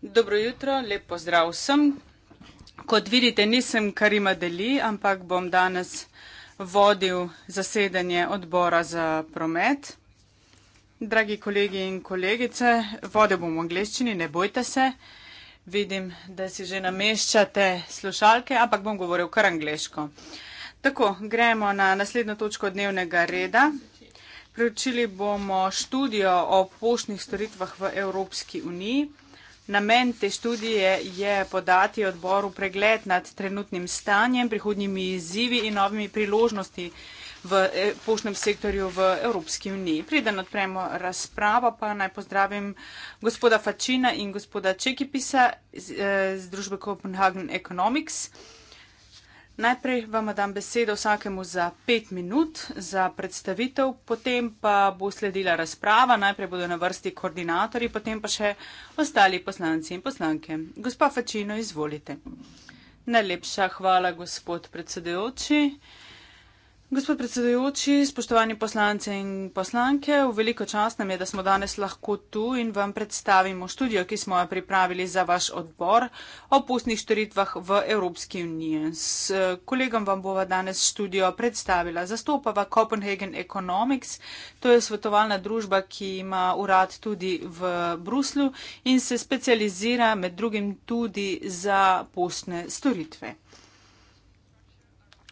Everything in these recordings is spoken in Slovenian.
Dobro jutro, lep pozdrav vsem. Kot vidite, nisem Karima Deli, ampak bom danes vodil zasedanje odbora za promet. Dragi kolegi in kolegice, vodil bom v angleščini, ne bojte se. Vidim, da si že nameščate slušalke, ampak bom govoril kar angliško. Tako, gremo na naslednjo točko dnevnega reda. Preučili bomo študijo o poštnih storitvah v Evropski uniji. Namen te študije je podati odboru pregled nad trenutnim stanjem, prihodnjimi izzivi in novimi priložnosti v e, poštnem sektorju v Evropski uniji. Preden odpremo razpravo, pa naj pozdravim gospoda Fačina in gospoda Čekipisa z, e, z družbe Copenhagen Economics. Najprej vam dam besedo vsakemu za pet minut za predstavitev, potem pa bo sledila razprava, najprej bodo na vrsti koordinatorji, potem pa še ostali poslanci in poslanke. Gospa Fačino, izvolite. Najlepša hvala, gospod predsedujoči. Gospod predsedujoči, spoštovani poslanci in poslanke, v veliko čast nam je, da smo danes lahko tu in vam predstavimo študijo, ki smo jo pripravili za vaš odbor o pustnih storitvah v Evropski uniji. S eh, kolegom vam bova danes študijo predstavila. Zastopava Copenhagen Economics, to je svetovalna družba, ki ima urad tudi v Bruslju in se specializira med drugim tudi za pustne storitve.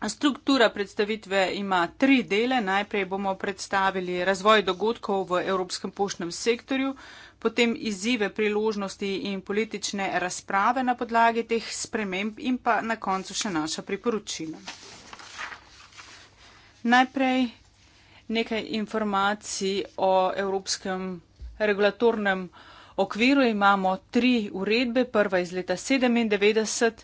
Struktura predstavitve ima tri dele. Najprej bomo predstavili razvoj dogodkov v evropskem poštnem sektorju, potem izzive, priložnosti in politične razprave na podlagi teh sprememb in pa na koncu še naša priporočila. Najprej nekaj informacij o evropskem regulatornem okviru. Imamo tri uredbe, prva iz leta 1997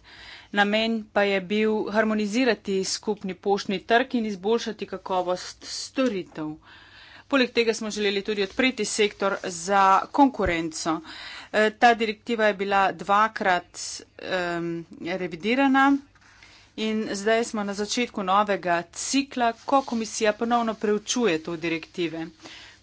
namen pa je bil harmonizirati skupni poštni trg in izboljšati kakovost storitev. Poleg tega smo želeli tudi odpreti sektor za konkurenco. E, ta direktiva je bila dvakrat um, revidirana in zdaj smo na začetku novega cikla, ko komisija ponovno preučuje to direktive.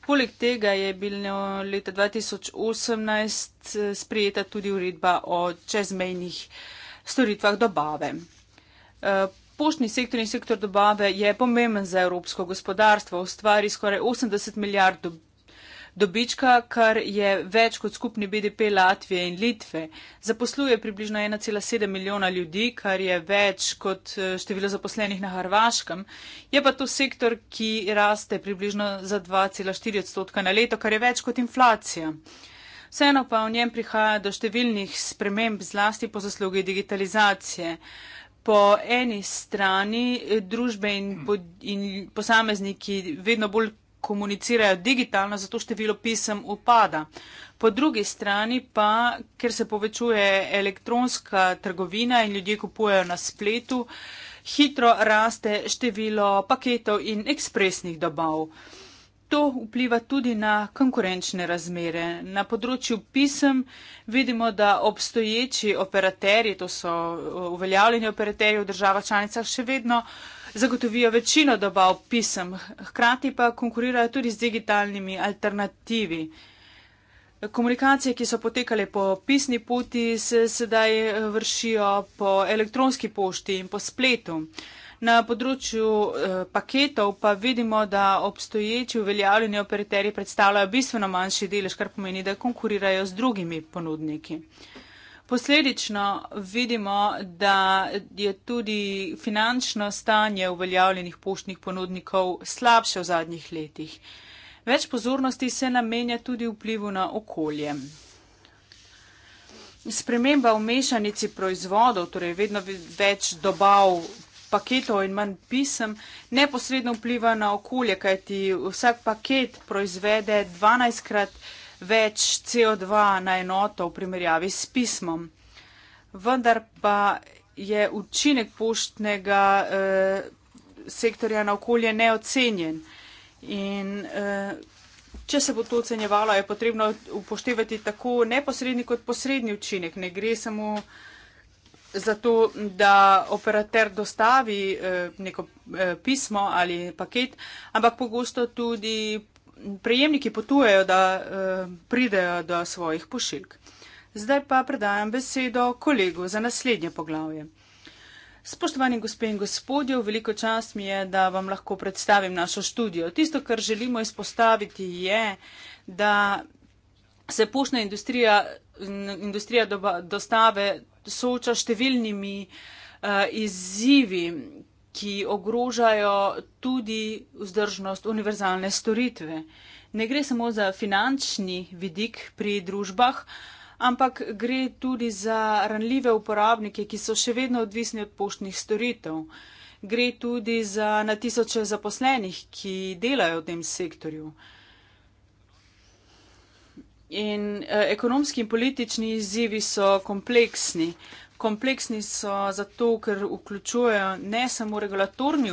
Poleg tega je bilo leta 2018 e, sprijeta tudi uredba o čezmejnih uh, storitvah dobave. Eh, poštni sektor in sektor dobave je pomemben za evropsko gospodarstvo, ustvari skoraj 80 milijard dobička, kar je več kot skupni BDP Latvije in Litve. Zaposluje približno 1,7 milijona ljudi, kar je več kot eh, število zaposlenih na Hrvaškem. Je pa to sektor, ki raste približno za 2,4 odstotka na leto, kar je več kot inflacija. Uh, vseeno pa v njem prihaja do številnih sprememb zlasti po zaslugi digitalizacije. Po eni strani družbe in, po, in posamezniki vedno bolj komunicirajo digitalno, zato število pisem upada. Po drugi strani pa, ker se povečuje elektronska trgovina in ljudje kupujejo na spletu, hitro raste število paketov in ekspresnih dobav. To vpliva tudi na konkurenčne razmere. Na področju pisem vidimo, da obstoječi operaterji, to so uh, uveljavljeni operaterji v državah članicah, še vedno zagotovijo večino dobav pisem, hkrati pa konkurirajo tudi z digitalnimi alternativi. Komunikacije, ki so potekale po pisni poti, se sedaj uh, vršijo po elektronski pošti in po spletu. Na področju eh, paketov pa vidimo, da obstoječi uveljavljeni operaterji predstavljajo bistveno manjši delež, kar pomeni, da konkurirajo z drugimi ponudniki. Posledično vidimo, da je tudi finančno stanje uveljavljenih poštnih ponudnikov slabše v zadnjih letih. Več pozornosti se namenja tudi vplivu na okolje. Sprememba v mešanici proizvodov, torej vedno več dobav paketov in manj pisem, neposredno vpliva na okolje, kajti vsak paket proizvede 12 krat več CO2 na enoto v primerjavi s pismom. Vendar pa je učinek poštnega eh, sektorja na okolje neocenjen. In, eh, Če se bo to ocenjevalo, je potrebno upoštevati tako neposredni kot posredni učinek. Ne gre samo uh, zato, da operater dostavi eh, neko eh, pismo ali paket, ampak pogosto tudi prejemniki potujejo, da eh, pridejo do svojih pošiljk. Zdaj pa predajam besedo kolegu za naslednje poglavje. Spoštovani gospe in gospodje, veliko čast mi je, da vam lahko predstavim našo študijo. Tisto, kar želimo izpostaviti, je, da se poštna industrija industrija dostave sooča številnimi uh, izzivi, ki ogrožajo tudi vzdržnost univerzalne storitve. Ne gre samo za finančni vidik pri družbah, ampak gre tudi za ranljive uporabnike, ki so še vedno odvisni od poštnih storitev. Gre tudi za na tisoče zaposlenih, ki delajo v tem sektorju. Uh, In uh, ekonomski in politični izzivi so kompleksni. Kompleksni so zato, ker vključujejo ne samo regulatorni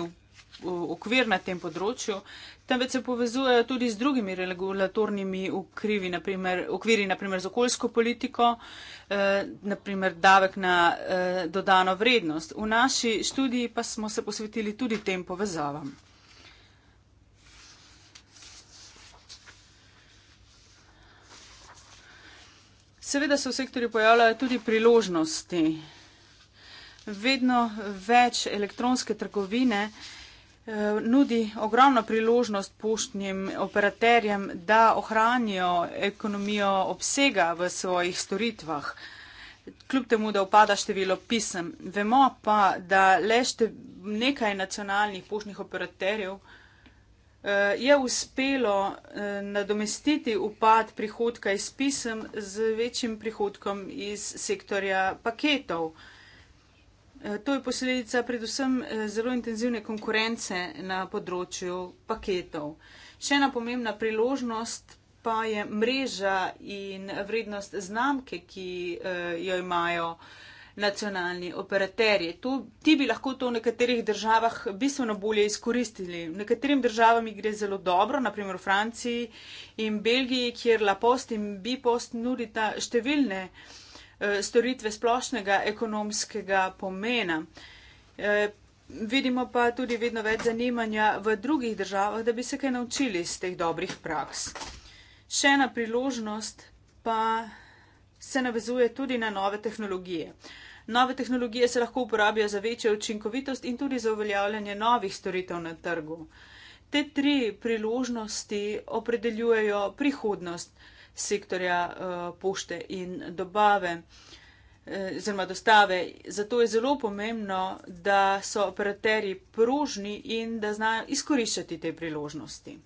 okvir na tem področju, temveč se povezujejo tudi z drugimi regulatornimi ukrivi, naprimer, okviri, naprimer z okoljsko politiko, eh, naprimer davek na eh, dodano vrednost. V naši študiji pa smo se posvetili tudi tem povezavam. Seveda se v sektorju pojavljajo tudi priložnosti. Vedno več elektronske trgovine eh, nudi ogromno priložnost poštnim operaterjem, da ohranijo ekonomijo obsega v svojih storitvah, kljub temu, da upada število pisem. Vemo pa, da le nekaj nacionalnih poštnih operaterjev Eh, je uspelo eh, nadomestiti upad prihodka iz pisem z večjim prihodkom iz sektorja paketov. Eh, to je posledica predvsem zelo intenzivne konkurence na področju paketov. Še ena pomembna priložnost pa je mreža in vrednost znamke, ki jo imajo nacionalni operaterji. To, ti bi lahko to v nekaterih državah bistveno bolje izkoristili. V nekaterim državam gre zelo dobro, naprimer v Franciji in Belgiji, kjer La Post in Bipost nudita številne eh, storitve splošnega ekonomskega pomena. Eh, vidimo pa tudi vedno več zanimanja v drugih državah, da bi se kaj naučili iz teh dobrih praks. Še ena priložnost pa se navezuje tudi na nove tehnologije. Nove tehnologije se lahko uporabijo za večjo učinkovitost in tudi za uveljavljanje novih storitev na trgu. Te tri priložnosti opredeljujejo prihodnost sektorja eh, pošte in dobave, eh, oziroma dostave. Zato je zelo pomembno, da so operaterji prožni in da znajo izkoriščati te priložnosti.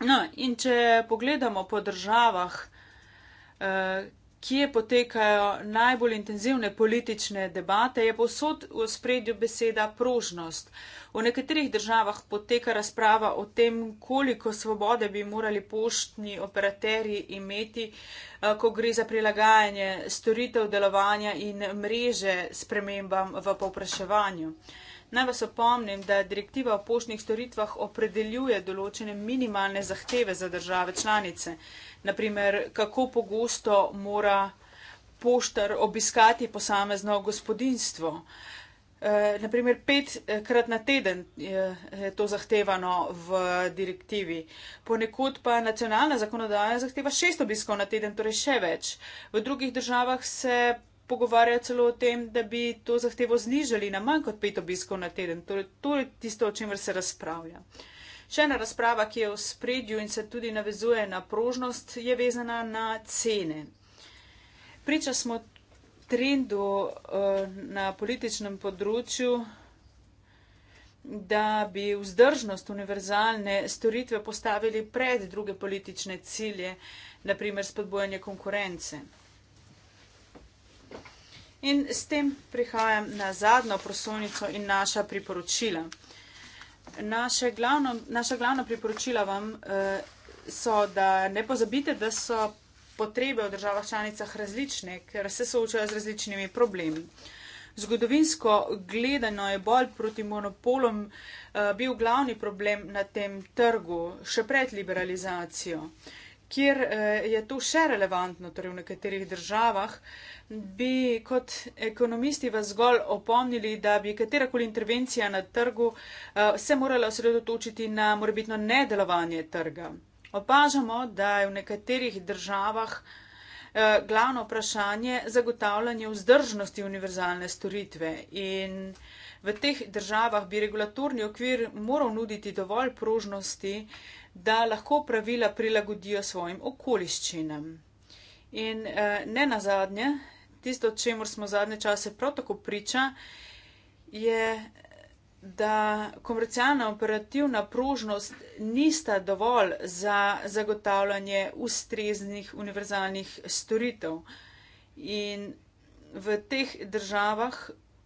No, in če pogledamo po državah, eh, kje potekajo najbolj intenzivne politične debate, je posod v spredju beseda prožnost. V nekaterih državah poteka razprava o tem, koliko svobode bi morali poštni operaterji imeti, eh, ko gre za prilagajanje storitev delovanja in mreže spremembam v povpraševanju. Naj vas opomnim, da direktiva o poštnih storitvah opredeljuje določene minimalne zahteve za države članice, naprimer, kako pogosto mora poštar obiskati posamezno gospodinstvo. Eh, naprimer, petkrat na teden eh, je to zahtevano v direktivi, ponekod pa nacionalna zakonodaja zahteva šest obiskov na teden, torej še več. V drugih državah se pogovarjajo celo o tem, da bi to zahtevo znižali na manj kot pet obiskov na teden. Torej, to je tisto, o čemer se razpravlja. Še ena razprava, ki je v spredju in se tudi navezuje na prožnost, je vezana na cene. Priča smo trendu eh, na političnem področju, da bi vzdržnost univerzalne storitve postavili pred druge politične cilje, naprimer spodbojanje konkurence. In s tem prihajam na zadnjo prosovnico in naša priporočila. Naše glavno, naša glavna priporočila vam eh, so, da ne pozabite, da so potrebe v državah članicah različne, ker se soočajo z različnimi problemi. Zgodovinsko gledano je bolj proti monopolom eh, bil glavni problem na tem trgu, še pred liberalizacijo, kjer eh, je to še relevantno, torej v nekaterih državah bi kot ekonomisti vas zgolj opomnili, da bi katerakoli intervencija na trgu uh, se morala osredotočiti na morebitno nedelovanje trga. Opažamo, da je v nekaterih državah uh, glavno vprašanje zagotavljanje vzdržnosti univerzalne storitve in v teh državah bi regulatorni okvir moral nuditi dovolj prožnosti, da lahko pravila prilagodijo svojim okoliščinam. In eh, ne na zadnje, tisto, čemu smo zadnje čase prav tako priča, je, da komercialna operativna prožnost nista dovolj za zagotavljanje ustreznih univerzalnih storitev. In v teh državah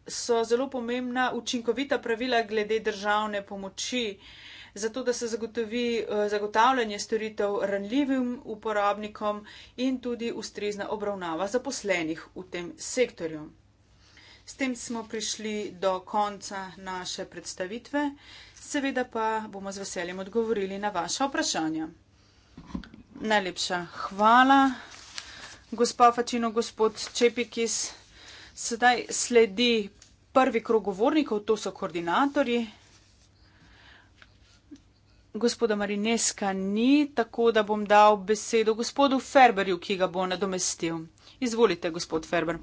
so zelo pomembna učinkovita pravila glede državne pomoči. Uh, zato da se zagotovi eh, zagotavljanje storitev ranljivim uporabnikom in tudi ustrezna obravnava zaposlenih v tem sektorju. S tem smo prišli do konca naše predstavitve, seveda pa bomo z veseljem odgovorili na vaše vprašanja. Najlepša hvala, gospa Fačino, gospod Čepikis. Sedaj sledi prvi krog govornikov, to so koordinatorji gospoda Marineska ni, tako da bom dal besedo gospodu Ferberju, ki ga bo nadomestil. Izvolite, gospod Ferber.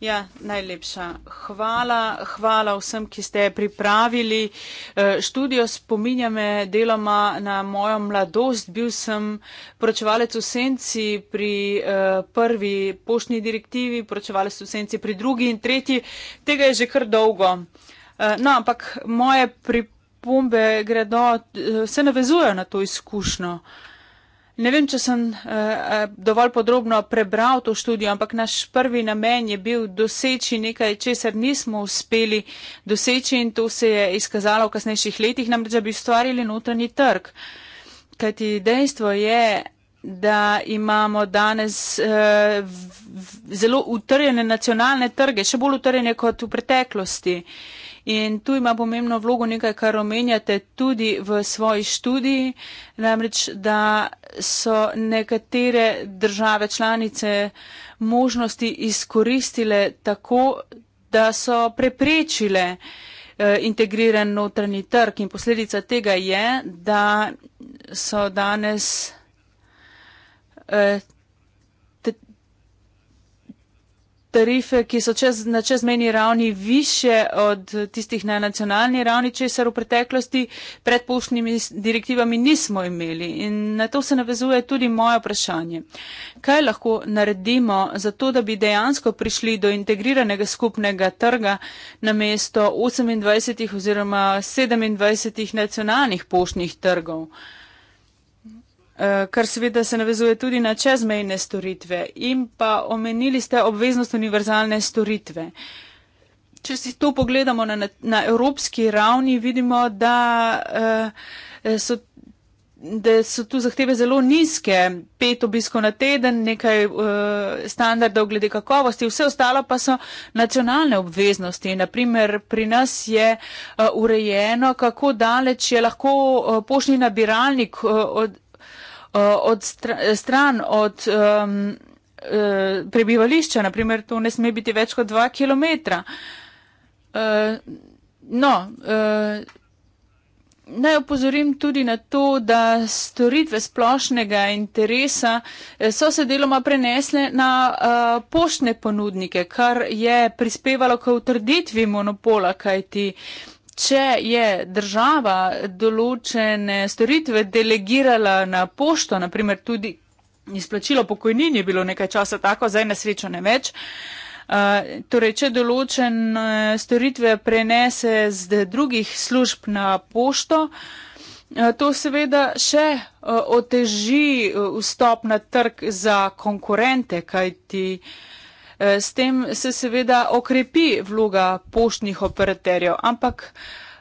Ja, najlepša hvala. Hvala vsem, ki ste pripravili eh, študijo. Spominja me deloma na mojo mladost. Bil sem poročevalec v Senci pri eh, prvi poštni direktivi, poročevalec v Senci pri drugi in tretji. Tega je že kar dolgo. Eh, no, ampak moje pripravljanje pripombe gredo, eh, se navezujejo na to izkušnjo. Ne vem, če sem eh, eh, dovolj podrobno prebral to študijo, ampak naš prvi namen je bil doseči nekaj, česar nismo uspeli doseči in to se je izkazalo v kasnejših letih, namreč, da bi ustvarili notranji trg. Kajti dejstvo je, da imamo danes zelo utrjene nacionalne trge, še bolj utrjene kot v preteklosti. In tu ima pomembno vlogo nekaj, kar omenjate tudi v svoji študiji, namreč, da so nekatere države članice možnosti izkoristile tako, da so preprečile eh, integriran notranji trg in posledica tega je, da so danes eh, tarife, ki so čez, na čezmeni ravni više od tistih na nacionalni ravni, česar v preteklosti pred poštnimi direktivami nismo imeli. In na to se navezuje tudi moje vprašanje. Kaj lahko naredimo za to, da bi dejansko prišli do integriranega skupnega trga na mesto 28 oziroma 27 nacionalnih poštnih trgov? Eh, kar seveda se navezuje tudi na čezmejne storitve in pa omenili ste obveznost univerzalne storitve. Če si to pogledamo na, na, na evropski ravni, vidimo, da, uh, so, da so tu zahteve zelo nizke, pet obiskov na teden, nekaj uh, standardov glede kakovosti, vse ostalo pa so nacionalne obveznosti. Naprimer, pri nas je uh, urejeno, kako daleč je lahko uh, pošni nabiralnik uh, od, uh, od stra stran od um, uh, prebivališča, naprimer, to ne sme biti več kot 2 km. Uh, no, uh, Naj opozorim tudi na to, da storitve splošnega interesa so se deloma prenesle na uh, poštne ponudnike, kar je prispevalo k utrditvi monopola, kajti uh, če je država določene storitve delegirala na pošto, naprimer tudi izplačilo pokojnin je bilo nekaj časa tako, zdaj nasrečo ne več. Uh, torej, če določene storitve prenese z drugih služb na pošto, uh, to seveda še uh, oteži vstop na trg za konkurente, kajti uh, Eh, s tem se seveda okrepi vloga poštnih operaterjev, ampak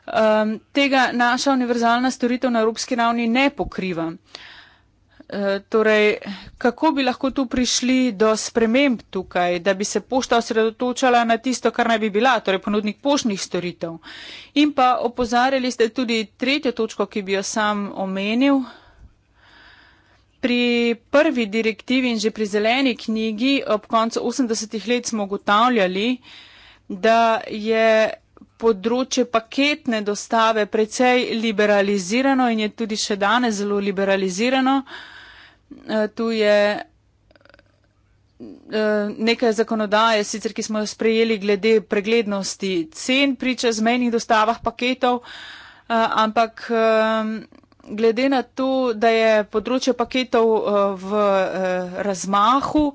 ehm, tega naša univerzalna storitev na evropski ravni ne pokriva. Eh, torej, kako bi lahko tu prišli do sprememb tukaj, da bi se pošta osredotočala na tisto, kar naj bi bila, torej ponudnik poštnih storitev? In pa opozarjali ste tudi tretjo točko, ki bi jo sam omenil, pri prvi direktivi in že pri zeleni knjigi ob koncu 80-ih let smo ugotavljali, da je področje paketne dostave precej liberalizirano in je tudi še danes zelo liberalizirano. E, tu je e, nekaj zakonodaje, sicer ki smo jo sprejeli glede preglednosti cen pri čezmejnih dostavah paketov, e, ampak glede na to, da je področje paketov uh, v uh, razmahu,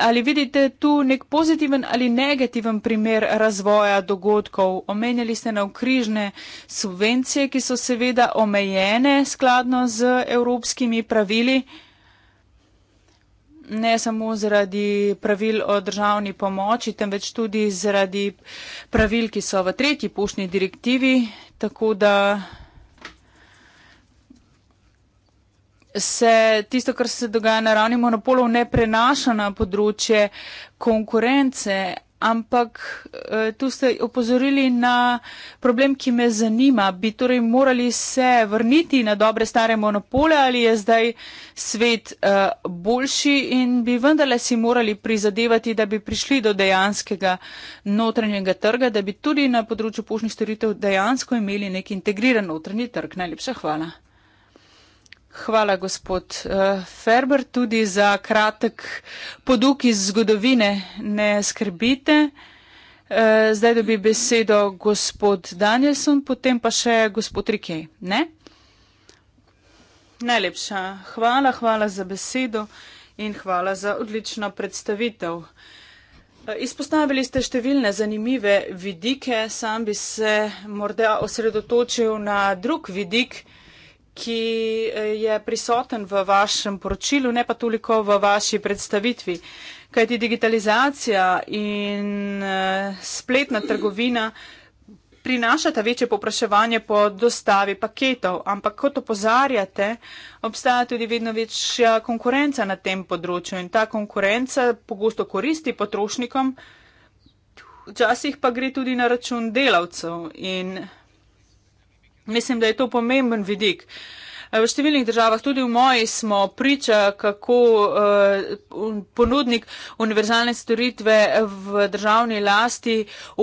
ali vidite tu nek pozitiven ali negativen primer razvoja dogodkov? Omenjali ste na okrižne subvencije, ki so seveda omejene skladno z evropskimi pravili. Ne samo zaradi pravil o državni pomoči, temveč tudi zaradi pravil, ki so v tretji pušni direktivi. Tako da se tisto, kar se dogaja na ravni monopolov, ne prenaša na področje konkurence, ampak eh, tu ste opozorili na problem, ki me zanima. Bi torej morali se vrniti na dobre stare monopole ali je zdaj svet eh, boljši in bi vendarle si morali prizadevati, da bi prišli do dejanskega notranjega trga, da bi tudi na področju pošnih storitev dejansko imeli nek integriran notranji trg. Najlepša hvala. Hvala, gospod eh, Ferber, tudi za kratek poduk iz zgodovine. Ne skrbite. Eh, zdaj dobi besedo gospod Danielson, potem pa še gospod Rikej. Ne? Najlepša hvala, hvala za besedo in hvala za odlično predstavitev. Eh, izpostavili ste številne zanimive vidike, sam bi se morda osredotočil na drug vidik ki eh, je prisoten v vašem poročilu, ne pa toliko v vaši predstavitvi. Kajti digitalizacija in eh, spletna trgovina prinašata večje popraševanje po dostavi paketov, ampak kot opozarjate, obstaja tudi vedno večja konkurenca na tem področju in ta konkurenca pogosto koristi potrošnikom, včasih pa gre tudi na račun delavcev in Mislim, da je to pomemben vidik. Eh, v številnih državah, tudi v moji, smo priča, kako eh, ponudnik univerzalne storitve v državni lasti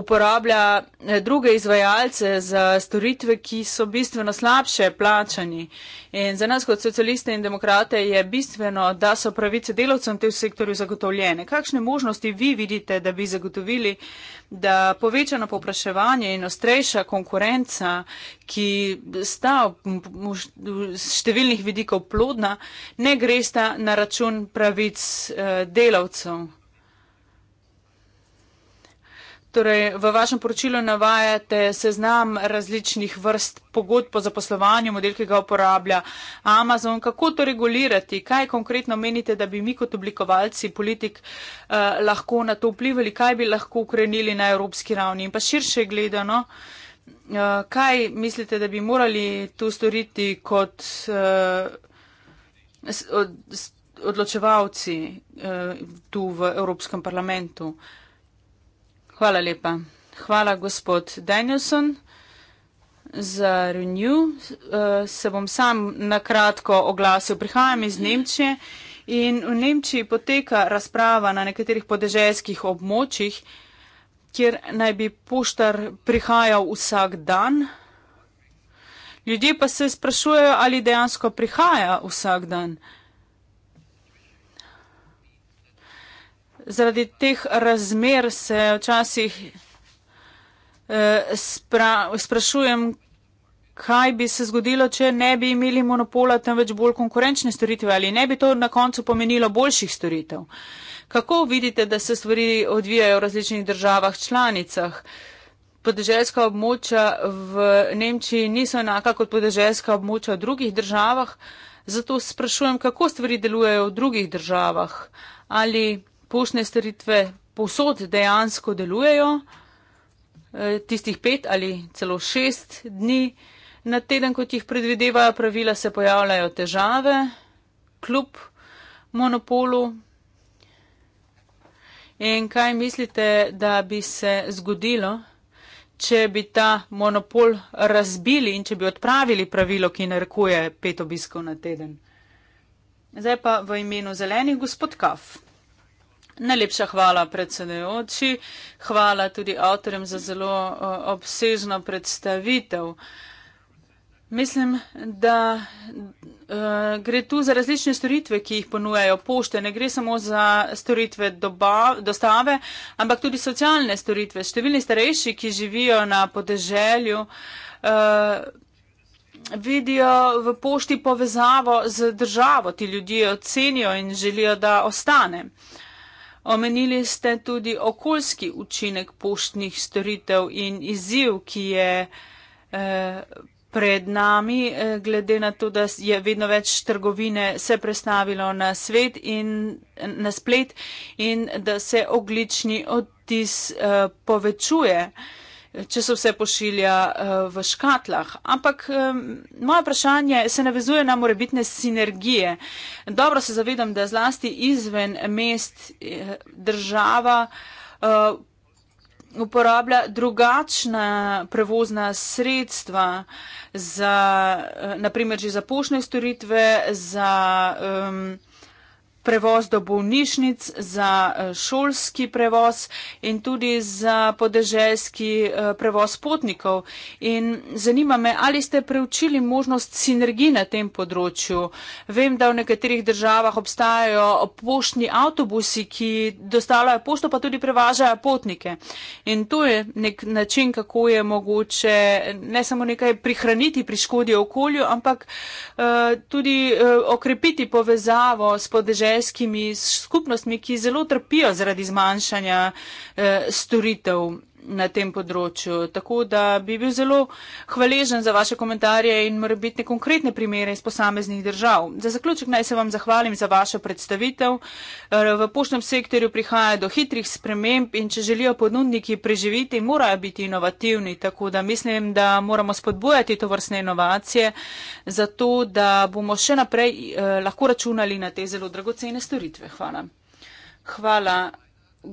uporablja eh, druge izvajalce za storitve, ki so bistveno slabše plačani. In za nas kot socialiste in demokrate je bistveno, da so pravice delavcem v tem sektorju zagotovljene. Kakšne možnosti vi vidite, da bi zagotovili? da povečano popraševanje in ostrejša konkurenca, ki sta z številnih vidikov plodna, ne gresta na račun pravic eh, delavcev. Torej, v vašem poročilu navajate seznam različnih vrst pogodb po zaposlovanju, model, ki ga uporablja Amazon. Kako to regulirati? Kaj konkretno menite, da bi mi kot oblikovalci politik eh, lahko na to vplivali? Kaj bi lahko ukrenili na evropski ravni? In pa širše gledano, eh, kaj mislite, da bi morali to storiti kot. Eh, od, odločevalci eh, tu v Evropskem parlamentu. Eh, Hvala lepa. Hvala, gospod Danielson. Za Renew eh, se bom sam nakratko oglasil. Prihajam iz Nemčije in v Nemčiji poteka razprava na nekaterih podeželskih območjih, kjer naj bi poštar prihajal vsak dan. Ljudje pa se sprašujejo, ali dejansko prihaja vsak dan. zaradi teh razmer se včasih eh, spra, sprašujem, kaj bi se zgodilo, če ne bi imeli monopola, temveč bolj konkurenčne storitve ali ne bi to na koncu pomenilo boljših storitev. Kako vidite, da se stvari odvijajo v različnih državah članicah? Podeželjska območja v Nemčiji niso enaka kot podeželjska območja v drugih državah, zato sprašujem, kako stvari delujejo v drugih državah ali poštne storitve posod dejansko delujejo, eh, tistih pet ali celo šest dni na teden, kot jih predvidevajo pravila, se pojavljajo težave, kljub monopolu. In kaj mislite, da bi se zgodilo, če bi ta monopol razbili in če bi odpravili pravilo, ki narekuje pet obiskov na teden? Zdaj pa v imenu zelenih gospod Kaf. Najlepša hvala, predsedujoči. Hvala tudi avtorjem za zelo eh, obsežno predstavitev. Mislim, da eh, gre tu za različne storitve, ki jih ponujajo pošte. Ne gre samo za storitve dobav, dostave, ampak tudi socialne storitve. Številni starejši, ki živijo na podeželju, eh, vidijo v pošti povezavo z državo. Ti ljudje ocenijo in želijo, da ostane. Omenili ste tudi okoljski učinek poštnih storitev in izziv, ki je eh, pred nami, eh, glede na to, da je vedno več trgovine se prestavilo na, in, na splet in da se oglični odtis eh, povečuje. Eh, če se vse pošilja uh, v škatlah. Ampak um, eh, moja vprašanje se navezuje na morebitne sinergije. Dobro se zavedam, da zlasti izven mest eh, država uh, uporablja drugačna prevozna sredstva, za, uh, naprimer že za poštne storitve, za. Um, prevoz do bolnišnic, za eh, šolski prevoz in tudi za podeželski eh, prevoz potnikov. In zanima me, ali ste preučili možnost sinergij na tem področju. Vem, da v nekaterih državah obstajajo poštni avtobusi, ki dostavljajo pošto, pa tudi prevažajo potnike. In to je nek način, kako je mogoče ne samo nekaj prihraniti pri škodi okolju, ampak uh, tudi uh, okrepiti povezavo s podeželjem deželskimi skupnostmi, ki zelo trpijo zaradi zmanjšanja eh, storitev na tem področju. Tako da bi bil zelo hvaležen za vaše komentarje in morebitne konkretne primere iz posameznih držav. Za zaključek naj se vam zahvalim za vašo predstavitev. V poštnem sektorju prihaja do hitrih sprememb in če želijo ponudniki preživeti, morajo biti inovativni. Tako da mislim, da moramo spodbujati to vrstne inovacije, zato da bomo še naprej eh, lahko računali na te zelo dragocene storitve. Hvala. Hvala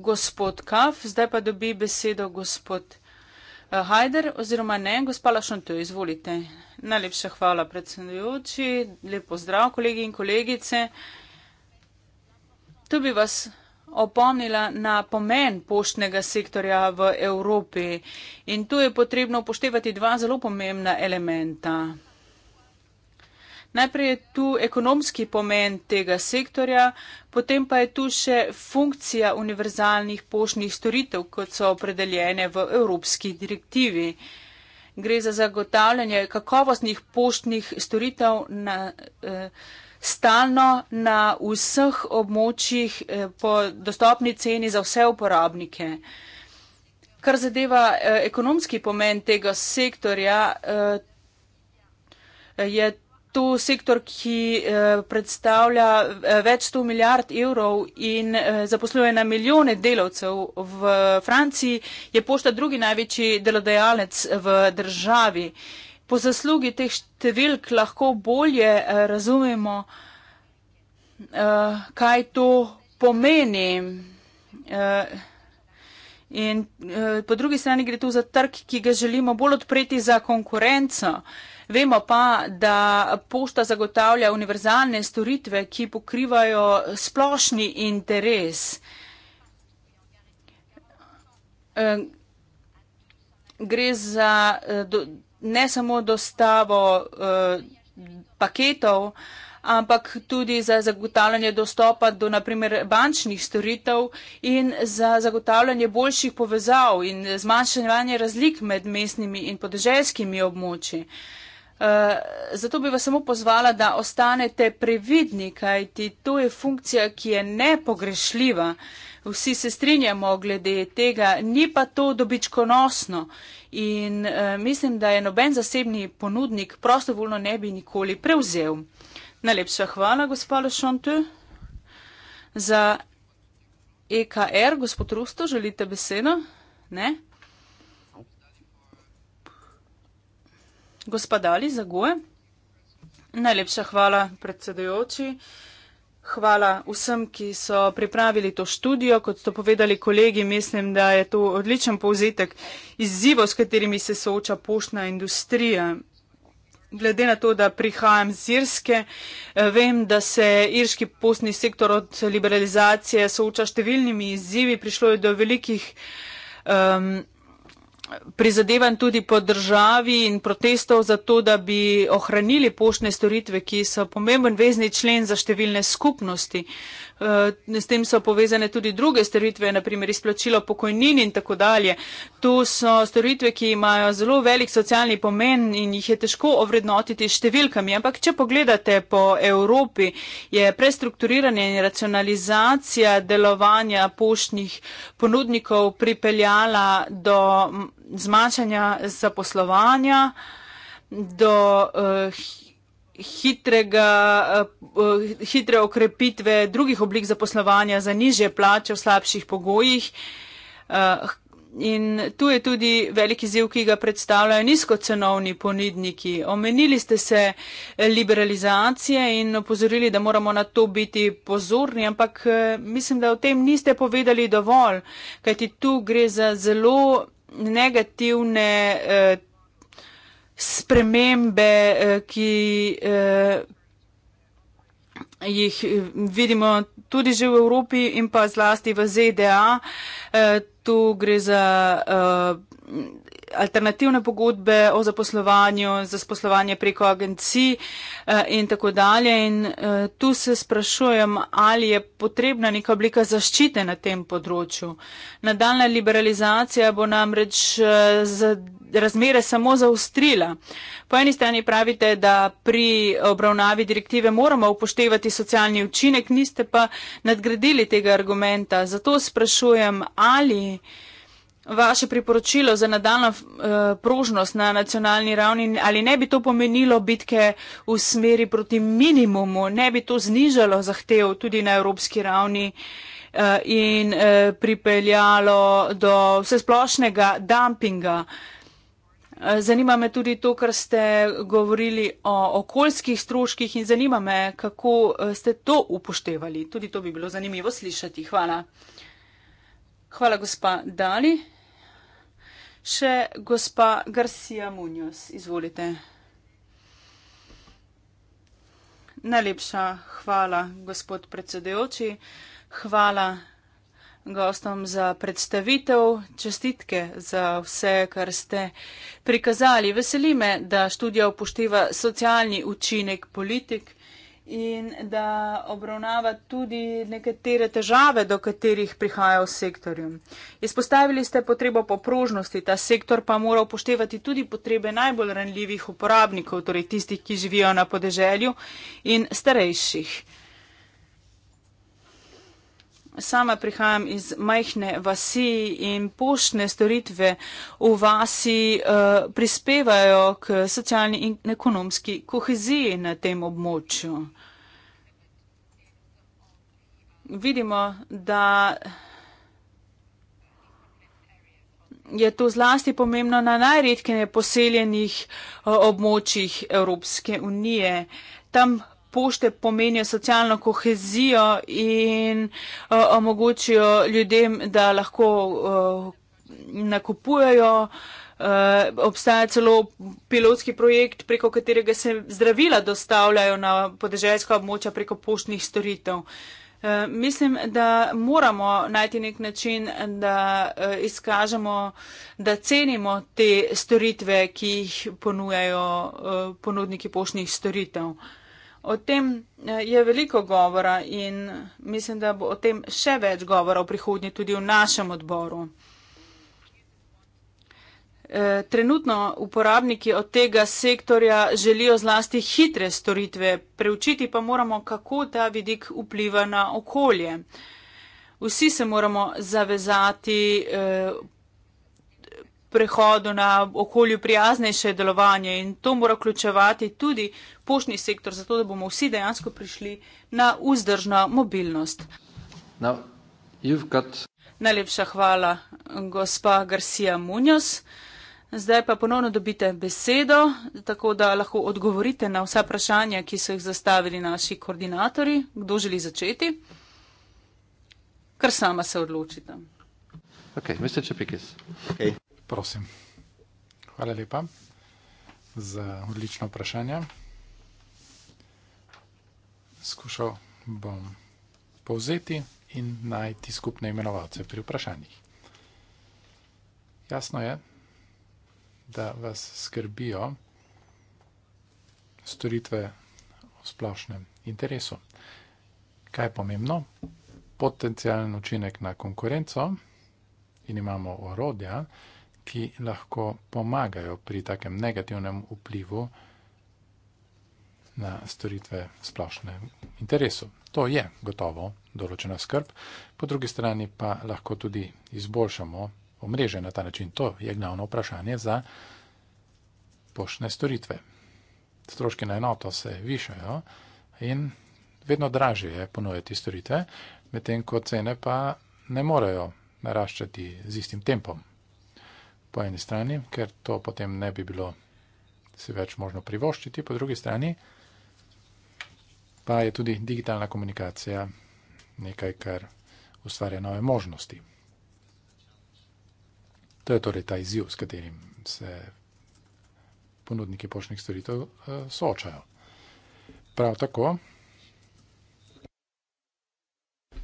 gospod Kaf, zdaj pa dobi besedo gospod eh, Hajder oziroma ne, gospa Lašantu, izvolite. Najlepša hvala predsedujoči, lep pozdrav kolegi in kolegice. Tu bi vas opomnila na pomen poštnega sektorja v Evropi in tu je potrebno upoštevati dva zelo pomembna elementa. Najprej je tu ekonomski pomen tega sektorja, potem pa je tu še funkcija univerzalnih poštnih storitev, kot so opredeljene v Evropski direktivi. Gre za zagotavljanje kakovostnih poštnih storitev na, eh, stalno na vseh območjih eh, po dostopni ceni za vse uporabnike. Kar zadeva eh, ekonomski pomen tega sektorja, eh, je tu sektor, ki eh, predstavlja eh, več sto milijard evrov in eh, zaposluje na milijone delavcev v Franciji, je pošta drugi največji delodajalec v državi. Po zaslugi teh številk lahko bolje razumemo, kaj to pomeni. In po drugi strani gre tu za trg, ki ga želimo bolj odpreti za konkurenco. Vemo pa, da pošta zagotavlja univerzalne storitve, ki pokrivajo splošni interes. Gre za eh, ne samo dostavo eh, paketov, ampak tudi za zagotavljanje dostopa do naprimer bančnih storitev in za zagotavljanje boljših povezav in zmanjševanje razlik med mestnimi in podeželskimi območji. Eh, zato bi vas samo pozvala, da ostanete previdni, kajti to je funkcija, ki je nepogrešljiva. Vsi se strinjamo glede tega, ni pa to dobičkonosno in uh, mislim, da je noben zasebni ponudnik prostovoljno ne bi nikoli prevzel. Najlepša hvala, gospod Šontu. Za EKR, gospod Rusto, želite besedo? Ne? Gospodali za goje, najlepša hvala predsedujoči. Hvala vsem, ki so pripravili to študijo. Kot so povedali kolegi, mislim, da je to odličen povzetek izzivo, s katerimi se sooča poštna industrija. Glede na to, da prihajam z Irske, eh, vem, da se irski postni sektor od liberalizacije sooča številnimi izzivi. Prišlo je do velikih um, prizadevanj tudi po državi in protestov za to, da bi ohranili poštne storitve, ki so pomemben vezni člen za številne skupnosti. Eh, s tem so povezane tudi druge storitve, naprimer izplačilo pokojnin in tako dalje. To so storitve, ki imajo zelo velik socialni pomen in jih je težko ovrednotiti številkami. Ampak, če pogledate po Evropi, je prestrukturiranje in racionalizacija delovanja poštnih ponudnikov pripeljala do zmanjšanja zaposlovanja, do uh, hitrega, uh, hitre okrepitve drugih oblik zaposlovanja za nižje plače v slabših pogojih. Uh, in tu je tudi veliki ziv, ki ga predstavljajo nizkocenovni ponudniki. Omenili ste se liberalizacije in opozorili, da moramo na to biti pozorni, ampak eh, mislim, da o tem niste povedali dovolj, kajti tu gre za zelo negativne. Uh, spremembe, eh, ki eh, jih eh, vidimo tudi že v Evropi in pa zlasti v ZDA. Tu gre za alternativne pogodbe o zaposlovanju, za zaposlovanje preko agencij in tako dalje. In tu se sprašujem, ali je potrebna neka oblika zaščite na tem področju. Nadaljna liberalizacija bo namreč zadržala razmere samo zaustrila. Po eni strani pravite, da pri obravnavi direktive moramo upoštevati socialni učinek, niste pa nadgradili tega argumenta. Zato sprašujem, ali vaše priporočilo za nadaljno uh, eh, prožnost na nacionalni ravni, ali ne bi to pomenilo bitke v smeri proti minimumu, ne bi to znižalo zahtev tudi na evropski ravni eh, in eh, pripeljalo do vse splošnega dumpinga eh, Zanima me tudi to, kar ste govorili o okoljskih stroških in zanima me, kako eh, ste to upoštevali. Tudi to bi bilo zanimivo slišati. Hvala. Hvala, gospa Dali. Še gospa Garcia Munoz, izvolite. Najlepša hvala, gospod predsedujoči. Hvala gostom za predstavitev, čestitke za vse, kar ste prikazali. Veseli me, da študija upošteva socialni učinek politik in da obravnava tudi nekatere težave, do katerih prihaja v sektorju. Izpostavili ste potrebo po prožnosti, ta sektor pa mora upoštevati tudi potrebe najbolj ranljivih uporabnikov, torej tistih, ki živijo na podeželju in starejših. Sama prihajam iz majhne vasi in poštne storitve v vasi uh, prispevajo k socialni in ekonomski koheziji na tem območju. Vidimo, da je to zlasti pomembno na najredkene poseljenih uh, območjih Evropske unije. Tam pošte pomenijo socialno kohezijo in uh, omogočijo ljudem, da lahko uh, nakupujejo. Uh, obstaja celo pilotski projekt, preko katerega se zdravila dostavljajo na podeželjska območja preko poštnih storitev. Mislim, da moramo najti nek način, da izkažemo, da cenimo te storitve, ki jih ponujajo ponudniki poštnih storitev. O tem eh, je veliko govora in mislim, da bo o tem še več govora v prihodnji tudi v našem odboru. Eh, trenutno uporabniki od tega sektorja želijo zlasti hitre storitve, preučiti pa moramo, kako ta vidik vpliva na okolje. Vsi se moramo zavezati eh, prehodu na okolju prijaznejše delovanje in to mora vključevati tudi poštni sektor, zato da bomo vsi dejansko prišli na vzdržno mobilnost. Now, got... Najlepša hvala, gospa Garcia Munoz. Zdaj pa ponovno dobite besedo, tako da lahko odgovorite na vsa vprašanja, ki so jih zastavili naši koordinatori. Kdo želi začeti? Kar sama se odločite. Ok, Mr. Čepikis. Ok. Prosim. Hvala lepa za odlično vprašanje skušal bom povzeti in najti skupne imenovalce pri vprašanjih. Jasno je, da vas skrbijo storitve v splošnem interesu. Kaj je pomembno? Potencijalen učinek na konkurenco in imamo orodja, ki lahko pomagajo pri takem negativnem vplivu na konkurenco na storitve v splošnem interesu. To je gotovo določena skrb, po drugi strani pa lahko tudi izboljšamo omrežje na ta način. To je glavno vprašanje za poštne storitve. Stroški na enoto se višajo in vedno dražje je ponujati storitve, medtem ko cene pa ne morejo naraščati z istim tempom. Po eni strani, ker to potem ne bi bilo si več možno privoščiti, po drugi strani, pa je tudi digitalna komunikacija nekaj, kar ustvarja nove možnosti. To je torej ta izziv, s katerim se ponudniki poštnih storitev eh, soočajo. Prav tako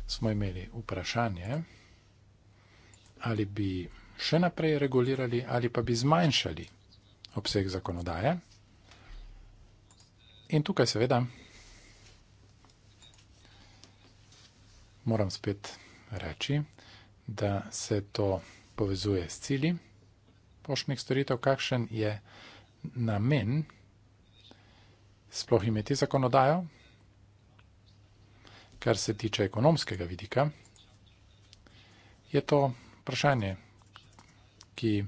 smo imeli vprašanje, ali bi še naprej regulirali ali pa bi zmanjšali obseg zakonodaje. In tukaj seveda moram spet reči, da se to povezuje s cili poštnih storitev, kakšen je namen sploh imeti zakonodajo, kar se tiče ekonomskega vidika, je to vprašanje, ki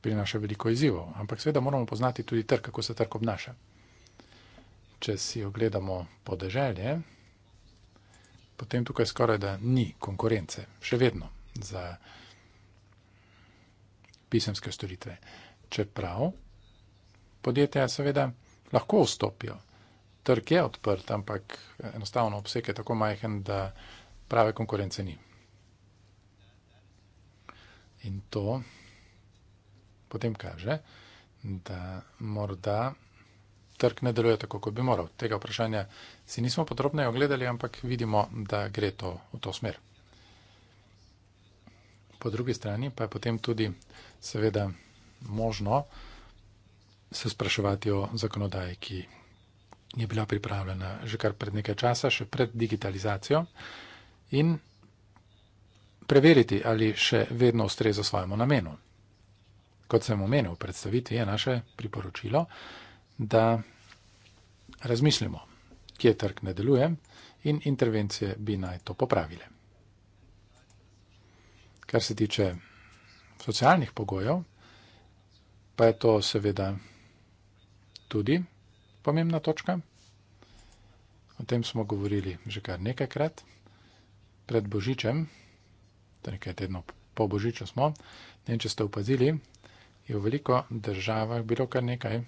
prinaša veliko izzivov. Ampak seveda moramo poznati tudi trg, kako se trg obnaša če si ogledamo podeželje, potem tukaj skoraj da ni konkurence, še vedno za pisemske storitve. Čeprav podjetja seveda lahko vstopijo, trg je odprt, ampak enostavno obseg je tako majhen, da prave konkurence ni. In to potem kaže, da morda trg ne deluje tako, kot bi moral. Tega vprašanja si nismo podrobneje ogledali, ampak vidimo, da gre to v to smer. Po drugi strani pa je potem tudi seveda možno se spraševati o zakonodaji, ki je bila pripravljena že kar pred nekaj časa, še pred digitalizacijo in preveriti, ali še vedno ustreza svojemu namenu. Kot sem omenil v predstavitvi, je naše priporočilo, da razmišljamo, kje trg ne deluje in intervencije bi naj to popravile. Kar se tiče socialnih pogojev, pa je to seveda tudi pomembna točka. O tem smo govorili že kar nekajkrat pred Božičem, torej nekaj tednov po Božiču smo, ne vem, če ste opazili, je v veliko državah bilo kar nekaj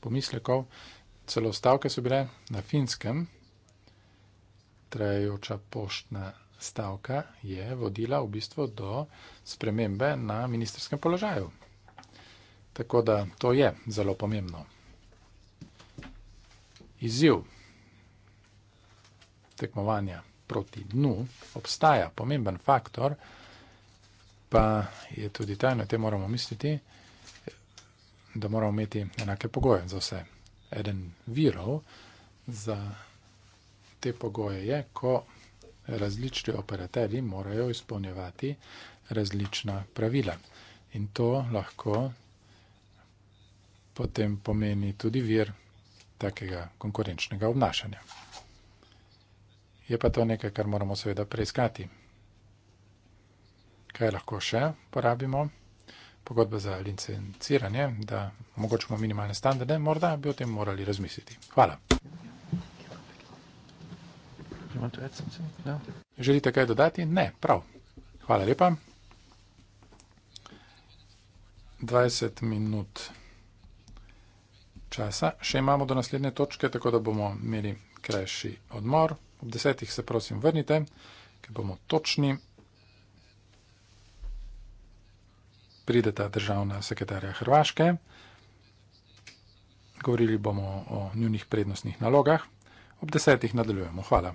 pomislekov. Celo stavke so bile na finskem. Trajajoča poštna stavka je vodila v bistvu do spremembe na ministerskem položaju. Tako da to je zelo pomembno. Izziv tekmovanja proti dnu obstaja pomemben faktor, pa je tudi ta, na te moramo misliti, da moramo imeti enake pogoje za vse. Eden virov za te pogoje je, ko različni operaterji morajo izpolnjevati različna pravila. In to lahko potem pomeni tudi vir takega konkurenčnega obnašanja. Je pa to nekaj, kar moramo seveda preiskati. Kaj lahko še porabimo? pogodbe za licenciranje, da omogočimo minimalne standarde, morda bi o tem morali razmisliti. Hvala. Želite kaj dodati? Ne, prav. Hvala lepa. 20 minut časa. Še imamo do naslednje točke, tako da bomo imeli krajši odmor. Ob desetih se prosim vrnite, ker bomo točni. prideta državna sekretarja Hrvaške. Govorili bomo o njunih prednostnih nalogah. Ob desetih nadaljujemo. Hvala.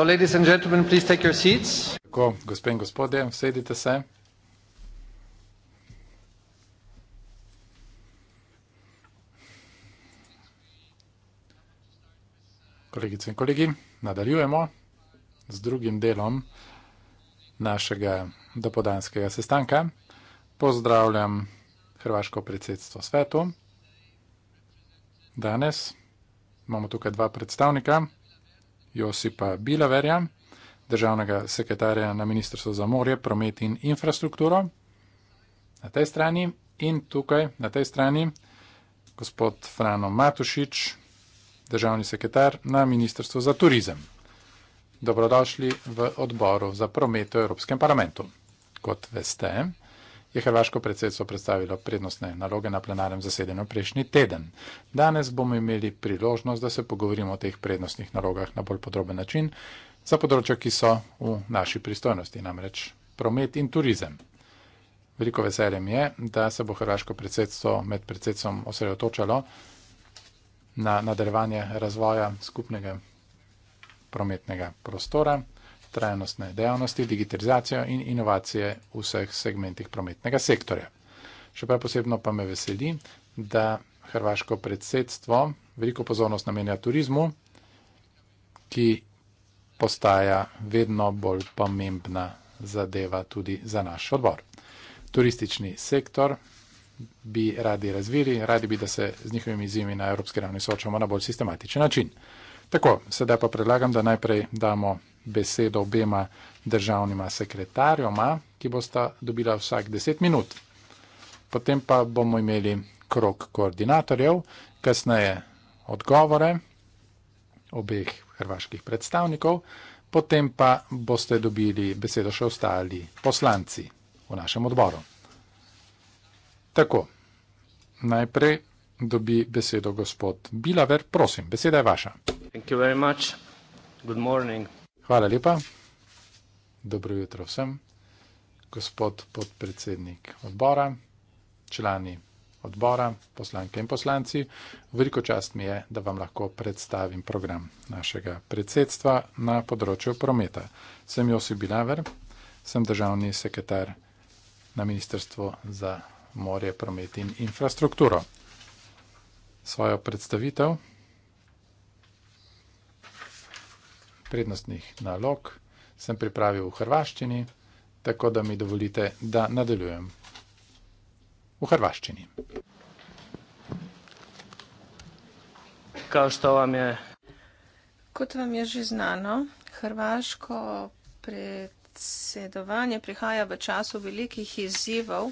So, ladies and gentlemen, please take your seats. Tako, gospe in gospodje, sedite se. Kolegice in kolegi, nadaljujemo z drugim delom našega dopodanskega sestanka. Pozdravljam Hrvaško predsedstvo svetu. Danes imamo tukaj dva predstavnika. Josipa Bilaverja, državnega sekretarja na Ministrstvu za morje, promet in infrastrukturo. Na tej strani in tukaj na tej strani gospod Frano Matušič, državni sekretar na Ministrstvu za turizem. Dobrodošli v odboru za promet v Evropskem parlamentu. Kot veste, je Hrvaško predsedstvo predstavilo prednostne naloge na plenarnem zasedanju prejšnji teden. Danes bomo imeli priložnost, da se pogovorimo o teh prednostnih nalogah na bolj podroben način za področja, ki so v naši pristojnosti, namreč promet in turizem. Veliko veselje mi je, da se bo Hrvaško predsedstvo med predsedstvom osredotočalo na nadaljevanje razvoja skupnega prometnega prostora trajnostne dejavnosti, digitalizacijo in inovacije v vseh segmentih prometnega sektorja. Še pa posebno pa me veseli, da hrvaško predsedstvo veliko pozornost namenja turizmu, ki postaja vedno bolj pomembna zadeva tudi za naš odbor. Turistični sektor bi radi razvili, radi bi, da se z njihovimi izzivi na evropski ravni soočamo na bolj sistematičen način. Tako, sedaj pa predlagam, da najprej damo besedo obema državnima sekretarjoma, ki bosta dobila vsak 10 minut. Potem pa bomo imeli krok koordinatorjev, kasneje odgovore obeh hrvaških predstavnikov, potem pa boste dobili besedo še ostali poslanci v našem odboru. Tako, najprej dobi besedo gospod Bilaver, prosim, beseda je vaša. Hvala lepa. Good morning. Hvala lepa. Dobro jutro vsem. Gospod podpredsednik odbora, člani odbora, poslanke in poslanci, veliko čast mi je, da vam lahko predstavim program našega predsedstva na področju prometa. Sem Josip Bilaver, sem državni sekretar na Ministrstvu za morje, promet in infrastrukturo. Svojo predstavitev prednostnih nalog sem pripravil v hrvaščini, tako da mi dovolite, da nadaljujem v hrvaščini. Vam Kot vam je že znano, hrvaško predsedovanje prihaja v času velikih izzivov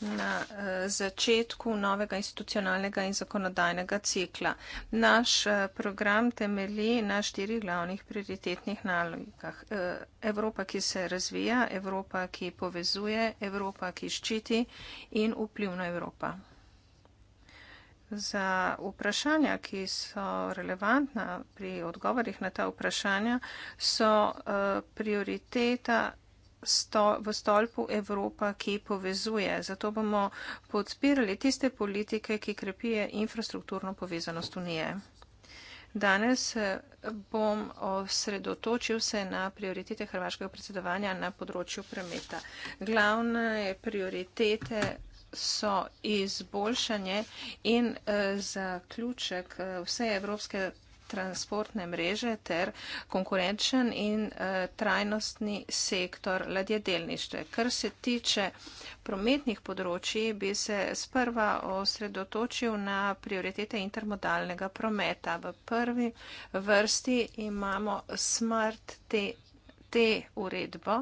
na eh, začetku novega institucionalnega in zakonodajnega cikla. Naš eh, program temelji na štirih glavnih prioritetnih nalogah. Eh, Evropa, ki se razvija, Evropa, ki povezuje, Evropa, ki ščiti in vplivna Evropa. Za vprašanja, ki so relevantna pri odgovorih na ta vprašanja, so prioriteta sto, v stolpu Evropa, ki povezuje. Zato bomo podpirali tiste politike, ki krepije infrastrukturno povezanost Unije. Danes eh, bom osredotočil se na prioritete hrvaškega predsedovanja na področju prometa. Glavne prioritete so izboljšanje in e, zaključek e, vse evropske transportne mreže ter konkurenčen in uh, trajnostni sektor ladjedelništva. Kar se tiče prometnih področji, bi se sprva osredotočil na prioritete intermodalnega prometa. V prvi vrsti imamo smrt te te uredbo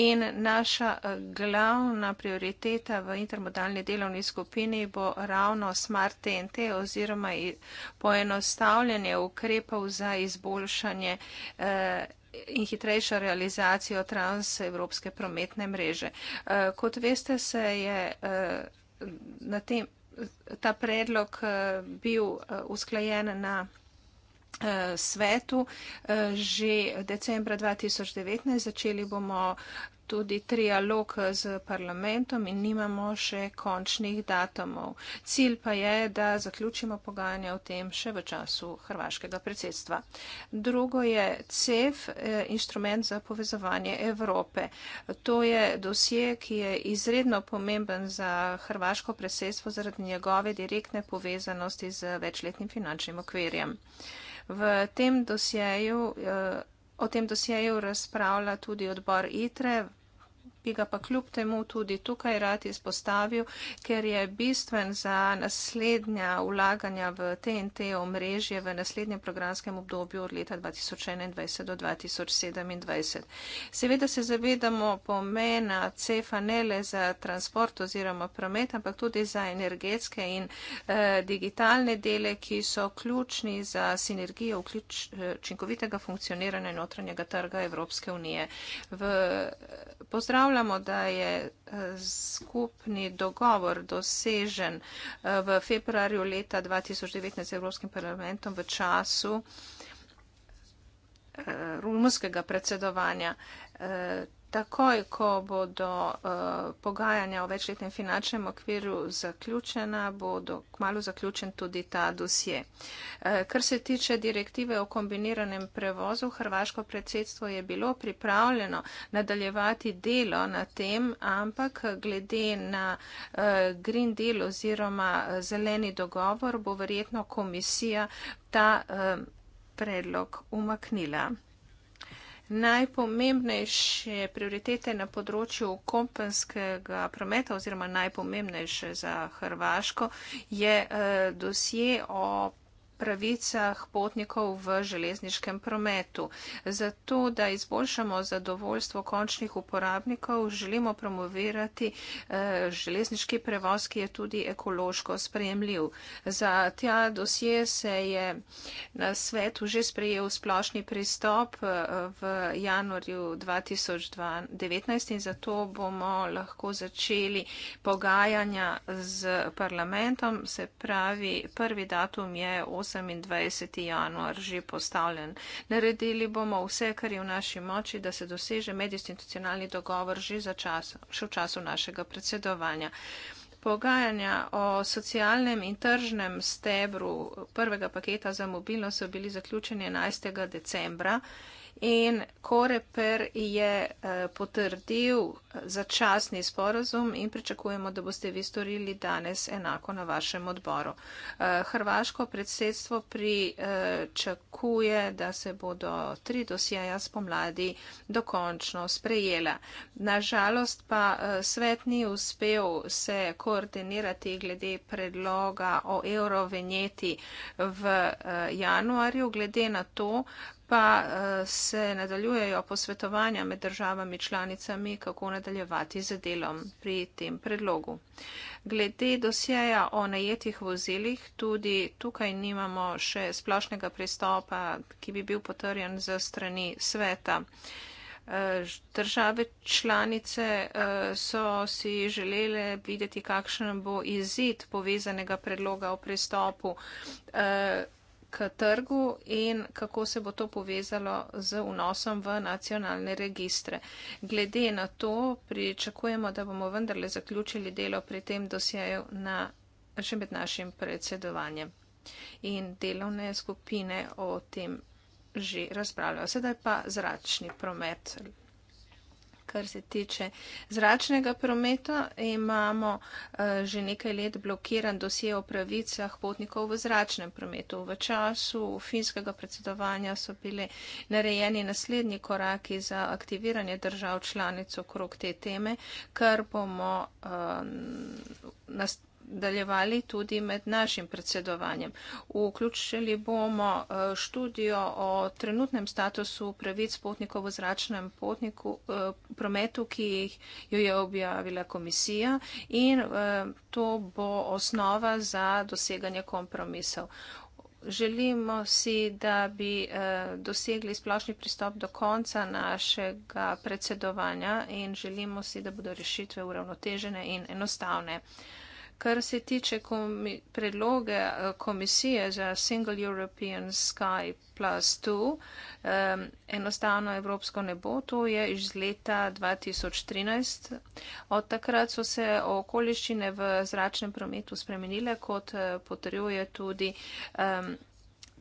in naša eh, glavna prioriteta v intermodalni delovni skupini bo ravno smart TNT oziroma poenostavljanje ukrepov za izboljšanje eh, in hitrejšo realizacijo transevropske prometne mreže. Eh, kot veste, se je na tem, ta predlog bil usklajen na svetu eh, že decembra 2019. Začeli bomo tudi trialog z parlamentom in nimamo še končnih datumov. Cilj pa je, da zaključimo pogajanja o tem še v času hrvaškega predsedstva. Drugo je CEF, eh, instrument za povezovanje Evrope. To je dosje, ki je izredno pomemben za hrvaško predsedstvo zaradi njegove direktne povezanosti z večletnim finančnim okvirjem. V tem dosjeju, eh, o tem dosjeju razpravlja tudi odbor ITRE, bi ga pa kljub temu tudi tukaj rad izpostavil, ker je bistven za naslednja ulaganja v TNT omrežje v naslednjem programskem obdobju od leta 2021 do 2027. Seveda se zavedamo pomena CEFA ne le za transport oziroma promet, ampak tudi za energetske in e, digitalne dele, ki so ključni za sinergijo eh, učinkovitega funkcioniranja notranjega trga Evropske unije. V, pozdravljamo, da je eh, skupni dogovor dosežen eh, v februarju leta 2019 z Evropskim parlamentom v času eh, rumunskega predsedovanja takoj, ko bodo uh, pogajanja o večletnem finančnem okviru zaključena, bodo kmalo zaključen tudi ta dosje. Uh, kar se tiče direktive o kombiniranem prevozu, Hrvaško predsedstvo je bilo pripravljeno nadaljevati delo na tem, ampak glede na uh, Green Deal oziroma zeleni dogovor bo verjetno komisija ta uh, predlog umaknila. Najpomembnejše prioritete na področju kompenskega prometa oziroma najpomembnejše za Hrvaško je eh, dosje o pravicah potnikov v železniškem prometu. Zato, da izboljšamo zadovoljstvo končnih uporabnikov, želimo promovirati eh, železniški prevoz, ki je tudi ekološko sprejemljiv. Za tja dosje se je na svetu že sprejel splošni pristop eh, v januarju 2019 in zato bomo lahko začeli pogajanja z parlamentom, se pravi, prvi datum je 8. 28. januar že postavljen. Naredili bomo vse, kar je v naši moči, da se doseže medinstitucionalni dogovor že, čas, že v času našega predsedovanja. Pogajanja o socialnem in tržnem stebru prvega paketa za mobilnost so bili zaključeni 11. decembra In Koreper je uh, potrdil eh, začasni sporozum in pričakujemo, da boste vi storili danes enako na vašem odboru. Uh, Hrvaško predsedstvo pričakuje, uh, da se bodo tri dosjeja spomladi dokončno sprejela. Nažalost pa uh, svet ni uspel se koordinirati glede predloga o eurovenjeti v uh, januarju, glede na to, pa eh, se nadaljujejo posvetovanja med državami članicami, kako nadaljevati z delom pri tem predlogu. Glede dosjeja o najetih vozilih, tudi tukaj nimamo še splošnega pristopa, ki bi bil potrjen za strani sveta. Eh, države članice eh, so si želele videti, kakšen bo izid povezanega predloga o pristopu k trgu in kako se bo to povezalo z vnosom v nacionalne registre. Glede na to pričakujemo, da bomo vendarle zaključili delo pri tem dosjeju na, še med našim predsedovanjem. In delovne skupine o tem že razpravljajo. Sedaj pa zračni promet kar se tiče zračnega prometa, imamo eh, že nekaj let blokiran dosje o pravicah potnikov v zračnem prometu. V času finskega predsedovanja so bili narejeni naslednji koraki za aktiviranje držav članic okrog te teme, kar bomo um, eh, nastavili nadaljevali tudi med našim predsedovanjem. Vključili bomo eh, študijo o trenutnem statusu pravic potnikov v zračnem potniku, eh, prometu, ki jo je objavila komisija in eh, to bo osnova za doseganje kompromisov. Želimo si, da bi dosegli splošni pristop do konca našega predsedovanja in želimo si, da bodo rešitve uravnotežene in enostavne. Kar se tiče komi predloge eh, komisije za Single European Sky Plus 2, um, enostavno Evropsko nebo, to je iz leta 2013. Od takrat so se okoliščine v zračnem prometu spremenile, kot eh, potrjuje tudi. Um,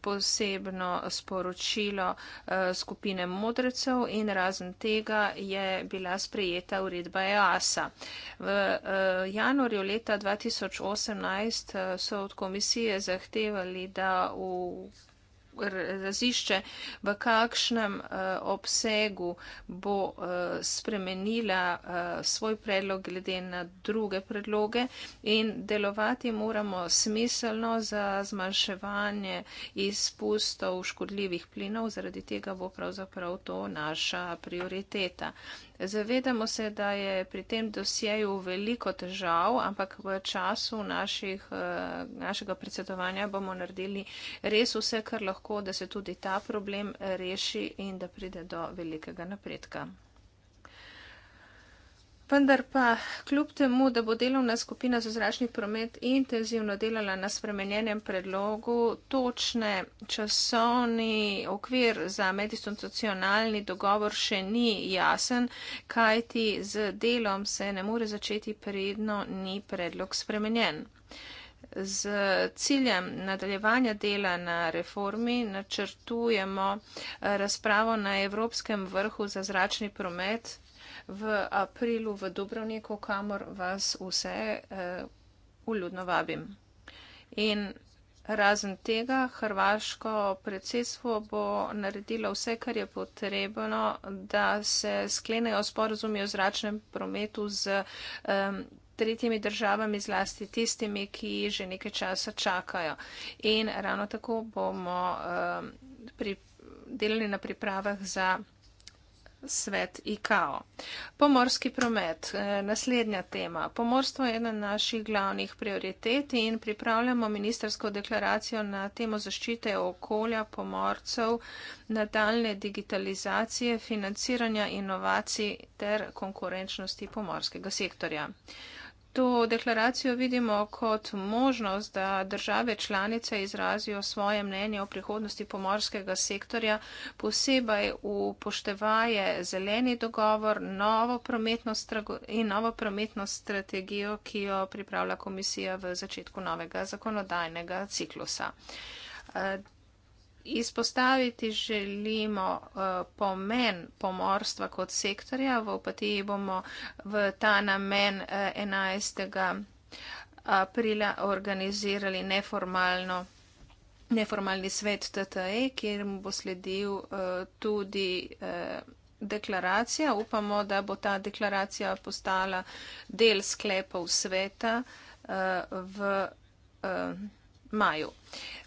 posebno sporočilo eh, skupine modrecev in razen tega je bila sprejeta uredba EASA. V eh, januarju leta 2018 eh, so od komisije zahtevali, da v razišče, v kakšnem eh, obsegu bo eh, spremenila eh, svoj predlog glede na druge predloge in delovati moramo smiselno za zmanjševanje izpustov škodljivih plinov, zaradi tega bo pravzaprav to naša prioriteta. Zavedamo se, da je pri tem dosjeju veliko težav, ampak v času naših, eh, našega predsedovanja bomo naredili res vse, kar lahko, da se tudi ta problem reši in da pride do velikega napredka. Vendar pa kljub temu, da bo delovna skupina za zračni promet intenzivno delala na spremenjenem predlogu, točne časovni okvir za medistitucionalni dogovor še ni jasen, kajti z delom se ne more začeti predno ni predlog spremenjen. Z ciljem nadaljevanja dela na reformi načrtujemo eh, razpravo na Evropskem vrhu za zračni promet v aprilu v Dubrovniku, kamor vas vse uh, eh, uljudno vabim. In razen tega, hrvaško predsedstvo bo naredilo vse, kar je potrebno, da se sklenejo sporozumi o zračnem prometu z. Um, tretjimi državami, zlasti tistimi, ki že nekaj časa čakajo. In ravno tako bomo um, pri, delali na pripravah za svet IKO. Pomorski promet, eh, naslednja tema. Pomorstvo je ena naših glavnih prioritet in pripravljamo ministersko deklaracijo na temo zaščite okolja pomorcev, nadaljne digitalizacije, financiranja inovacij ter konkurenčnosti pomorskega sektorja. To deklaracijo vidimo kot možnost, da države članice izrazijo svoje mnenje o prihodnosti pomorskega sektorja, posebej upoštevaje zeleni dogovor novo in novo prometno strategijo, ki jo pripravlja komisija v začetku novega zakonodajnega ciklusa. Izpostaviti želimo uh, pomen pomorstva kot sektorja. V opatiji bomo v ta namen uh, eh, 11. aprila organizirali neformalno. Neformalni svet TTE, kjer mu bo sledil uh, tudi uh, deklaracija. Upamo, da bo ta deklaracija postala del sklepov sveta uh, v uh, maju. Uh,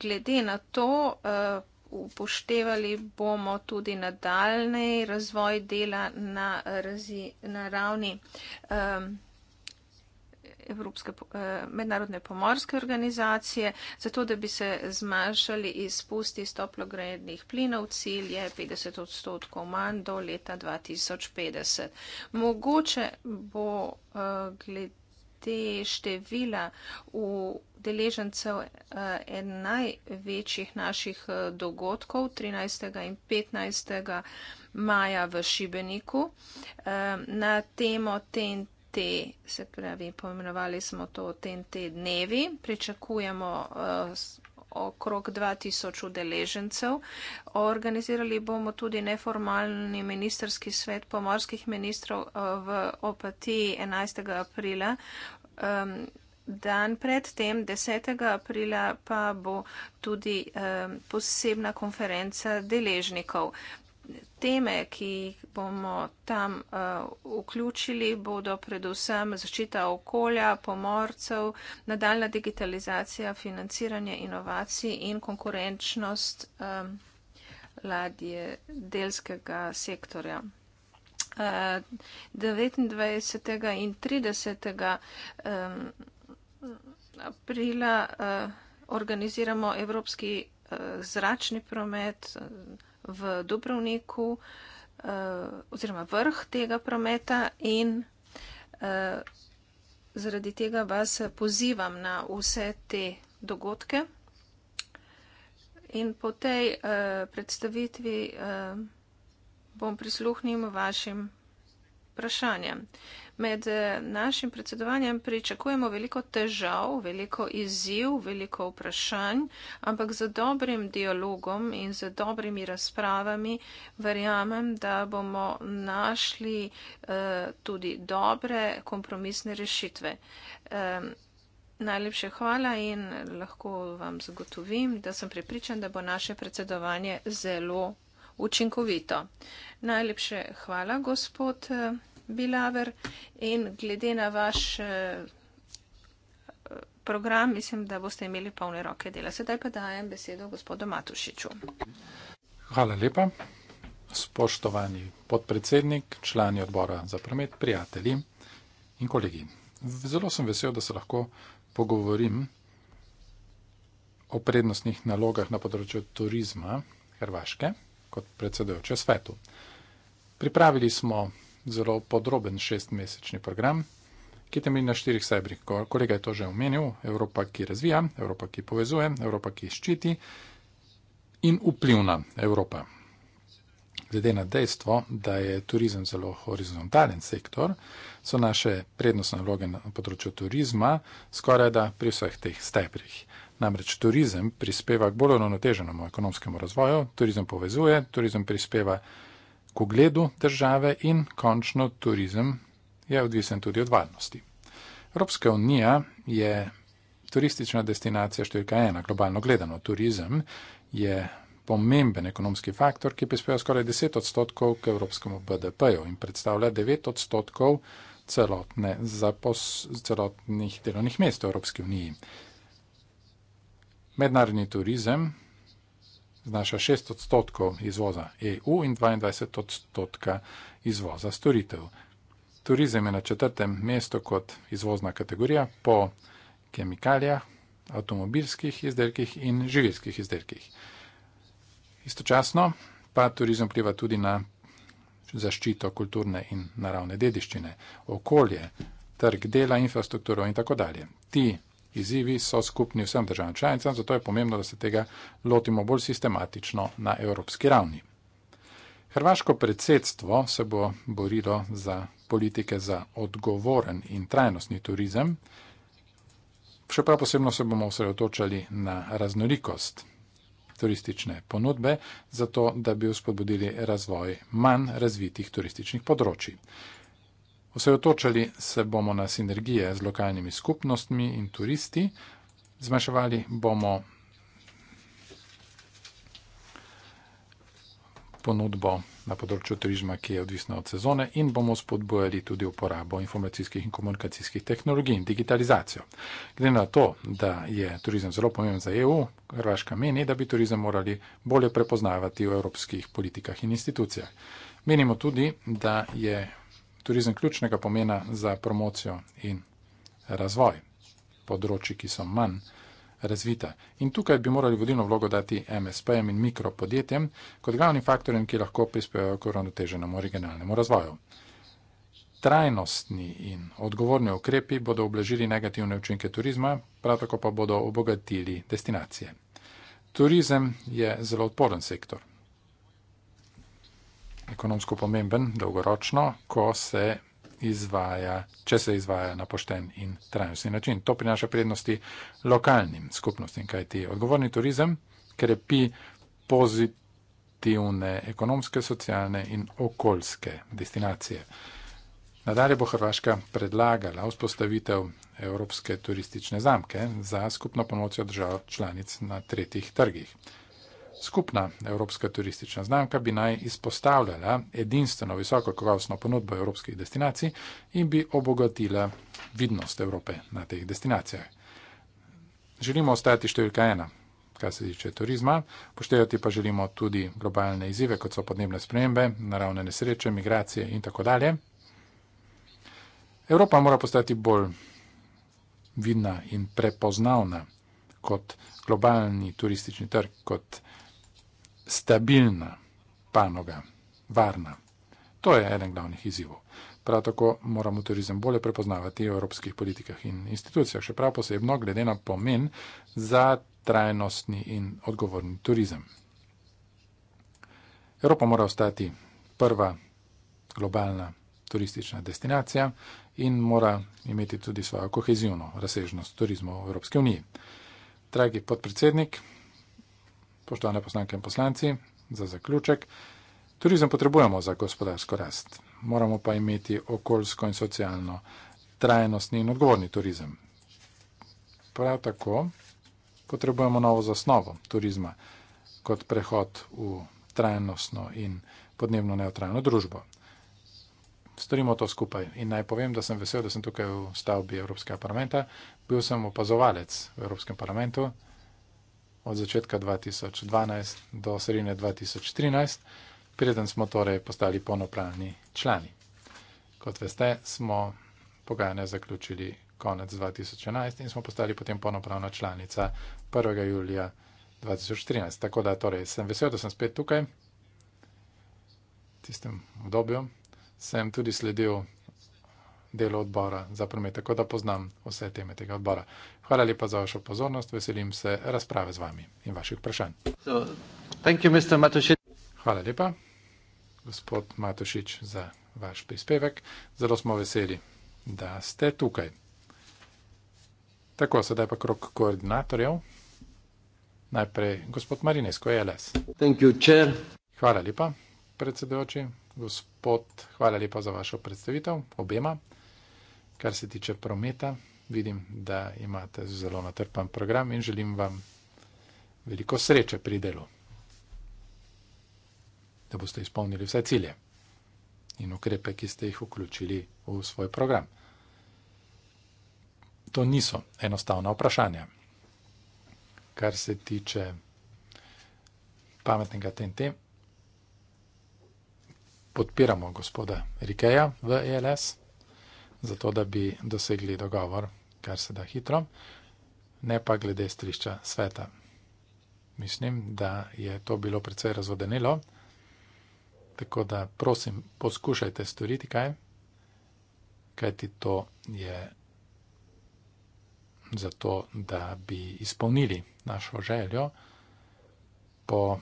glede na to uh, upoštevali bomo tudi nadaljni razvoj dela na, razi, na ravni um, Evropske, uh, mednarodne pomorske organizacije, zato da bi se zmanjšali izpusti stoplogrednih plinov, cilj je 50 odstotkov manj do leta 2050. Mogoče bo uh, glede glede števila v deležencev eh, en največjih naših eh, dogodkov 13. in 15. maja v Šibeniku eh, na temo TNT, se pravi, pomenovali smo to TNT dnevi, pričakujemo okrog 2000 udeležencev. Organizirali bomo tudi neformalni ministerski svet pomorskih ministrov eh, v Opatiji 11. aprila. Dan predtem, 10. aprila, pa bo tudi posebna konferenca deležnikov teme, ki jih bomo tam uh, vključili, bodo predvsem zaščita okolja, pomorcev, nadaljna digitalizacija, financiranje inovacij in konkurenčnost um, ladje delskega sektorja. Uh, eh, 29. in 30. Um, aprila uh, organiziramo Evropski uh, zračni promet. Uh, v Dubrovniku, eh, oziroma vrh tega prometa in eh, zaradi tega vas pozivam na vse te dogodke. In po tej eh, predstavitvi bom prisluhnil vašim vprašanjem med eh, našim predsedovanjem pričakujemo veliko težav, veliko izziv, veliko vprašanj, ampak z dobrim dialogom in z dobrimi razpravami verjamem, da bomo našli eh, tudi dobre kompromisne rešitve. Najlepše hvala in lahko vam zagotovim, da sem prepričan, da bo naše predsedovanje zelo učinkovito. Najlepše hvala, gospod. Eh, Bilaver. In glede na vaš eh, program, mislim, da boste imeli polne roke dela. Sedaj pa dajem besedo gospodu Matušiču. Hvala lepa. Spoštovani podpredsednik, člani odbora za promet, prijatelji in kolegi. Zelo sem vesel, da se lahko pogovorim o prednostnih nalogah na področju turizma Hrvaške kot predsedujoče svetu. Pripravili smo zelo podroben šestmesečni program, ki temelji na štirih sebrih. Kolega je to že omenil, Evropa, ki razvija, Evropa, ki povezuje, Evropa, ki ščiti in vplivna Evropa. Glede na dejstvo, da je turizem zelo horizontalen sektor, so naše prednostne naloge na področju turizma skoraj da pri vseh teh stebrih. Namreč turizem prispeva k bolj ravnoteženemu ekonomskemu razvoju, turizem povezuje, turizem prispeva k ugledu države in končno turizem je odvisen tudi od varnosti. Evropska unija je turistična destinacija številka ena, globalno gledano. Turizem je pomemben ekonomski faktor, ki prispeva skoraj 10 odstotkov k evropskemu BDP-ju in predstavlja 9 odstotkov celotnih delovnih mest v Evropski uniji. Mednarodni turizem znaša 6 odstotkov izvoza EU in 22 odstotka izvoza storitev. Turizem je na četrtem mestu kot izvozna kategorija po kemikalijah, avtomobilskih izdelkih in živilskih izdelkih. Istočasno pa turizem pliva tudi na zaščito kulturne in naravne dediščine, okolje, trg dela, infrastrukturo in tako dalje. Ti izzivi so skupni vsem državam članicam, zato je pomembno, da se tega lotimo bolj sistematično na evropski ravni. Hrvaško predsedstvo se bo borilo za politike za odgovoren in trajnostni turizem, še prav posebno se bomo osredotočali na raznolikost turistične ponudbe, zato da bi uspodbudili razvoj manj razvitih turističnih področji. Osredotočali se bomo na sinergije z lokalnimi skupnostmi in turisti, zmanjševali bomo ponudbo na področju turizma, ki je odvisna od sezone in bomo spodbojali tudi uporabo informacijskih in komunikacijskih tehnologij in digitalizacijo. Glede na to, da je turizem zelo pomemben za EU, Hrvaška meni, da bi turizem morali bolje prepoznavati v evropskih politikah in institucijah. Menimo tudi, da je turizem ključnega pomena za promocijo in razvoj področji, ki so manj razvita. In tukaj bi morali vodilno vlogo dati MSP-jem in mikropodjetjem kot glavnim faktorjem, ki lahko prispevajo k uravnoteženemu regionalnemu razvoju. Trajnostni in odgovorni ukrepi bodo oblažili negativne učinke turizma, prav tako pa bodo obogatili destinacije. Turizem je zelo odporen sektor ekonomsko pomemben, dolgoročno, ko se izvaja, če se izvaja na pošten in trajnostni način. To prinaša prednosti lokalnim skupnostim, kaj ti odgovorni turizem krepi pozitivne ekonomske, socialne in okoljske destinacije. Nadalje bo Hrvaška predlagala vzpostavitev Evropske turistične zamke za skupno pomočjo držav članic na tretjih trgih. Skupna evropska turistična znamka bi naj izpostavljala edinstveno visoko kakovostno ponudbo evropskih destinacij in bi obogatila vidnost Evrope na teh destinacijah. Želimo ostati številka ena, kar se tiče turizma, poštevati pa želimo tudi globalne izzive, kot so podnebne spremembe, naravne nesreče, migracije in tako dalje. Evropa mora postati bolj vidna in prepoznavna kot globalni turistični trg, kot stabilna panoga, varna. To je eden glavnih izzivov. Prav tako moramo turizem bolje prepoznavati v evropskih politikah in institucijah, še prav posebno glede na pomen za trajnostni in odgovorni turizem. Evropa mora ostati prva globalna turistična destinacija in mora imeti tudi svojo kohezivno razsežnost turizma v Evropski uniji. Dragi podpredsednik, spoštovane poslanke in poslanci, za zaključek. Turizem potrebujemo za gospodarsko rast, moramo pa imeti okoljsko in socialno trajnostni in odgovorni turizem. Prav tako potrebujemo novo zasnovo turizma kot prehod v trajnostno in podnebno neutralno družbo. Storimo to skupaj in naj povem, da sem vesel, da sem tukaj v stavbi Evropskega parlamenta. Bil sem opazovalec v Evropskem parlamentu od začetka 2012 do sredine 2013, preden smo torej postali ponopravni člani. Kot veste, smo pogajanja zaključili konec 2011 in smo postali potem ponopravna članica 1. julija 2014. Tako da torej sem vesel, da sem spet tukaj, tistem obdobju. Sem tudi sledil delo odbora za promet, tako da poznam vse teme tega odbora. Hvala lepa za vašo pozornost. Veselim se razprave z vami in vaših vprašanj. So, Hvala lepa, gospod Matošič, za vaš prispevek. Zelo smo veseli, da ste tukaj. Tako, sedaj pa krok koordinatorjev. Najprej gospod Marinesko, e LS. You, Hvala lepa, predsedujoči. Gospod, hvala lepa za vašo predstavitev obema, kar se tiče prometa, vidim, da imate zelo natrpan program in želim vam veliko sreče pri delu, da boste izpolnili vse cilje in ukrepe, ki ste jih vključili v svoj program. To niso enostavna vprašanja. Kar se tiče pametnega TNT, podpiramo gospoda Rikeja v ELS, zato da bi dosegli dogovor kar se da hitro, ne pa glede strišča sveta. Mislim, da je to bilo precej razvodenilo, tako da prosim, poskušajte storiti kaj, kajti to je zato, da bi izpolnili našo željo po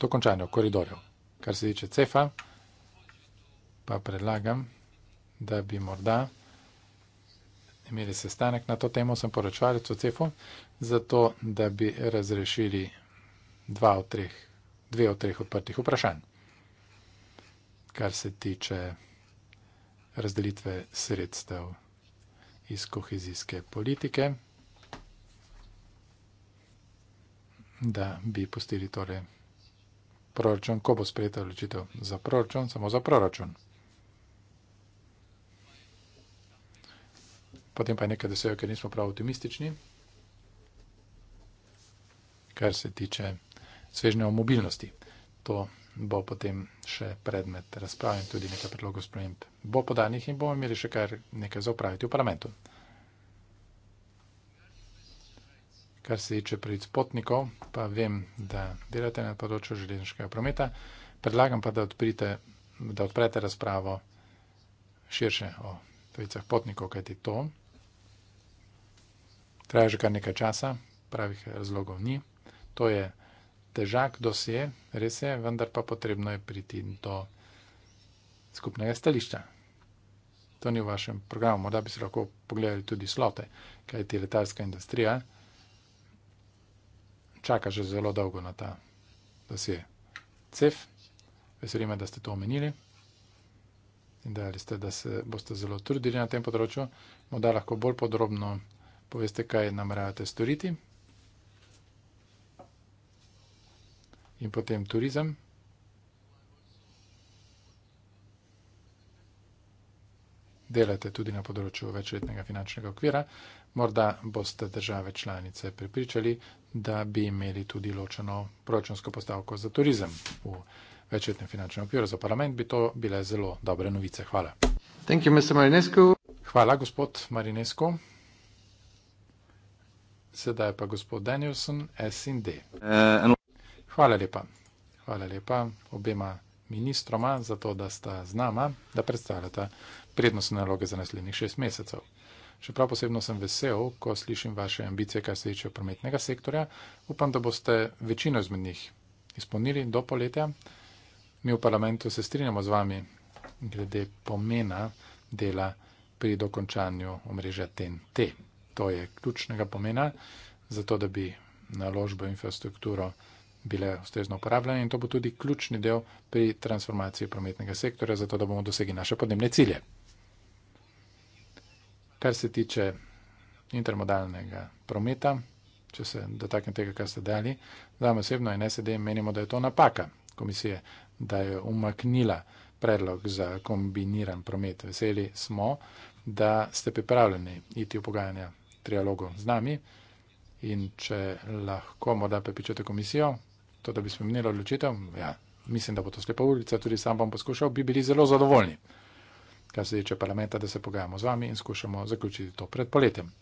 dokončanju koridorjev. Kar se tiče cefa, pa predlagam, da bi morda imeli sestanek na to temo, sem poročal v CEFO, zato da bi razrešili dva od treh, dve od treh odprtih vprašanj, kar se tiče razdelitve sredstev iz kohezijske politike, da bi postili torej proračun, ko bo sprejeta odločitev za proračun, samo za proračun. potem pa je nekaj, da se jo, ker nismo prav optimistični, kar se tiče svežnja o mobilnosti. To bo potem še predmet razprave in tudi nekaj predlogov sprememb bo podanih in bomo imeli še kar nekaj za upraviti v parlamentu. Kar se tiče pred potnikov, pa vem, da delate na področju železniškega prometa. Predlagam pa, da, odprite, da odprete razpravo širše o pravicah potnikov, kajti to traja že kar nekaj časa, pravih razlogov ni. To je težak dosje, res je, vendar pa potrebno je priti do skupnega stališča. To ni v vašem programu, morda bi se lahko pogledali tudi slote, kaj ti letalska industrija čaka že zelo dolgo na ta dosje. CEF, veselim me, da ste to omenili in dali ste, da se boste zelo trudili na tem področju, morda lahko bolj podrobno poveste, kaj nameravate storiti. In potem turizem. Delate tudi na področju večletnega finančnega okvira. Morda boste države članice pripričali, da bi imeli tudi ločeno proračunsko postavko za turizem v večletnem finančnem okviru. Za parlament bi to bile zelo dobre novice. Hvala. Thank you, Mr. Marinescu. Hvala, gospod Marinescu. Sedaj pa gospod Danielson, SND. Eh, Hvala lepa. Hvala lepa obema ministroma za to, da sta z nama, da predstavljata prednostne naloge za naslednjih šest mesecev. Še prav posebno sem vesel, ko slišim vaše ambicije, kar se tiče prometnega sektorja. Upam, da boste večino izmed njih izpolnili do poletja. Mi v parlamentu se strinjamo z vami glede pomena dela pri dokončanju omrežja TNT to je ključnega pomena, zato da bi naložbe v infrastrukturo bile ustrezno uporabljene in to bo tudi ključni del pri transformaciji prometnega sektorja, zato da bomo dosegli naše podnebne cilje. Kar se tiče intermodalnega prometa, če se dotaknem tega, kar ste dali, zame osebno in SED menimo, da je to napaka komisije, da je umaknila predlog za kombiniran promet. Veseli smo, da ste pripravljeni iti v pogajanja trialogu z nami in če lahko morda prepičate komisijo, to, da bi spremenilo odločitev, ja, mislim, da bo to slepa ulica, tudi sam bom poskušal, bi bili zelo zadovoljni, kar se tiče parlamenta, da se pogajamo z vami in skušamo zaključiti to pred poletjem.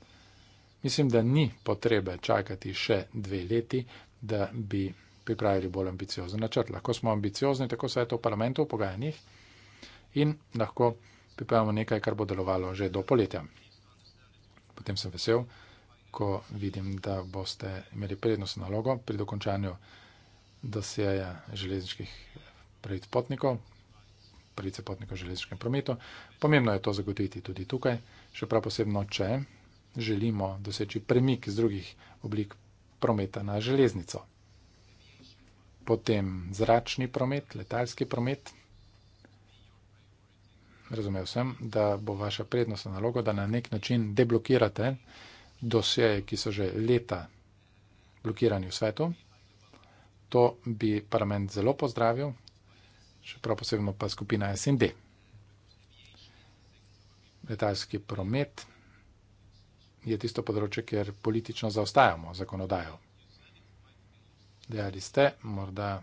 Mislim, da ni potrebe čakati še dve leti, da bi pripravili bolj ambiciozen načrt. Lahko smo ambiciozni, tako se je to v parlamentu v pogajanjih in lahko pripravimo nekaj, kar bo delovalo že do poletja potem sem vesel, ko vidim, da boste imeli prednost nalogo pri dokončanju dosjeja železniških pravic potnikov, pravice potnikov v železniškem prometu. Pomembno je to zagotoviti tudi tukaj, še prav posebno, če želimo doseči premik iz drugih oblik prometa na železnico. Potem zračni promet, letalski promet razumel sem, da bo vaša prednostna naloga, da na nek način deblokirate dosjeje, ki so že leta blokirani v svetu. To bi parlament zelo pozdravil, še prav posebno pa skupina SND. Letalski promet je tisto področje, kjer politično zaostajamo zakonodajo. Dejali ste, morda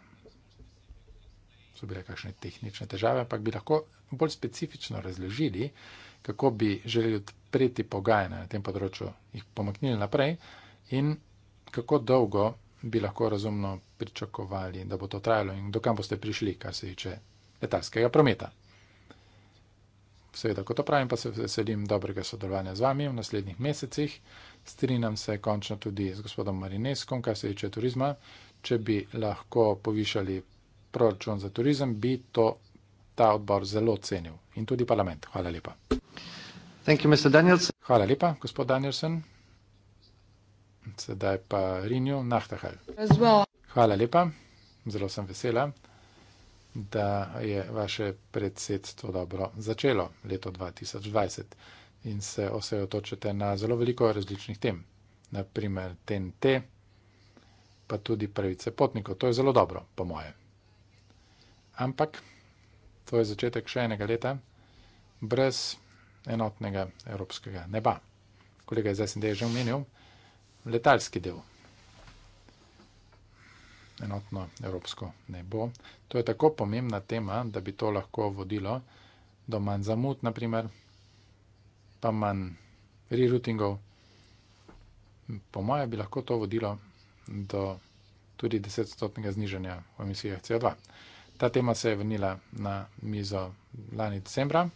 so bile kakšne tehnične težave, ampak bi lahko bolj specifično razložili, kako bi želeli odpreti pogajanja na tem področju, jih pomaknili naprej in kako dolgo bi lahko razumno pričakovali, da bo to trajalo in dokam boste prišli, kar se tiče letalskega prometa. Seveda, ko to pravim, pa se veselim dobrega sodelovanja z vami v naslednjih mesecih. Strinjam se končno tudi z gospodom Marineskom, kar se tiče turizma. Če bi lahko povišali proračun za turizem, bi to ta odbor zelo cenil in tudi parlament. Hvala lepa. You, Hvala lepa, gospod Danielson. Sedaj pa Rinju Nahtahal. Well. Hvala lepa, zelo sem vesela, da je vaše predsedstvo dobro začelo leto 2020 in se osredotočate na zelo veliko različnih tem, naprimer TNT, pa tudi pravice potnikov. To je zelo dobro, po mojem ampak to je začetek še enega leta brez enotnega evropskega neba. Kolega je zdaj sem že omenil, letalski del. Enotno evropsko nebo. To je tako pomembna tema, da bi to lahko vodilo do manj zamud, naprimer, pa manj rerutingov. Po moje bi lahko to vodilo do tudi 10-stotnega znižanja v emisijah CO2. Ta tema se je vrnila na mizo lani decembra,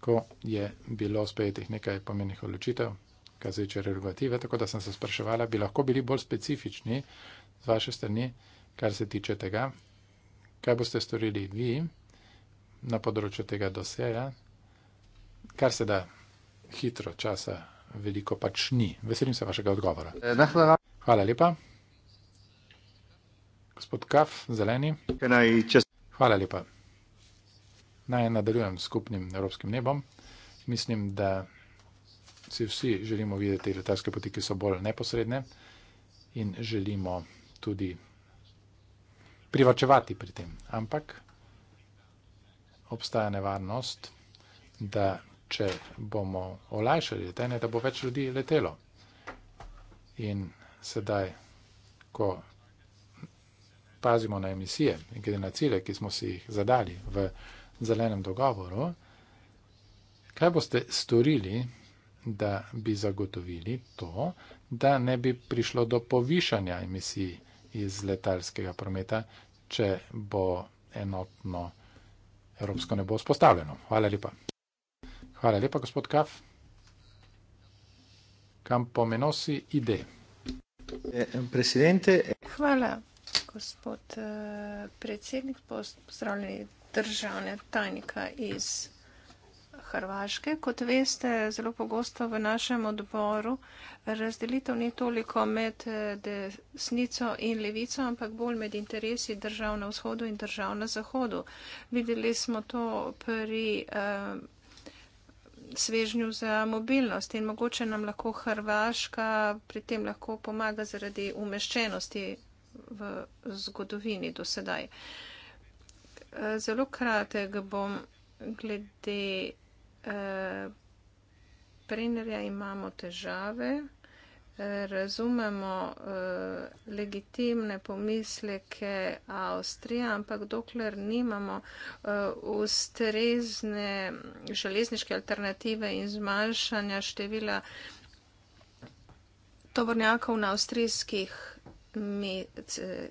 ko je bilo sprejetih nekaj pomenih odločitev, kar se tiče regulative, tako da sem se spraševala, bi lahko bili bolj specifični z vaše strani, kar se tiče tega, kaj boste storili vi na področju tega doseja, kar se da hitro časa veliko pač ni. Veselim se vašega odgovora. Eh, hvala lepa. Gospod Kaf, zeleni. Hvala lepa. Naj nadaljujem s skupnim evropskim nebom. Mislim, da si vsi želimo videti letalske poti, ki so bolj neposredne in želimo tudi privačevati pri tem. Ampak obstaja nevarnost, da če bomo olajšali letenje, da bo več ljudi letelo. In sedaj, ko pazimo na emisije in glede na cilje, ki smo si jih zadali v zelenem dogovoru, kaj boste storili, da bi zagotovili to, da ne bi prišlo do povišanja emisij iz letalskega prometa, če bo enotno evropsko nebo spostavljeno. Hvala lepa. Hvala lepa, gospod Kaf. Kam pomenosi ide? Eh, presidente. Eh. Hvala gospod uh, predsednik, pozdravljeni državne tajnika iz Hrvaške. Kot veste, zelo pogosto v našem odboru razdelitev ni toliko med eh, desnico in levico, ampak bolj med interesi držav na vzhodu in držav na zahodu. Videli smo to pri. Uh, svežnju za mobilnost in mogoče nam lahko Hrvaška pri tem lahko pomaga zaradi umeščenosti v zgodovini do sedaj. Zelo kratek bom glede eh, prenerja imamo težave, razumemo eh, legitimne pomisleke Avstrije, ampak dokler nimamo eh, ustrezne železniške alternative in zmanjšanja števila tovornjakov na avstrijskih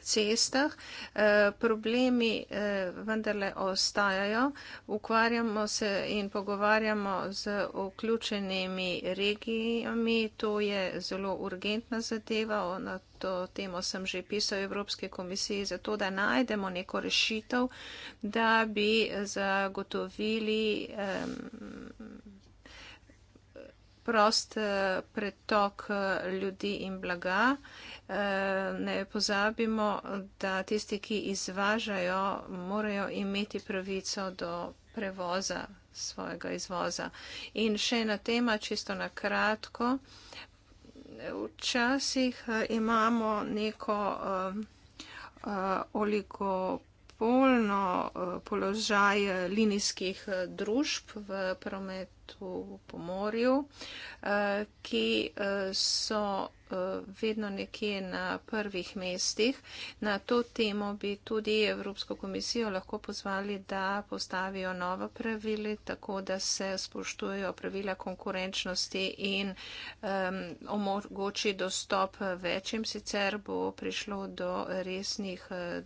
cestah. Eh, problemi eh, vendarle ostajajo. Ukvarjamo se in pogovarjamo z vključenimi regijami. To je zelo urgentna zadeva. Na to temo sem že pisal Evropske komisije, zato da najdemo neko rešitev, da bi zagotovili prost eh, pretok ljudi in blaga ne pozabimo, da tisti, ki izvažajo, morajo imeti pravico do prevoza svojega izvoza. In še ena tema, čisto na kratko. Včasih eh, imamo neko eh, eh, oligopolno položaj linijskih družb v promet tu po morju, eh, ki eh, so eh, vedno nekje na prvih mestih. Na to temo bi tudi Evropsko komisijo lahko pozvali, da postavijo nova pravila, tako da se spoštujejo pravila konkurenčnosti in um, omogoči dostop večjim, sicer bo prišlo do resnih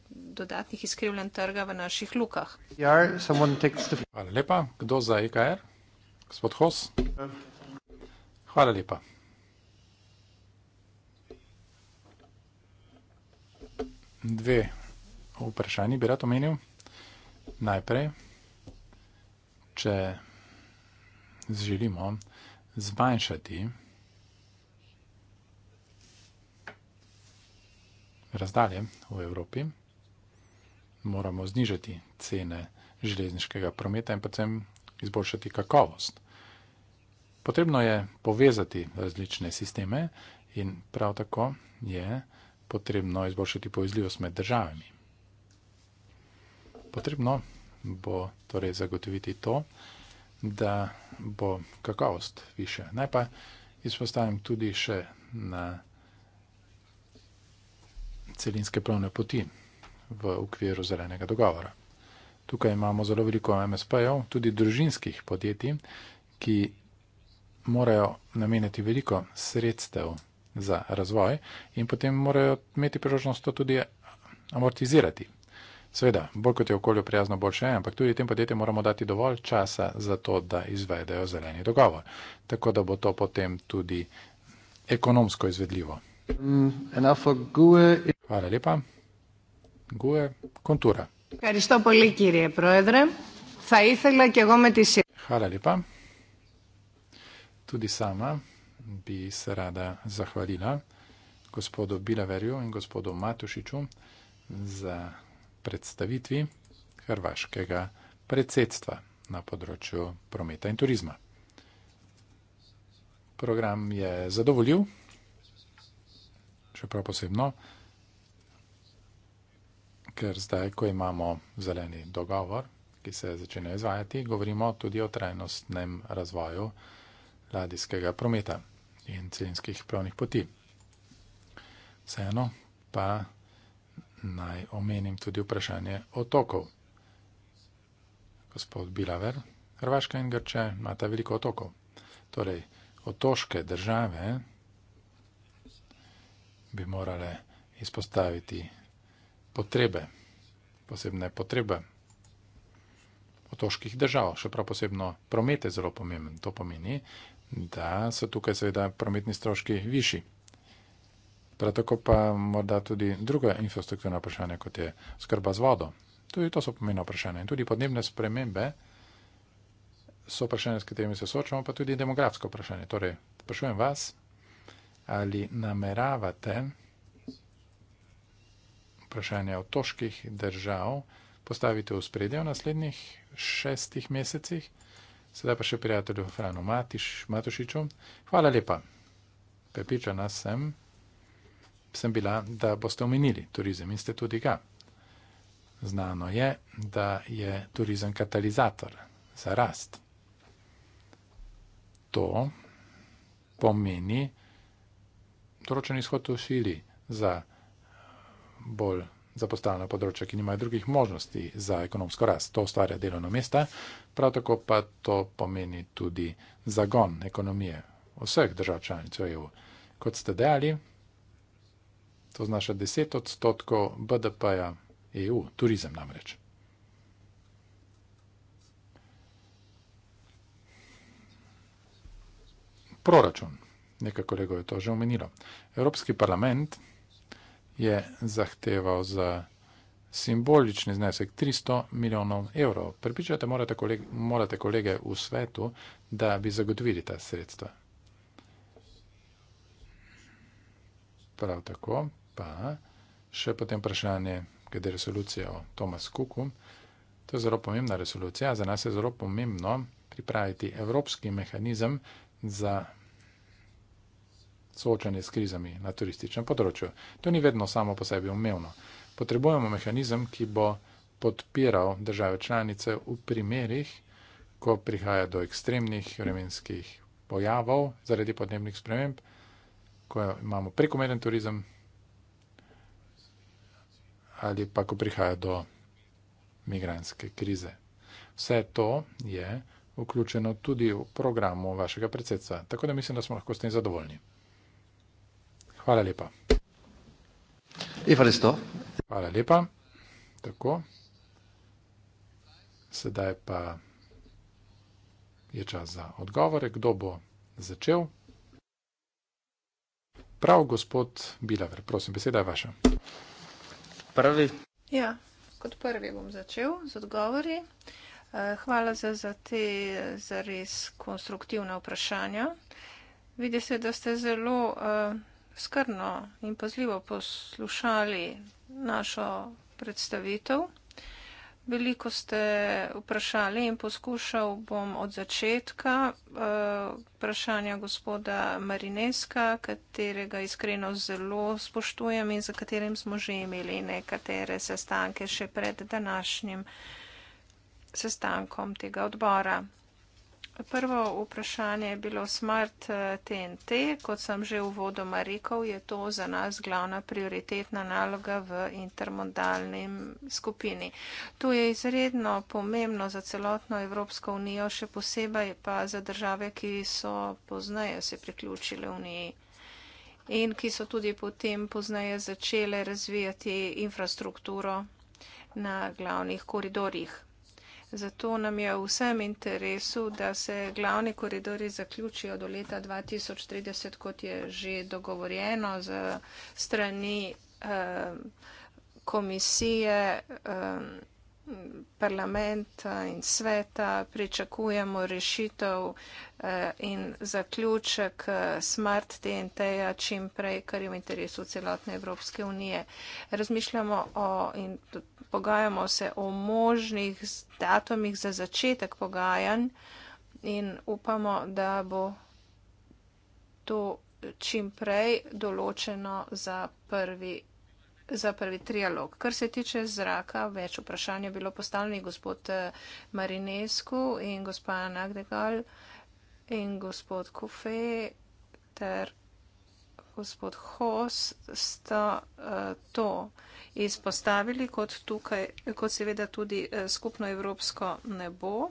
dodatnih izkrivljen trga v naših lukah. Hvala lepa. Kdo za IKR? E Gospod Hos. Hvala lepa. Dve vprašanji bi rad omenil. Najprej, če želimo zmanjšati razdalje v Evropi, moramo znižati cene železniškega prometa in predvsem izboljšati kakovost. Potrebno je povezati različne sisteme in prav tako je potrebno izboljšati povezljivost med državami. Potrebno bo torej zagotoviti to, da bo kakovost više. Naj pa izpostavim tudi še na celinske pravne poti v okviru zelenega dogovora. Tukaj imamo zelo veliko MSP-jev, tudi družinskih podjetij, ki morajo nameniti veliko sredstev za razvoj in potem morajo imeti priložnost to tudi amortizirati. Sveda, bolj kot je okolju prijazno, boljše je, ampak tudi tem podjetjem moramo dati dovolj časa za to, da izvedejo zeleni dogovor, tako da bo to potem tudi ekonomsko izvedljivo. Mm, Hvala lepa. Gue, kontura. Ευχαριστώ πολύ κύριε Πρόεδρε. Θα ήθελα και εγώ με τη σειρά. Χαρά λοιπόν. Τούτι σάμα, μπι σράδα ζαχβαλίλα, господу Билаверио и господу Матушичу за представитви Хрвашкега председства на področju промета и туризма. Програм је задоволил, ше пропосебно, ker zdaj, ko imamo zeleni dogovor, ki se začne izvajati, govorimo tudi o trajnostnem razvoju ladijskega prometa in celinskih plovnih poti. Vseeno pa naj omenim tudi vprašanje otokov. Gospod Bilaver, Hrvaška in Grče imata veliko otokov. Torej, otoške države bi morale izpostaviti potrebe, posebne potrebe otoških držav, še prav posebno promet je zelo pomemben. To pomeni, da so tukaj seveda prometni stroški višji. Prav tako pa morda tudi druga infrastrukturna vprašanja, kot je skrba z vodo. Tudi to so pomembna vprašanja. In tudi podnebne spremembe so vprašanja, s katerimi se soočamo, pa tudi demografsko vprašanje. Torej, sprašujem vas, ali nameravate vprašanja otoških držav postavite v spredje v naslednjih šestih mesecih. Sedaj pa še prijatelju Franu Matiš, Matošiču. Hvala lepa. Prepričana sem, sem bila, da boste omenili turizem in ste tudi ga. Znano je, da je turizem katalizator za rast. To pomeni določen izhod v sili za rast bolj zapostavljena področja, ki nimajo drugih možnosti za ekonomsko rast. To ustvarja delovno mesta, prav tako pa to pomeni tudi zagon ekonomije vseh držav članicov EU. Kot ste dejali, to znaša 10 odstotkov BDP-ja EU, turizem namreč. Proračun. Nekaj kolegov je to že omenilo. Evropski parlament je zahteval za simbolični znesek 300 milijonov evrov. Pripričate, morate, koleg, morate kolege v svetu, da bi zagotovili ta sredstva. Prav tako pa še potem vprašanje, glede resolucije o Tomas Kuku. To je zelo pomembna resolucija. Za nas je zelo pomembno pripraviti evropski mehanizem za soočanje s krizami na turističnem področju. To ni vedno samo po sebi umevno. Potrebujemo mehanizem, ki bo podpiral države članice v primerih, ko prihaja do ekstremnih vremenskih pojavov zaradi podnebnih sprememb, ko imamo prekomeren turizem ali pa ko prihaja do migranske krize. Vse to je vključeno tudi v programu vašega predsedstva, tako da mislim, da smo lahko s tem zadovoljni. Hvala lepa. Hvala lepa. Tako. Sedaj pa je čas za odgovore. Kdo bo začel? Prav, gospod Bilaver, prosim, beseda je vaša. Prvi. Ja, kot prvi bom začel z odgovori. Eh, hvala za, za te za res konstruktivne vprašanja. Vidi se, da ste zelo. Uh, skrbno in pazljivo poslušali našo predstavitev. Veliko ste vprašali in poskušal bom od začetka uh, vprašanja gospoda Marineska, katerega iskreno zelo spoštujem in za katerim smo že imeli nekatere sestanke še pred današnjim sestankom tega odbora. Prvo vprašanje je bilo smrt TNT. Eh, Kot sem že v vodoma rekel, je to za nas glavna prioritetna naloga v intermodalnem skupini. To je izredno pomembno za celotno Evropsko unijo, še posebej pa za države, ki so poznaje se priključile v njej in ki so tudi potem poznaje začele razvijati infrastrukturo na glavnih koridorjih. Zato nam je v vsem interesu, da se glavni koridori zaključijo do leta 2030, kot je že dogovorjeno z strani eh, komisije, eh, parlamenta in sveta. Pričakujemo rešitev eh, in zaključek eh, smart TNT-ja čim prej, kar je v interesu celotne Evropske unije. Razmišljamo o in tudi pogajamo se o možnih datumih za začetek pogajanj in upamo, da bo to čim prej določeno za prvi, za prvi trialog. Kar se tiče zraka, več vprašanj je bilo postavljeno gospod eh, Marinescu in gospa Nagdegal in gospod Kufe ter gospod Hos sta uh, to izpostavili, kot, tukaj, kot seveda tudi eh, skupno evropsko nebo.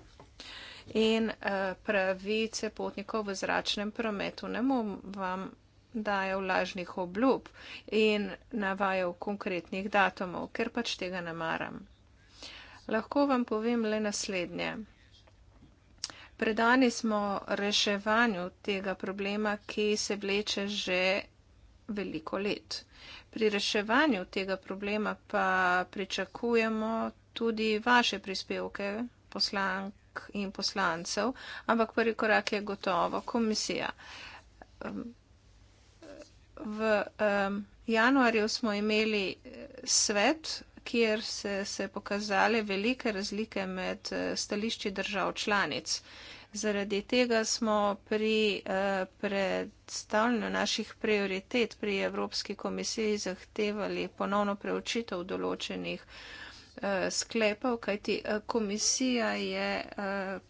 In eh, pravice potnikov v zračnem prometu ne bom vam dajal lažnih obljub in navajal konkretnih datumov, ker pač tega ne maram. Lahko vam povem le naslednje. Predani smo reševanju tega problema, ki se vleče že veliko let. Pri reševanju tega problema pa pričakujemo tudi vaše prispevke poslank in poslancev, ampak prvi korak je gotovo komisija. V januarju smo imeli eh, svet, kjer se, se pokazale velike razlike med eh, stališči držav članic. Zaradi tega smo pri eh, predstavljanju naših prioritet pri Evropski komisiji zahtevali ponovno preučitev določenih eh, sklepov, kajti eh, komisija je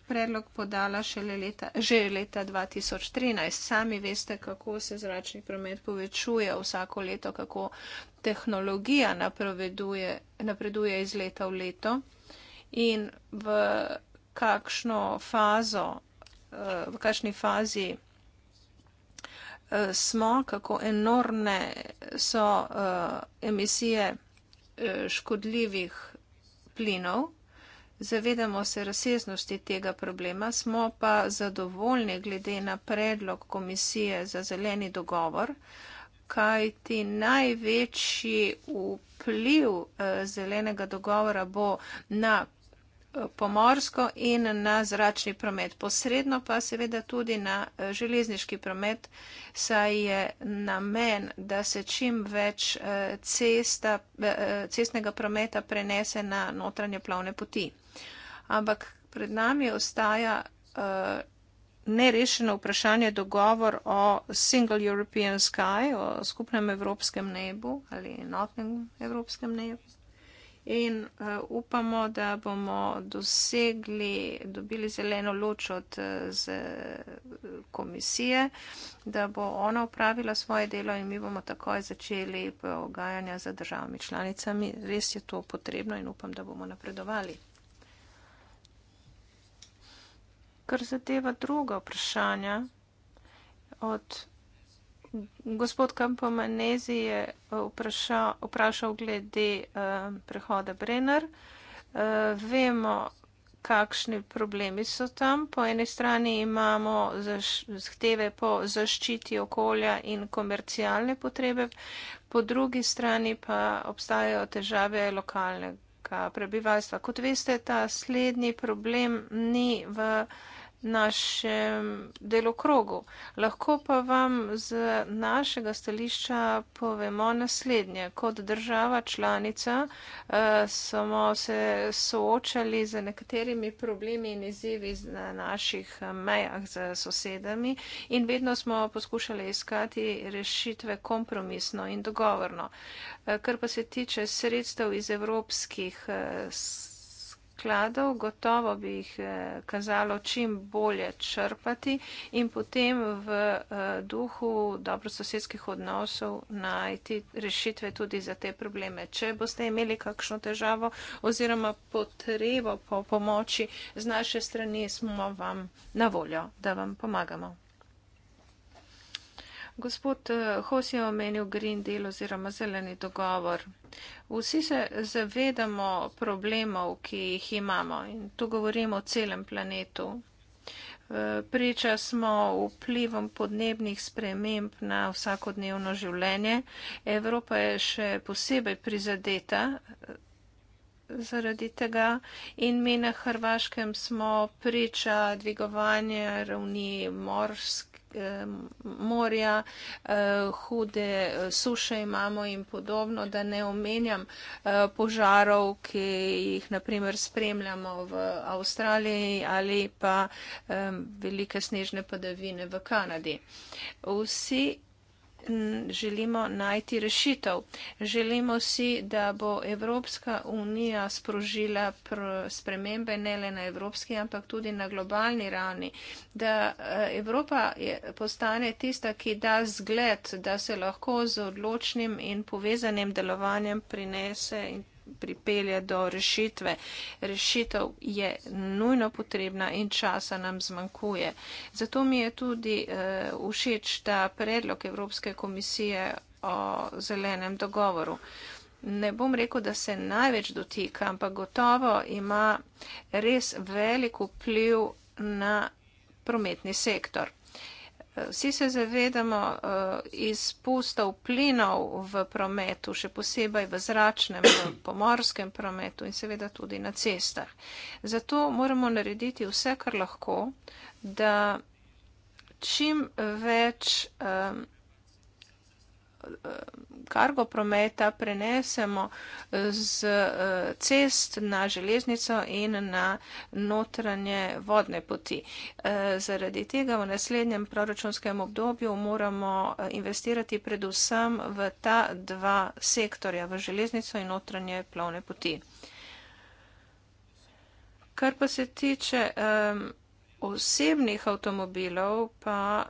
predlog podala leta, že leta 2013. Sami veste, kako se zračni promet povečuje vsako leto, kako tehnologija napreduje iz leta v leto. In v kakšno fazo, eh, v kakšni fazi eh, smo, kako enormne so eh, emisije škodljivih plinov. Zavedamo se razsežnosti tega problema, smo pa zadovoljni glede na predlog Komisije za zeleni dogovor, kaj ti največji vpliv zelenega dogovora bo na pomorsko in na zračni promet, posredno pa seveda tudi na eh, železniški promet, saj je namen, da se čim več eh, cesta, eh, cestnega prometa prenese na notranje plavne poti. Ampak pred nami ostaja nerešeno vprašanje dogovor o Single European Sky, o skupnem evropskem nebu ali enotnem evropskem nebu in uh, upamo, da bomo dosegli, dobili zeleno luč od eh, z, komisije, da bo ona upravila svoje delo in mi bomo takoj začeli pogajanja za državami članicami. Res je to potrebno in upam, da bomo napredovali. Kar zadeva druga vprašanja od. Gospod Kampo Manezi je eh, vprašal, vprašal glede uh, prehoda Brenner. Uh, vemo, kakšni problemi so tam. Po eni strani imamo zaš, zahteve po zaščiti okolja in komercialne potrebe, po drugi strani pa obstajajo težave lokalnega prebivalstva. Kot veste, ta slednji problem ni v. Uh, našem delokrogu. Lahko pa vam z našega stališča povemo naslednje. Kot država članica eh, smo se soočali z nekaterimi problemi in izzivi na naših eh, mejah z sosedami in vedno smo poskušali iskati rešitve kompromisno in dogovorno. Eh, kar pa se tiče sredstev iz evropskih skupin, skladov, gotovo bi jih eh, kazalo čim bolje črpati in potem v eh, duhu dobrososedskih odnosov najti rešitve tudi za te probleme. Če boste imeli kakšno težavo oziroma potrebo po pomoči z naše strani, smo vam na voljo, da vam pomagamo. Gospod eh, Hos je omenil Green Deal oziroma zeleni dogovor. Vsi se zavedamo problemov, ki jih imamo in tu govorimo o celem planetu. Eh, priča smo vplivom podnebnih sprememb na vsakodnevno življenje. Evropa je še posebej prizadeta eh, zaradi tega in mi na Hrvaškem smo priča dvigovanja ravni morske morja, eh, hude eh, suše imamo in podobno, da ne omenjam eh, požarov, ki jih naprimer spremljamo v Avstraliji ali pa velike snežne padavine v Kanadi. Vsi želimo najti rešitev. Želimo si, da bo Evropska unija sprožila pr spremembe ne le na evropski, ampak tudi na globalni rani, da eh, Evropa je, postane tista, ki da zgled, da se lahko z odločnim in povezanim delovanjem prinese in pripelje do rešitve. Rešitev je nujno potrebna in časa nam zmanjkuje. Zato mi je tudi uh, všeč ta predlog Evropske komisije o zelenem dogovoru. Ne bom rekel, da se največ dotika, ampak gotovo ima res velik vpliv na prometni sektor. Vsi se zavedamo eh, izpustov plinov v prometu, še posebej v zračnem, v pomorskem prometu in seveda tudi na cestah. Zato moramo narediti vse, kar lahko, da čim več. Um, kargo prometa prenesemo z eh, cest na železnico in na notranje vodne poti. Eh, zaradi tega v naslednjem proračunskem obdobju moramo eh, investirati predvsem v ta dva sektorja, v železnico in notranje plovne poti. Kar pa se tiče um, osebnih avtomobilov, pa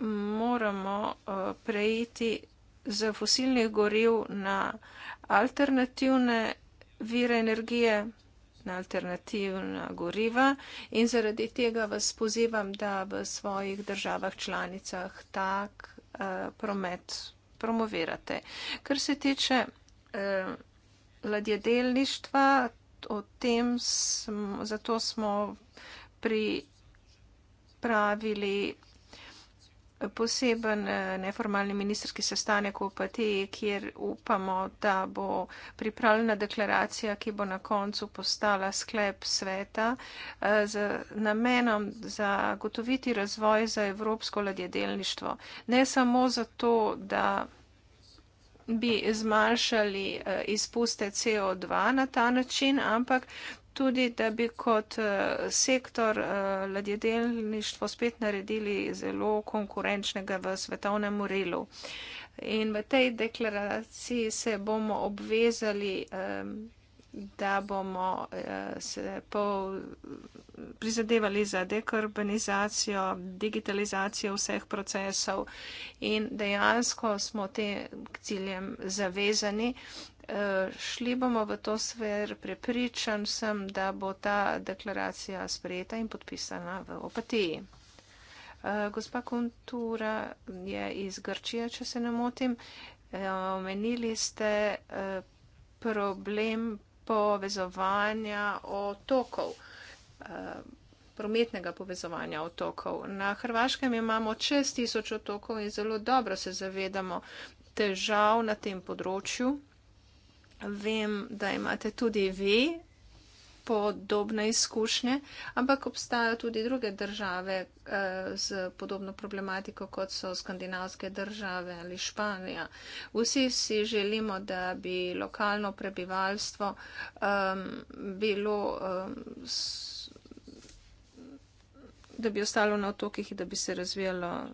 moramo eh, prejiti z fosilnih goriv na alternativne vire energije, na alternativna goriva in zaradi tega vas pozivam, da v svojih državah članicah tak eh, promet promovirate. Kar se tiče eh, ladjedelništva, o tem smo, zato smo pri pravili poseben eh, neformalni ministerski sestanek v Pateji, kjer upamo, da bo pripravljena deklaracija, ki bo na koncu postala sklep sveta eh, z namenom zagotoviti razvoj za evropsko ladjedelništvo. Ne samo zato, da bi zmanjšali eh, izpuste CO2 na ta način, ampak tudi, da bi kot eh, sektor eh, ladjedelništvo spet naredili zelo konkurenčnega v svetovnem urelu. In v tej deklaraciji se bomo obvezali, da bomo eh, se prizadevali za dekarbonizacijo, digitalizacijo vseh procesov in dejansko smo tem ciljem zavezani Eh, šli bomo v to sfer, prepričan sem, da bo ta deklaracija sprejeta in podpisana v opatiji. Eh, gospa Kuntura je iz Grčije, če se ne motim. Eh, omenili ste problem povezovanja otokov, prometnega povezovanja otokov. Na Hrvaškem imamo čez tisoč otokov in zelo dobro se zavedamo težav na tem področju vem, da imate tudi vi podobne izkušnje, ampak obstajajo tudi druge države eh, z podobno problematiko, kot so skandinavske države ali Španija. Vsi si želimo, da bi lokalno prebivalstvo um, bilo. Um, s, da bi ostalo na otokih in da bi se razvijalo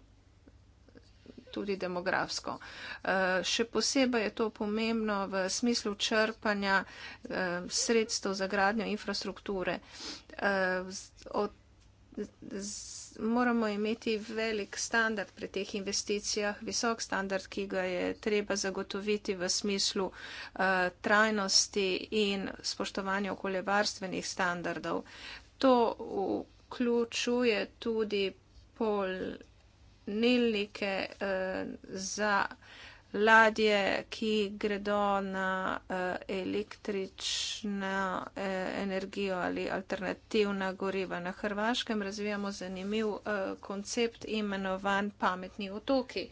tudi demografsko. Eh, še posebej je to pomembno v smislu črpanja eh, sredstev za gradnjo infrastrukture. Eh, od, z, moramo imeti velik standard pri teh investicijah, visok standard, ki ga je treba zagotoviti v smislu trajnosti in spoštovanja okoljevarstvenih standardov. To vključuje tudi pol nilnike, eh, za ladje, ki gredo na eh, električno eh, energijo ali alternativna goriva. Na Hrvaškem razvijamo zanimiv koncept imenovan pametni otoki.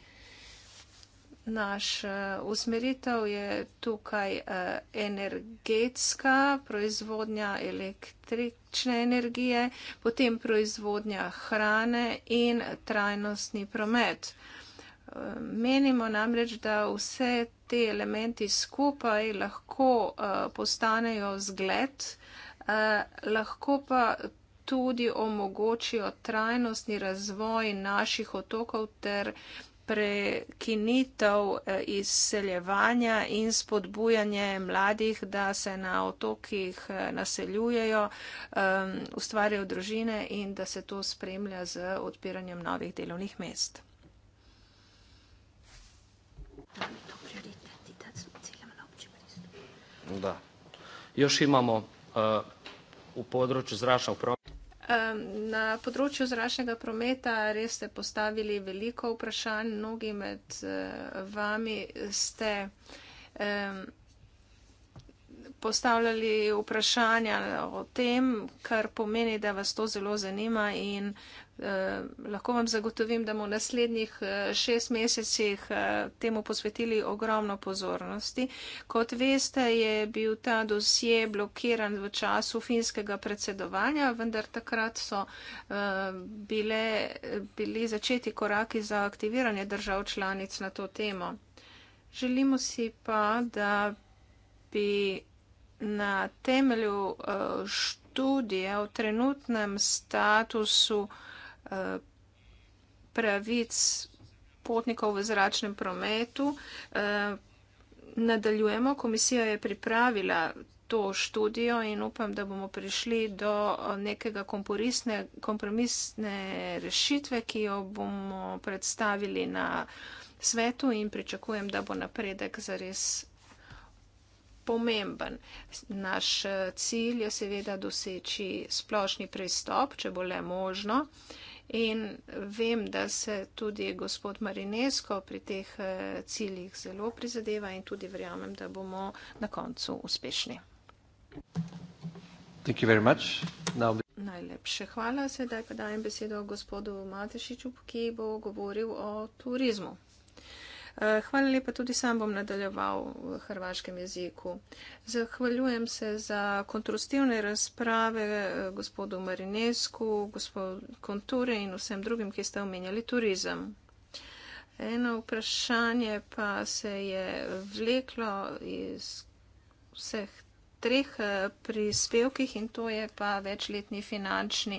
Naš uh, usmeritev je tukaj uh, energetska proizvodnja električne energije, potem proizvodnja hrane in trajnostni promet. Uh, menimo namreč, da vse te elementi skupaj lahko uh, postanejo zgled, uh, lahko pa tudi omogočijo trajnostni razvoj naših otokov ter uh, prekinitev eh, izseljevanja in spodbujanje mladih, da se na otokih eh, naseljujejo, ustvarjajo družine in da se to spremlja z odpiranjem novih delovnih mest. Da. Još imamo uh, u području zračnog prometa Na področju zračnega prometa res ste postavili veliko vprašanj. Mnogi med eh, vami ste postavljali vprašanja o tem, kar pomeni, da vas to zelo zanima in Eh, lahko vam zagotovim, da bomo v naslednjih eh, šest mesecih eh, temu posvetili ogromno pozornosti. Kot veste, je bil ta dosje blokiran v času finskega predsedovanja, vendar takrat so bile, bili začeti koraki za aktiviranje držav članic na to temo. Želimo si pa, da bi na temelju študije o trenutnem statusu Eh, pravic potnikov v zračnem prometu. Eh, nadaljujemo. Komisija je pripravila to študijo in upam, da bomo prišli do nekega kompromisne rešitve, ki jo bomo predstavili na svetu in pričakujem, da bo napredek zares pomemben. Naš eh, cilj je seveda doseči splošni pristop, če bo le možno. Uh, In vem, da se tudi gospod Marinesko pri teh eh, ciljih zelo prizadeva in tudi verjamem, da bomo na koncu uspešni. Najlepše hvala. Sedaj pa dajem besedo gospodu Matešiču, ki bo govoril o turizmu. Eh, hvala lepa, tudi sam bom nadaljeval v hrvaškem jeziku. Zahvaljujem se za kontrastivne razprave eh, gospodu Marinesku, gospodu Konture in vsem drugim, ki ste omenjali turizem. Eno vprašanje pa se je vleklo iz vseh treh eh, prispevkih in to je pa večletni finančni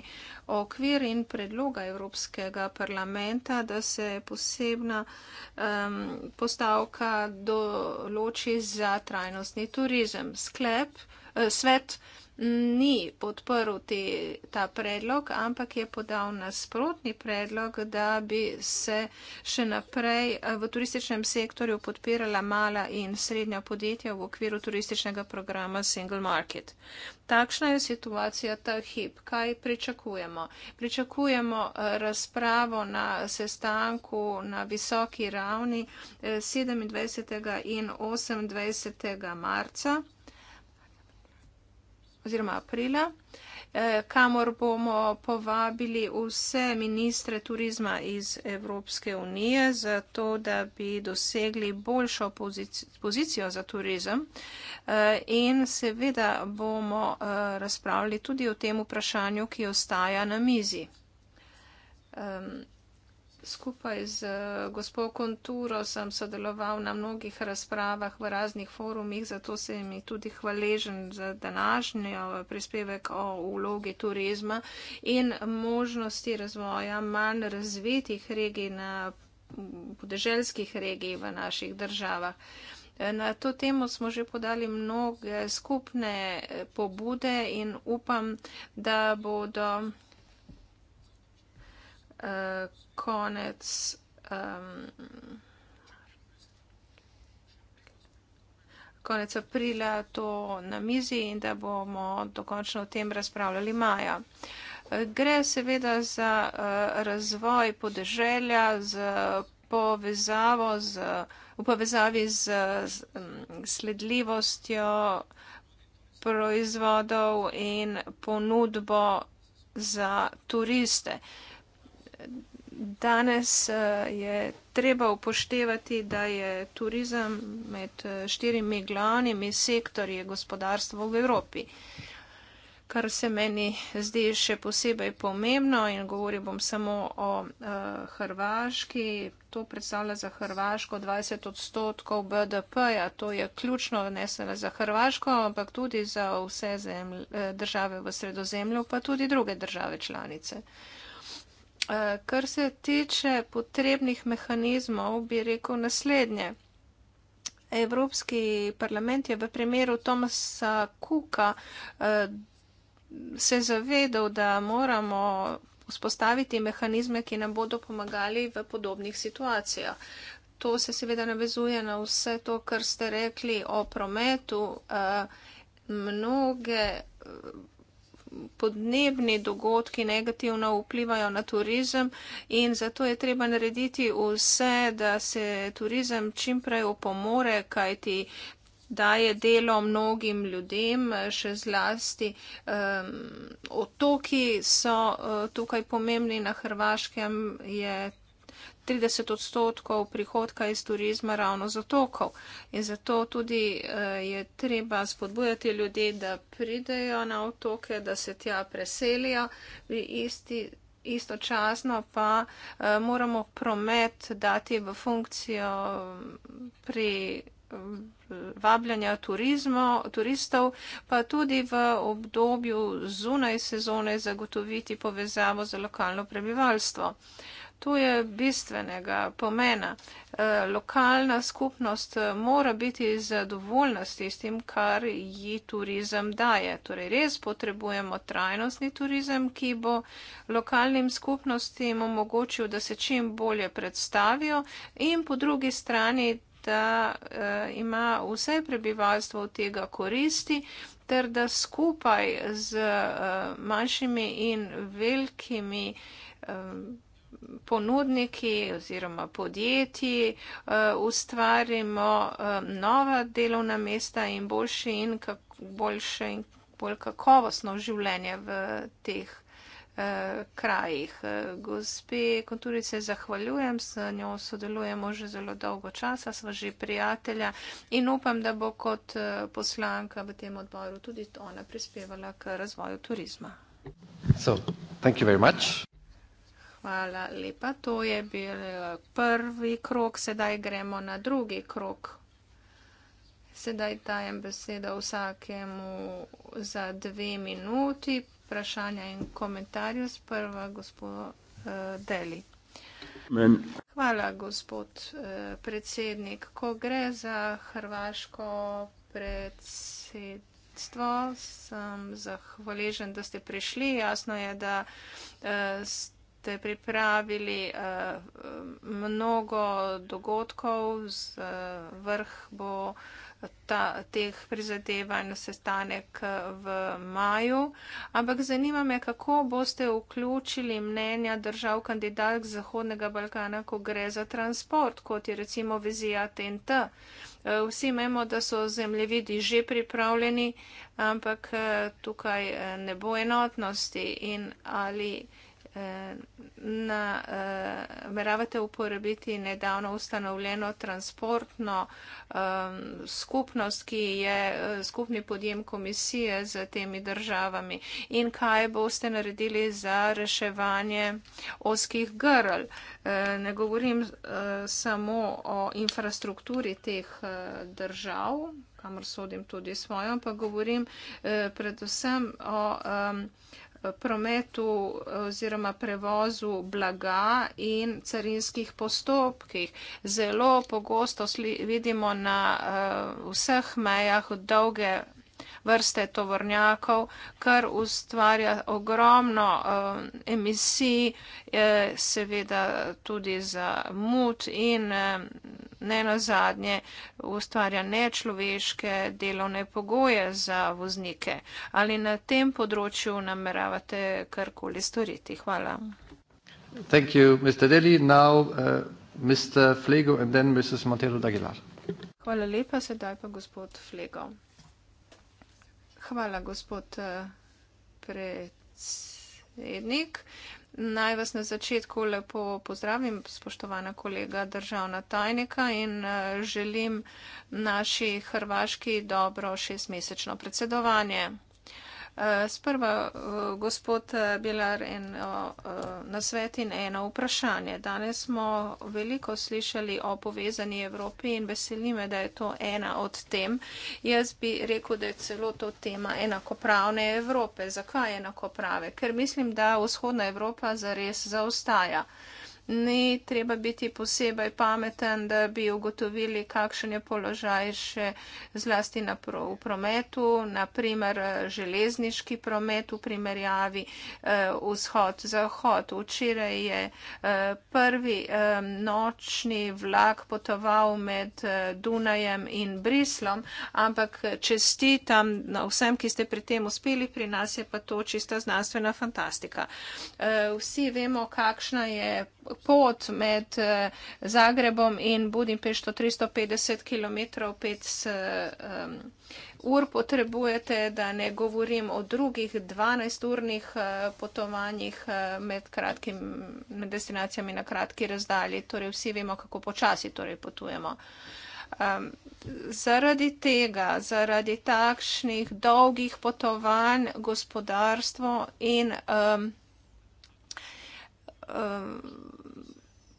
okvir in predloga Evropskega parlamenta, da se posebna um, postavka določi za trajnostni turizem. Sklep, eh, svet eh, ni podprl te, ta predlog, ampak je podal nasprotni predlog, da bi se še naprej eh, v turističnem sektorju podpirala mala in srednja podjetja v okviru turističnega programa Single Market. Takšna je situacija ta hip. Kaj pričakujemo? Pričakujemo eh, razpravo na sestanku na visoki ravni 27. Eh, in 28. marca oziroma aprila, eh, kamor bomo povabili vse ministre turizma iz Evropske unije, zato da bi dosegli boljšo pozicijo za turizem. Eh, in seveda bomo eh, razpravljali tudi o tem vprašanju, ki ostaja na mizi skupaj z eh, gospod Konturo sem sodeloval na mnogih razpravah v raznih forumih, zato se mi tudi hvaležen za današnjo eh, prispevek o vlogi turizma in možnosti razvoja manj razvitih regij na podeželskih regij v naših državah. Eh, na to temo smo že podali mnoge skupne pobude in upam, da bodo uh, konec um, konec aprila to na mizi in da bomo dokončno o tem razpravljali maja. Eh, gre seveda za uh, razvoj podeželja z povezavo, z, v povezavi z, z sledljivostjo proizvodov in ponudbo za turiste. Uh, Danes eh, je treba upoštevati, da je turizem med eh, štirimi glavnimi sektorji gospodarstva v Evropi, kar se meni zdi še posebej pomembno in govoril bom samo o eh, Hrvaški. To predstavlja za Hrvaško 20 odstotkov BDP-ja. To je ključno vneseno za Hrvaško, ampak tudi za vse zemlj, države v sredozemlju, pa tudi druge države članice. Eh, kar se tiče potrebnih mehanizmov, bi rekel naslednje. Evropski parlament je v primeru Tomasa Kuka eh, se zavedal, da moramo vzpostaviti mehanizme, ki nam bodo pomagali v podobnih situacijah. To se seveda navezuje na vse to, kar ste rekli o prometu. Eh, mnoge podnebni dogodki negativno vplivajo na turizem in zato je treba narediti vse, da se turizem čimprej opomore, kajti daje delo mnogim ljudem, še zlasti um, otoki so uh, tukaj pomembni, na Hrvaškem je 30 odstotkov prihodka iz turizma ravno z otokov. In zato tudi eh, je treba spodbujati ljudi, da pridejo na otoke, da se tja preselijo. Isti, istočasno pa eh, moramo promet dati v funkcijo mm, pri mm, vabljanja turizmo, turistov, pa tudi v obdobju zunaj sezone zagotoviti povezavo z lokalno prebivalstvo. Uh, Tu je bistvenega pomena. Eh, lokalna skupnost eh, mora biti zadovoljna s tistim, kar ji turizem daje. Torej, res potrebujemo trajnostni turizem, ki bo lokalnim skupnostim omogočil, da se čim bolje predstavijo in po drugi strani, da eh, ima vse prebivalstvo od tega koristi ter da skupaj z manjšimi in velikimi ponudniki oziroma podjetji eh, ustvarimo eh, nova delovna mesta in boljše in boljše in bolj kakovostno življenje v teh eh, krajih. Gospe Konturice, zahvaljujem, s njo sodelujemo že zelo dolgo časa, sva že prijatelja in upam, da bo kot poslanka v tem odboru tudi ona prispevala k razvoju turizma. So, thank you very much. Hvala lepa. To je bil eh, prvi krok, sedaj gremo na drugi krok. Sedaj dajem besedo vsakemu za dve minuti. Vprašanja in komentarje sprva gospod uh, Deli. Men. Hvala, gospod uh, predsednik. Ko gre za hrvaško predsedstvo, sem zahvaležen, da ste prišli. Jasno je, da uh, ste ste pripravili uh, mnogo dogodkov, z uh, vrh bo ta, teh prizadevanj sestanek eh, v maju, ampak zanima me, kako boste vključili mnenja držav kandidatk Zahodnega Balkana, ko gre za transport, kot je recimo vizija TNT. Vsi imamo, da so zemljevidi že pripravljeni, ampak tukaj ne bo enotnosti in ali Eh, nameravate eh, uporabiti nedavno ustanovljeno transportno skupnost, ki je eh, skupni podjem komisije z temi državami in kaj boste naredili za reševanje oskih grl. Ne govorim samo o infrastrukturi teh držav kamor sodim tudi svojo, pa govorim eh, predvsem o eh, prometu oziroma prevozu blaga in carinskih postopkih. Zelo pogosto vidimo na eh, vseh mejah dolge vrste tovornjakov, kar ustvarja ogromno uh, emisij, uh, seveda tudi za mut in uh, ne nazadnje ustvarja nečloveške delovne pogoje za voznike. Ali na tem področju nameravate karkoli storiti? Hvala. Thank you, Mr. Deli. Now, uh, Mr. Flego and then Mrs. Montero Dagilar. Hvala lepa, sedaj pa gospod Flego. Hvala, gospod eh, predsednik. Naj vas na začetku lepo pozdravim, spoštovana kolega državna tajnika in eh, želim naši Hrvaški dobro šestmesečno predsedovanje. Eh, sprva eh, gospod eh, Bilar in nasvet in eno vprašanje. Danes smo veliko slišali o povezani Evropi in veseli me, da je to ena od tem. Jaz bi rekel, da je celo to tema enakopravne Evrope. Zakaj enakoprave? Ker mislim, da vzhodna Evropa zares zaostaja ni treba biti posebej pameten, da bi ugotovili, kakšen je položaj še zlasti na pro, v prometu, naprimer železniški promet v primerjavi eh, vzhod-zahod. Včeraj je eh, prvi eh, nočni vlak potoval med eh, Dunajem in Brislom, ampak čestitam na vsem, ki ste pri tem uspeli, pri nas je pa to čista znanstvena fantastika. Eh, vsi vemo, kakšna je pot med eh, Zagrebom in Budimpešto 350 km 5 um, ur potrebujete, da ne govorim o drugih 12-urnih eh, potovanjih eh, med, kratkim, med destinacijami na kratki razdalji. Torej vsi vemo, kako počasi torej potujemo. Um, zaradi tega, zaradi takšnih dolgih potovanj, gospodarstvo in um, um,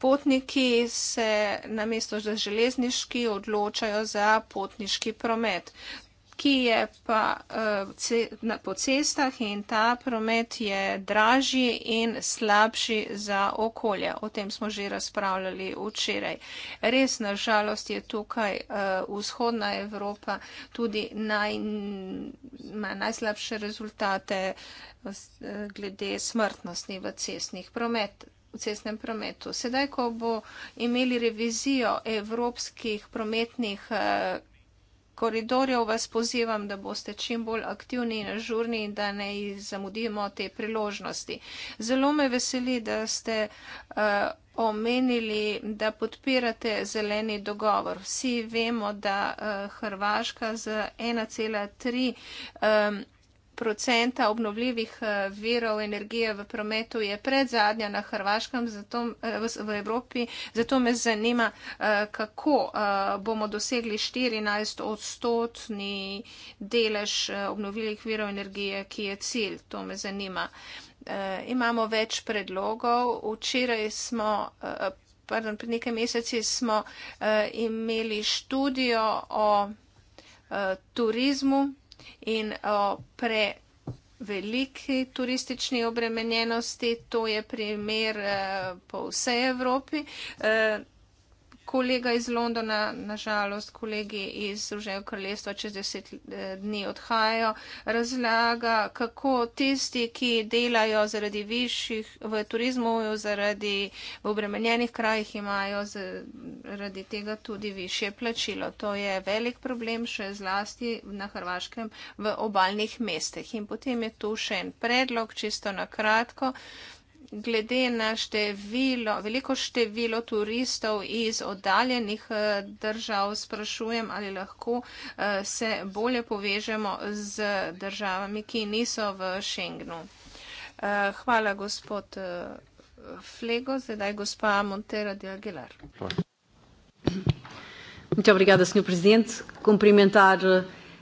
potniki se na mesto za železniški odločajo za potniški promet, ki je pa eh, po cestah in ta promet je dražji in slabši za okolje. O tem smo že razpravljali včeraj. Res na žalost je tukaj eh, vzhodna Evropa tudi naj, najslabše rezultate eh, glede smrtnosti v cestnih prometih v cestnem prometu. Sedaj, ko bo imeli revizijo evropskih prometnih eh, koridorjev, vas pozivam, da boste čim bolj aktivni in ažurni in da ne zamudimo te priložnosti. Zelo me veseli, da ste eh, omenili, da podpirate zeleni dogovor. Vsi vemo, da eh, Hrvaška z 1,3 procenta obnovljivih eh, verov energije v prometu je pred zadnja na Hrvaškem, zato, eh, v Evropi, zato me zanima, eh, kako bomo dosegli 14 odstotni delež obnovljivih verov energije, ki je cilj, to me zanima. Imamo več predlogov, včeraj smo. Pardon, pred nekaj meseci smo uh, imeli študijo o uh, turizmu, in preveliki turistični obremenjenosti. To je primer e, po vsej Evropi. E, kolega iz Londona, nažalost kolegi iz Združenega kraljestva čez deset eh, dni odhajajo, razlaga, kako tisti, ki delajo zaradi višjih v turizmu, zaradi v obremenjenih krajih imajo zaradi tega tudi više plačilo. To je velik problem še zlasti na Hrvaškem v obaljnih mestih. In potem je tu še en predlog, čisto na kratko glede na število, veliko število turistov iz oddaljenih eh, držav, sprašujem, ali lahko eh, se bolje povežemo z državami, ki niso v Schengnu. Eh, hvala, gospod Flego. Zdaj, gospa Montera de Aguilar. Muito obrigada, senhor presidente. Cumprimentar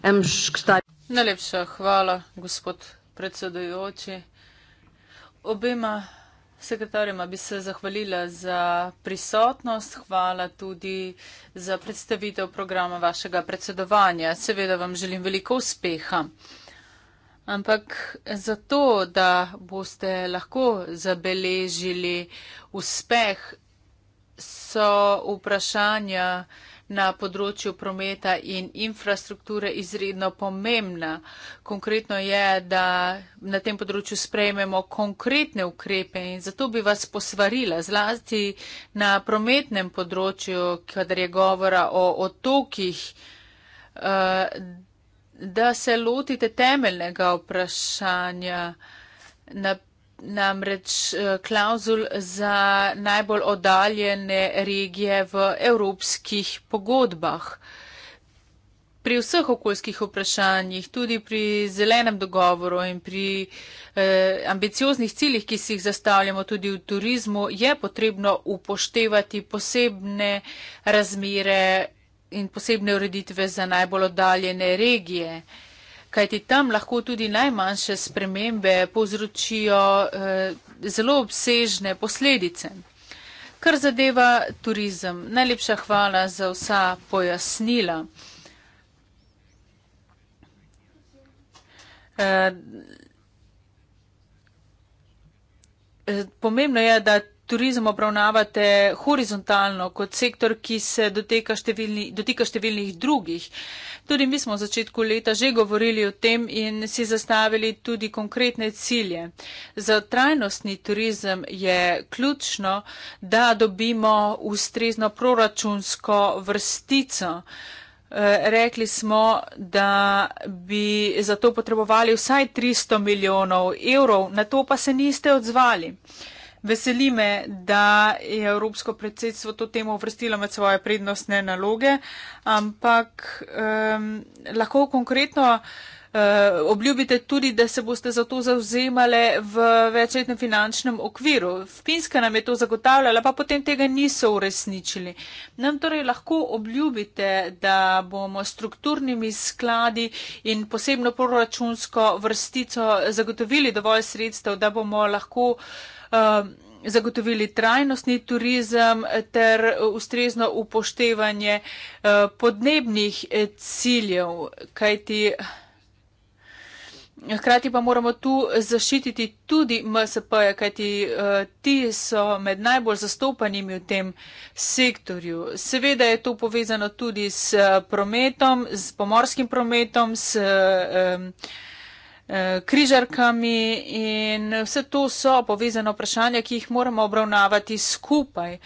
ambos que está... Najlepša hvala, gospod predsedujoči obema sekretarjema bi se zahvalila za prisotnost, hvala tudi za predstavitev programa vašega predsedovanja. Seveda vam želim veliko uspeha. Ampak zato, da boste lahko zabeležili uspeh, so vprašanja, na področju prometa in infrastrukture izredno pomembna. Konkretno je, da na tem področju sprejmemo konkretne ukrepe in zato bi vas posvarila zlasti na prometnem področju, kadar je govora o otokih, eh, da se lotite temeljnega vprašanja. Naprej namreč eh, klauzul za najbolj oddaljene regije v evropskih pogodbah. Pri vseh okoljskih vprašanjih, tudi pri zelenem dogovoru in pri eh, ambicioznih ciljih, ki si jih zastavljamo tudi v turizmu, je potrebno upoštevati posebne razmere in posebne ureditve za najbolj oddaljene regije. Eh, kajti tam lahko tudi najmanjše spremembe povzročijo eh, zelo obsežne posledice. Kar zadeva turizem, najlepša hvala za vsa pojasnila. Eh, eh Pomembno je, da turizem obravnavate horizontalno kot sektor, ki se dotika, številni, dotika številnih drugih. Tudi mi smo v začetku leta že govorili o tem in si zastavili tudi konkretne cilje. Za trajnostni turizem je ključno, da dobimo ustrezno proračunsko vrstico. Eh, rekli smo, da bi za to potrebovali vsaj 300 milijonov evrov, na to pa se niste odzvali. Veseli me, da je Evropsko predsedstvo to temo uvrstilo med svoje prednostne naloge, ampak um, lahko konkretno uh, obljubite tudi, da se boste za to zauzemale v večletnem finančnem okviru. Finska nam je to zagotavljala, pa potem tega niso uresničili. Nam torej lahko obljubite, da bomo strukturnimi skladi in posebno proračunsko vrstico zagotovili dovolj sredstev, da bomo lahko. Um, zagotovili trajnostni turizem ter ustrezno upoštevanje uh, podnebnih eh, ciljev, kajti hkrati pa moramo tu zaščititi tudi MSP-je, kajti eh, ti so med najbolj zastopanimi v tem sektorju. Seveda je to povezano tudi s eh, prometom, s pomorskim prometom, s um, Eh, križarkami in vse to so povezane vprašanja, ki jih moramo obravnavati skupaj.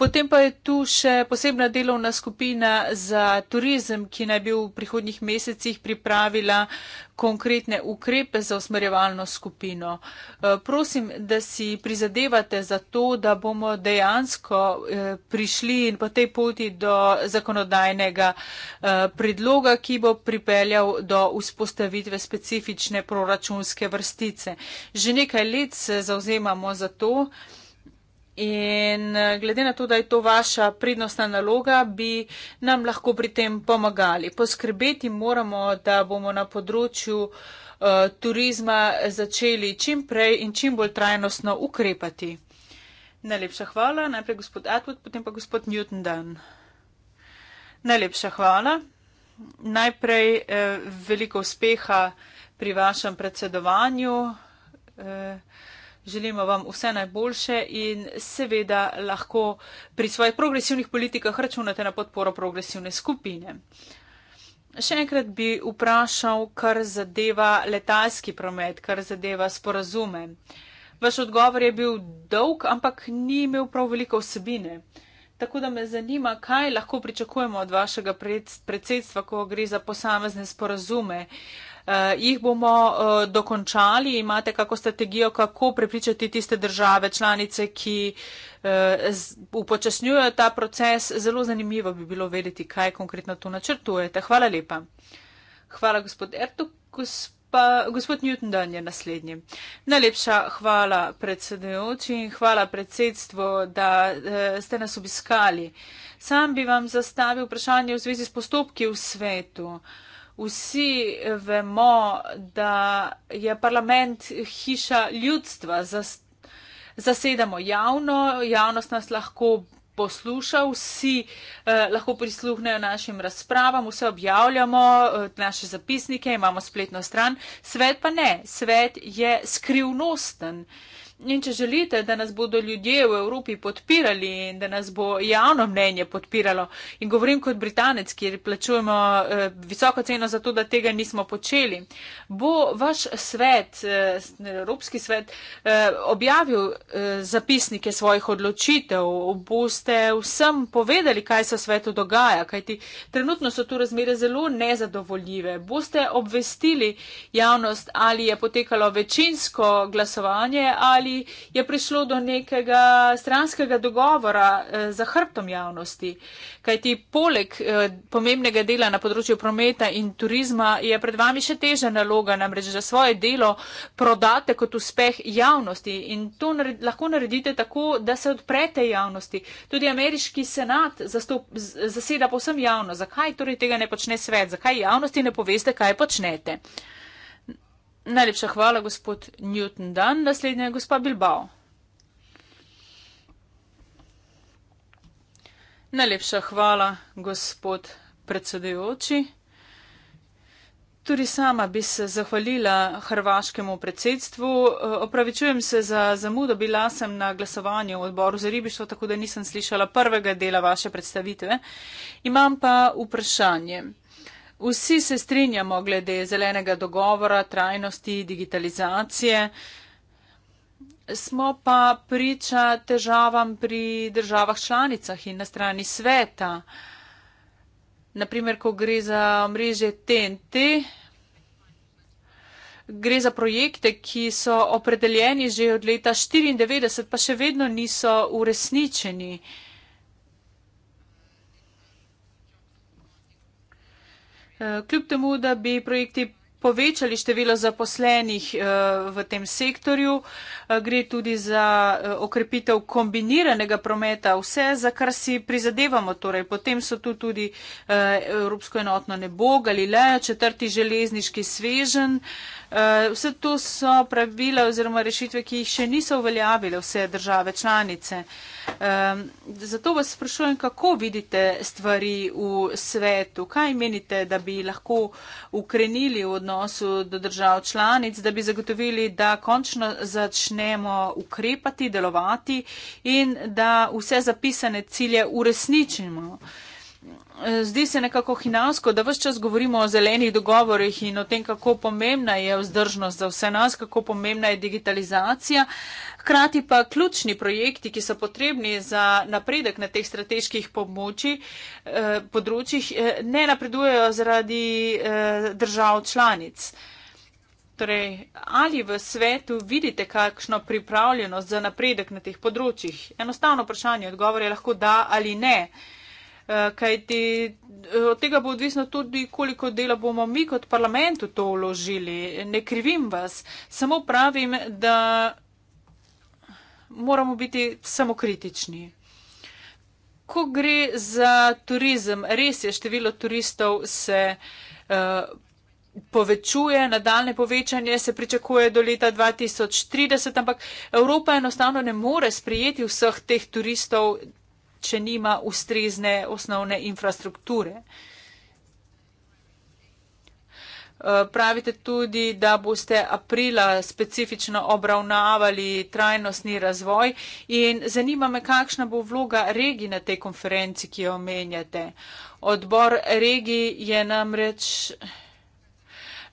Potem pa je tu še posebna delovna skupina za turizem, ki naj bi v prihodnjih mesecih pripravila konkretne ukrepe za usmerjevalno skupino. Eh, prosim, da si prizadevate za to, da bomo dejansko eh, prišli in po tej poti do zakonodajnega eh, predloga, ki bo pripeljal do vzpostavitve specifične proračunske vrstice. Že nekaj let se zauzemamo za to. In eh, glede na to, da je to vaša prednostna naloga, bi nam lahko pri tem pomagali. Poskrbeti moramo, da bomo na področju eh, turizma začeli čim prej in čim bolj trajnostno ukrepati. Najlepša hvala. Najprej gospod Atwood, potem pa gospod Newton Dan. Najlepša hvala. Najprej eh, veliko uspeha pri vašem predsedovanju. Eh, Želimo vam vse najboljše in seveda lahko pri svojih progresivnih politikah računate na podporo progresivne skupine. Še enkrat bi vprašal, kar zadeva letalski promet, kar zadeva sporazume. Vaš odgovor je bil dolg, ampak ni imel prav veliko vsebine. Tako da me zanima, kaj lahko pričakujemo od vašega predsedstva, ko gre za posamezne sporazume. Uh, Eh, jih bomo eh, dokončali. Imate kako strategijo, kako prepričati tiste države, članice, ki eh, upočasnjujejo ta proces? Zelo zanimivo bi bilo vedeti, kaj konkretno tu načrtujete. Hvala lepa. Hvala, gospod Ertu. Pa gospod Newton Dan je naslednji. Najlepša hvala predsedujoči in hvala predsedstvo, da ste nas obiskali. Sam bi vam zastavil vprašanje v zvezi s postopki v svetu. Uh, vsi vemo, da je parlament hiša ljudstva. Zas, zasedamo javno, javnost nas lahko posluša, vsi eh, lahko prisluhnejo našim razpravam, vse objavljamo, eh, naše zapisnike imamo spletno stran, svet pa ne, svet je skrivnosten. Eh, In če želite, da nas bodo ljudje v Evropi podpirali in da nas bo javno mnenje podpiralo, in govorim kot Britanec, kjer plačujemo eh, visoko ceno za to, da tega nismo počeli, bo vaš svet, eh, Evropski svet, eh, objavil eh, zapisnike svojih odločitev, boste vsem povedali, kaj se v svetu dogaja, kajti trenutno so tu razmere zelo nezadovoljive. Boste obvestili javnost, ali je potekalo večinsko glasovanje ali ali je prišlo do nekega stranskega dogovora eh, za hrbtom javnosti. Kaj ti poleg eh, pomembnega dela na področju prometa in turizma je pred vami še teža naloga, namreč za svoje delo prodate kot uspeh javnosti in to nared, lahko naredite tako, da se odprete javnosti. Tudi ameriški senat zastop, z, zaseda povsem javno. Zakaj torej tega ne počne svet? Zakaj javnosti ne poveste, kaj počnete? Najlepša hvala, gospod Newton Dan. Naslednja je gospa Bilbao. Najlepša hvala, gospod predsedujoči. Tudi sama bi se zahvalila hrvaškemu predsedstvu. Opravičujem se za zamudo, bila sem na glasovanju v odboru za ribištvo, tako da nisem slišala prvega dela vaše predstavitve. Imam pa vprašanje. Vsi se strinjamo glede zelenega dogovora, trajnosti, digitalizacije. Smo pa priča težavam pri državah članicah in na strani sveta. Naprimer, ko gre za mreže TNT, gre za projekte, ki so opredeljeni že od leta 1994, pa še vedno niso uresničeni. Eh, kljub temu, da bi projekti povečali število zaposlenih eh, v tem sektorju, eh, gre tudi za okrepitev kombiniranega prometa, vse, za kar si prizadevamo. Torej, potem so tu tudi Evropsko enotno nebo, Galileja, četrti železniški svežen, Eh, vse to so pravila oziroma rešitve, ki jih še niso uveljavile vse države članice. Eh, zato vas sprašujem, kako vidite stvari v svetu? Kaj menite, da bi lahko ukrenili v odnosu do držav članic, da bi zagotovili, da končno začnemo ukrepati, delovati in da vse zapisane cilje uresničimo? Zdi se nekako hinavsko, da vse čas govorimo o zelenih dogovorih in o tem, kako pomembna je vzdržnost za vse nas, kako pomembna je digitalizacija. Hkrati pa ključni projekti, ki so potrebni za napredek na teh strateških pomoči, eh, področjih, eh, ne napredujejo zaradi eh, držav članic. Torej, ali v svetu vidite kakšno pripravljenost za napredek na teh področjih? Enostavno vprašanje odgovor je lahko da ali ne. Eh, kajti eh, od tega bo odvisno tudi, koliko dela bomo mi kot parlament v to vložili. Ne krivim vas, samo pravim, da moramo biti samokritični. Ko gre za turizem, res je, število turistov se eh, povečuje, nadaljne povečanje se pričakuje do leta 2030, ampak Evropa enostavno ne more sprijeti vseh teh turistov če nima ustrezne osnovne infrastrukture. Eh, pravite tudi, da boste aprila specifično obravnavali trajnostni razvoj in zanima me, kakšna bo vloga regij na tej konferenci, ki jo omenjate. Odbor regij je namreč.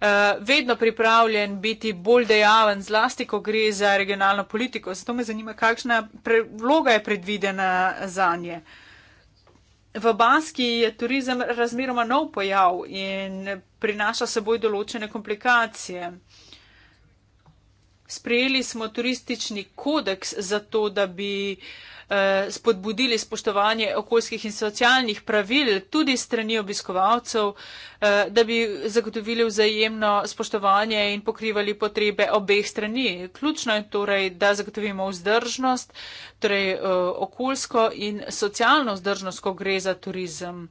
Eh, vedno pripravljen biti bolj dejaven, zlasti, ko gre za regionalno politiko. Zato me zanima, kakšna vloga je predvidena za nje. V Baski je turizem razmeroma nov pojav in prinaša seboj določene komplikacije sprejeli smo turistični kodeks za to, da bi eh, spodbudili spoštovanje okoljskih in socialnih pravil tudi strani obiskovalcev, eh, da bi zagotovili vzajemno spoštovanje in pokrivali potrebe obeh strani. Ključno je torej, da zagotovimo vzdržnost, torej eh, okoljsko in socialno vzdržnost, ko gre za turizem.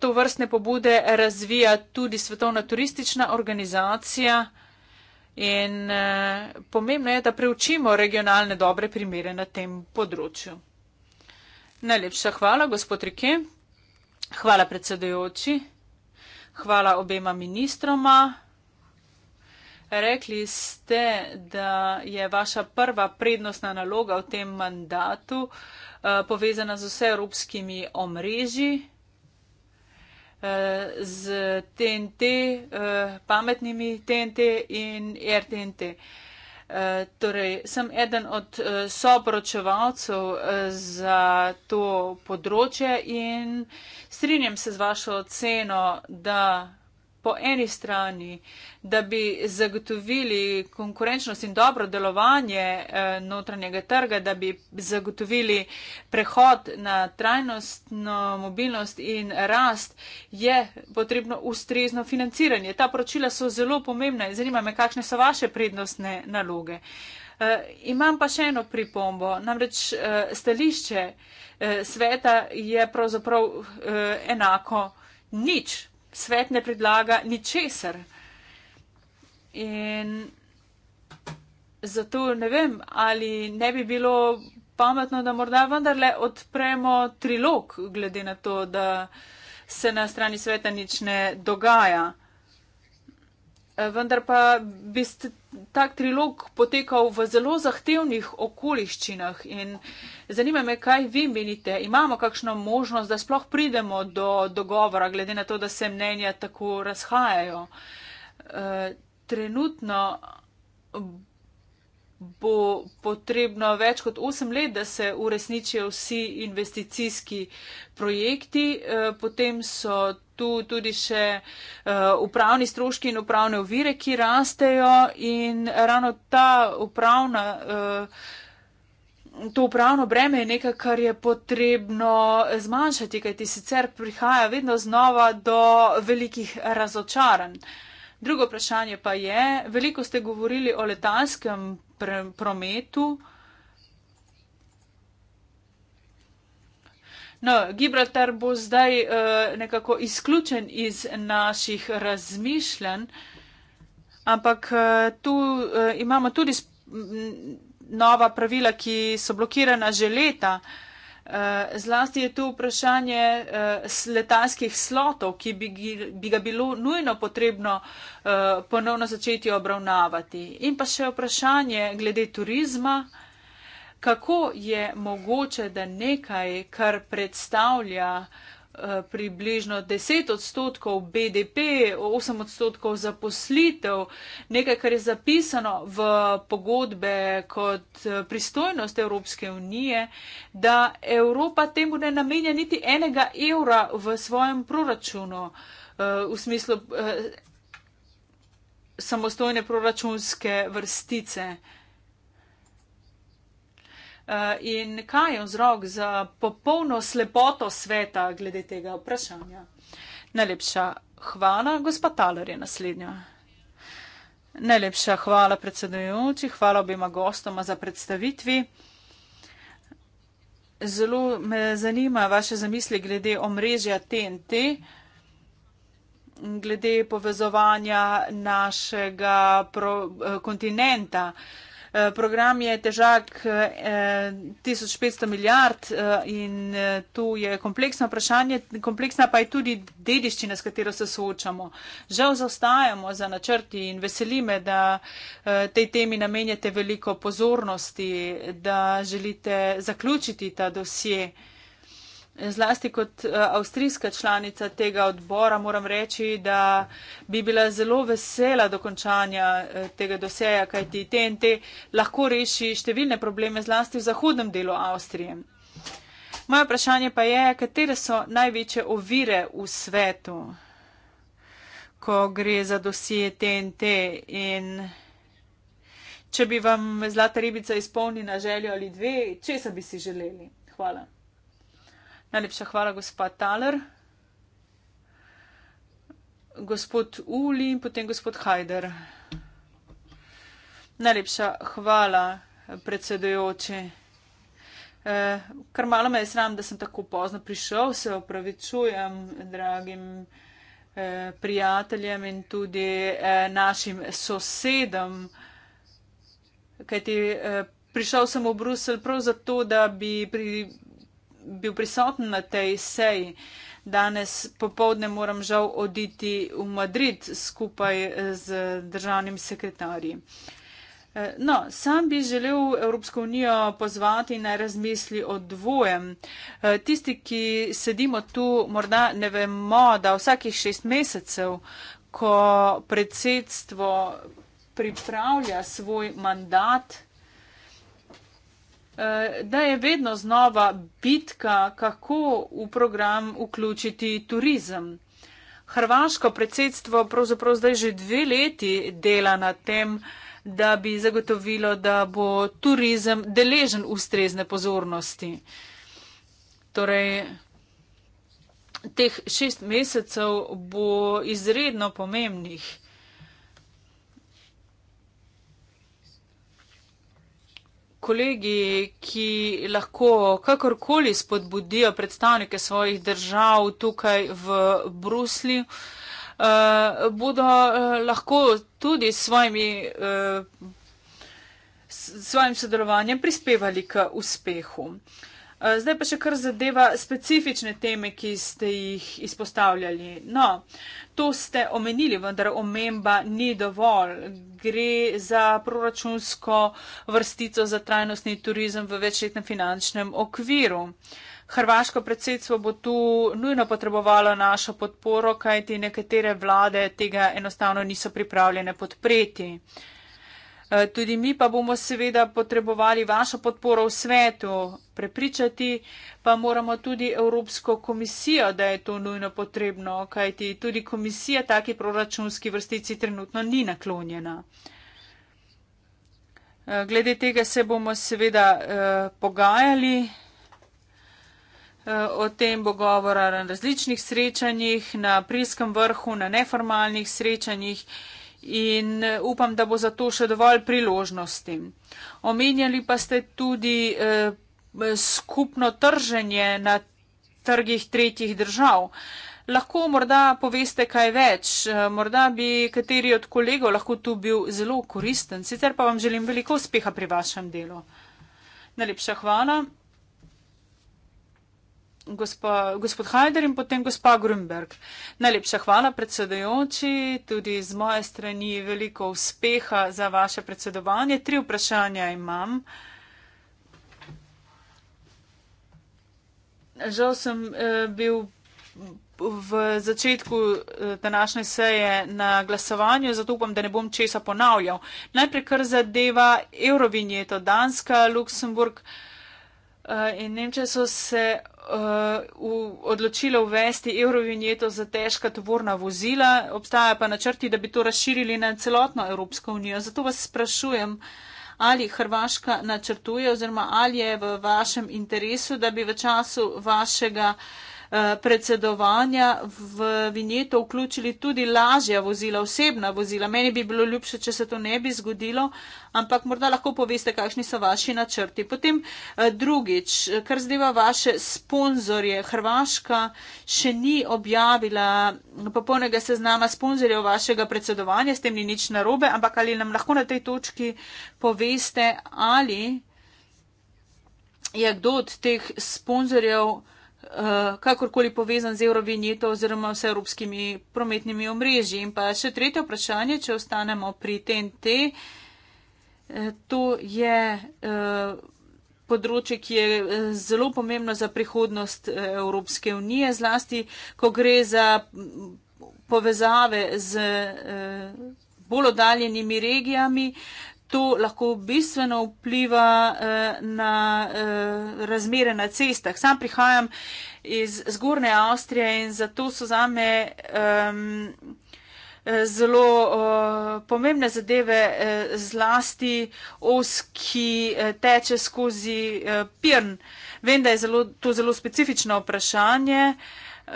To vrstne pobude razvija tudi Svetovna turistična organizacija. In uh, pomembno je, da preučimo regionalne dobre primere na tem področju. Najlepša hvala, gospod Rike. Hvala predsedojoči. Hvala obema ministroma. Rekli ste, da je vaša prva prednostna naloga v tem mandatu uh, povezana z vse evropskimi omrežji. Eh, z TNT, eh, pametnimi TNT in RTNT. Eh, torej, sem eden od soporočevalcev za to področje in strinjam se z vašo oceno, da po eni strani, da bi zagotovili konkurenčnost in dobro delovanje eh, notranjega trga, da bi zagotovili prehod na trajnostno mobilnost in rast, je potrebno ustrezno financiranje. Ta poročila so zelo pomembna in zanima me, kakšne so vaše prednostne naloge. Uh, imam pa še eno pripombo, namreč uh, stališče uh, sveta je pravzaprav uh, enako nič svet ne predlaga ničesar. In zato ne vem, ali ne bi bilo pametno, da morda vendarle odpremo trilog, glede na to, da se na strani sveta nič ne dogaja vendar pa bi tak trilog potekal v zelo zahtevnih okoliščinah. In zanima me, kaj vi menite, imamo kakšno možnost, da sploh pridemo do dogovora, glede na to, da se mnenja tako razhajajo. Eh, trenutno bo potrebno več kot 8 let, da se uresničijo vsi investicijski projekti. Eh, potem so tu tudi še eh, upravni stroški in upravne ovire, ki rastejo in ravno ta upravna. Eh, to upravno breme je nekaj, kar je potrebno zmanjšati, kajti sicer prihaja vedno znova do velikih razočaranj. Drugo vprašanje pa je, veliko ste govorili o letalskem prometu. No, Gibraltar bo zdaj uh, nekako izključen iz naših razmišljanj, ampak uh, tu uh, imamo tudi nova pravila, ki so blokirana že leta. Uh, Eh, zlasti je tu vprašanje eh, letalskih slotov, ki bi ga bilo nujno potrebno eh, ponovno začeti obravnavati. In pa še vprašanje glede turizma, kako je mogoče, da nekaj, kar predstavlja Eh, približno 10 odstotkov BDP, 8 odstotkov zaposlitev, nekaj, kar je zapisano v pogodbe kot eh, pristojnost Evropske unije, da Evropa temu ne namenja niti enega evra v svojem proračunu, eh, v smislu samostojne proračunske vrstice. Eh, in kaj je vzrok za popolno slepoto sveta glede tega vprašanja. Najlepša hvala, gospod Taler je naslednja. Najlepša hvala predsedujoči, hvala obima gostoma za predstavitvi. Zelo me zanima vaše zamisli glede omrežja TNT, glede povezovanja našega pro, eh, kontinenta. Uh, Eh, program je težak 1500 eh, milijard eh, in tu je kompleksno vprašanje, kompleksna pa je tudi dediščina, s katero se soočamo. Žal zaostajamo za načrti in veseli me, da tej temi namenjate veliko pozornosti, da želite zaključiti ta dosje. Zlasti kot eh, avstrijska članica tega odbora moram reči, da bi bila zelo vesela dokončanja eh, tega doseja, kajti TNT lahko reši številne probleme zlasti v zahodnem delu Avstrije. Moje vprašanje pa je, katere so največje ovire v svetu, ko gre za dosije TNT in če bi vam zlata ribica izpolnila željo ali dve, česa bi si želeli? Hvala. Najlepša hvala, gospod Taler. Gospod Uli in potem gospod Hajder. Najlepša hvala, predsedojoči. Eh, kar malo me je sram, da sem tako pozno prišel, se opravičujem dragim eh, prijateljem in tudi eh, našim sosedom, kajti eh, prišel sem v Bruselj prav zato, da bi pri bil prisoten na tej seji. Danes popovdne moram žal oditi v Madrid skupaj eh, z državnim sekretarji. Eh, no, sam bi želel Evropsko unijo pozvati na razmisli o dvojem. Eh, tisti, ki sedimo tu, morda ne vemo, da vsakih šest mesecev, ko predsedstvo pripravlja svoj mandat, Eh, da je vedno znova bitka, kako v program vključiti turizem. Hrvaško predsedstvo pravzaprav zdaj že dve leti dela na tem, da bi zagotovilo, da bo turizem deležen ustrezne pozornosti. Torej, teh šest mesecev bo izredno pomembnih. kolegi, ki lahko kakorkoli spodbudijo predstavnike svojih držav tukaj v Bruslju, eh, bodo eh, lahko tudi s svojimi, eh, svojim sodelovanjem prispevali k uspehu. Eh, zdaj pa še kar zadeva specifične teme, ki ste jih izpostavljali. No, to ste omenili, vendar omemba ni dovolj. Gre za proračunsko vrstico za trajnostni turizem v večletnem finančnem okviru. Hrvaško predsedstvo bo tu nujno potrebovalo našo podporo, kajti nekatere vlade tega enostavno niso pripravljene podpreti. Eh, tudi mi pa bomo seveda potrebovali vašo podporo v svetu. Prepričati pa moramo tudi Evropsko komisijo, da je to nujno potrebno, kajti tudi komisija taki proračunski vrstici trenutno ni naklonjena. Eh, glede tega se bomo seveda eh, pogajali. Eh, o tem bo govora na različnih srečanjih, na priskem vrhu, na neformalnih srečanjih in eh, upam, da bo za to še dovolj priložnosti. Omenjali pa ste tudi eh, skupno trženje na trgih tretjih držav. Lahko morda poveste kaj več, eh, morda bi kateri od kolegov lahko tu bil zelo koristen, sicer pa vam želim veliko uspeha pri vašem delu. Najlepša hvala gospa, gospod Hajder in potem gospa Grunberg. Najlepša hvala predsedojoči, tudi z moje strani veliko uspeha za vaše predsedovanje. Tri vprašanja imam. Žal sem eh, bil v začetku eh, današnje seje na glasovanju, zato upam, da ne bom česa ponavljal. Najprej, kar zadeva Eurovinjeto, Danska, Luksemburg. Eh, in Nemčije so se uh, eh, v, odločile uvesti eurovinjeto za težka tovorna vozila, obstaja pa načrti, da bi to razširili na celotno Evropsko unijo. Zato vas sprašujem, ali Hrvaška načrtuje oziroma ali je v vašem interesu, da bi v času vašega uh, Eh, predsedovanja v vinjeto vključili tudi lažja vozila, osebna vozila. Meni bi bilo ljubše, če se to ne bi zgodilo, ampak morda lahko poveste, kakšni so vaši načrti. Potem eh, drugič, kar zdiva vaše sponzorje. Hrvaška še ni objavila popolnega seznama sponzorjev vašega predsedovanja, s tem ni nič narobe, ampak ali nam lahko na tej točki poveste, ali je kdo od teh sponzorjev Eh, kakorkoli povezan z eurovinjeto oziroma vse evropskimi prometnimi omrežji. In pa še tretje vprašanje, če ostanemo pri TNT, eh, to je eh, področje, ki je zelo pomembno za prihodnost Evropske unije, zlasti, ko gre za mm, povezave z bolj oddaljenimi regijami, to lahko bistveno vpliva eh, na eh, razmere na cestah. Sam prihajam iz Zgornje Avstrije in zato so za me um, ehm, eh, zelo uh, pomembne zadeve uh, zlasti os, ki uh, teče skozi uh, Pirn. Vem, da je zelo, to zelo specifično vprašanje, uh,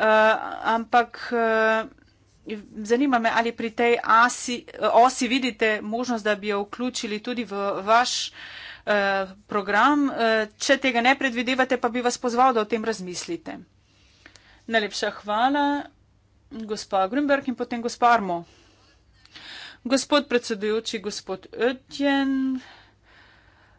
ampak uh, Zanima me, ali pri tej asi, osi vidite možnost, da bi jo vključili tudi v vaš eh, program. Eh, če tega ne predvidevate, pa bi vas pozval, da o tem razmislite. Najlepša hvala, gospa Grunberg in potem gospa Armo. Gospod predsedujoči, gospod Ötjen.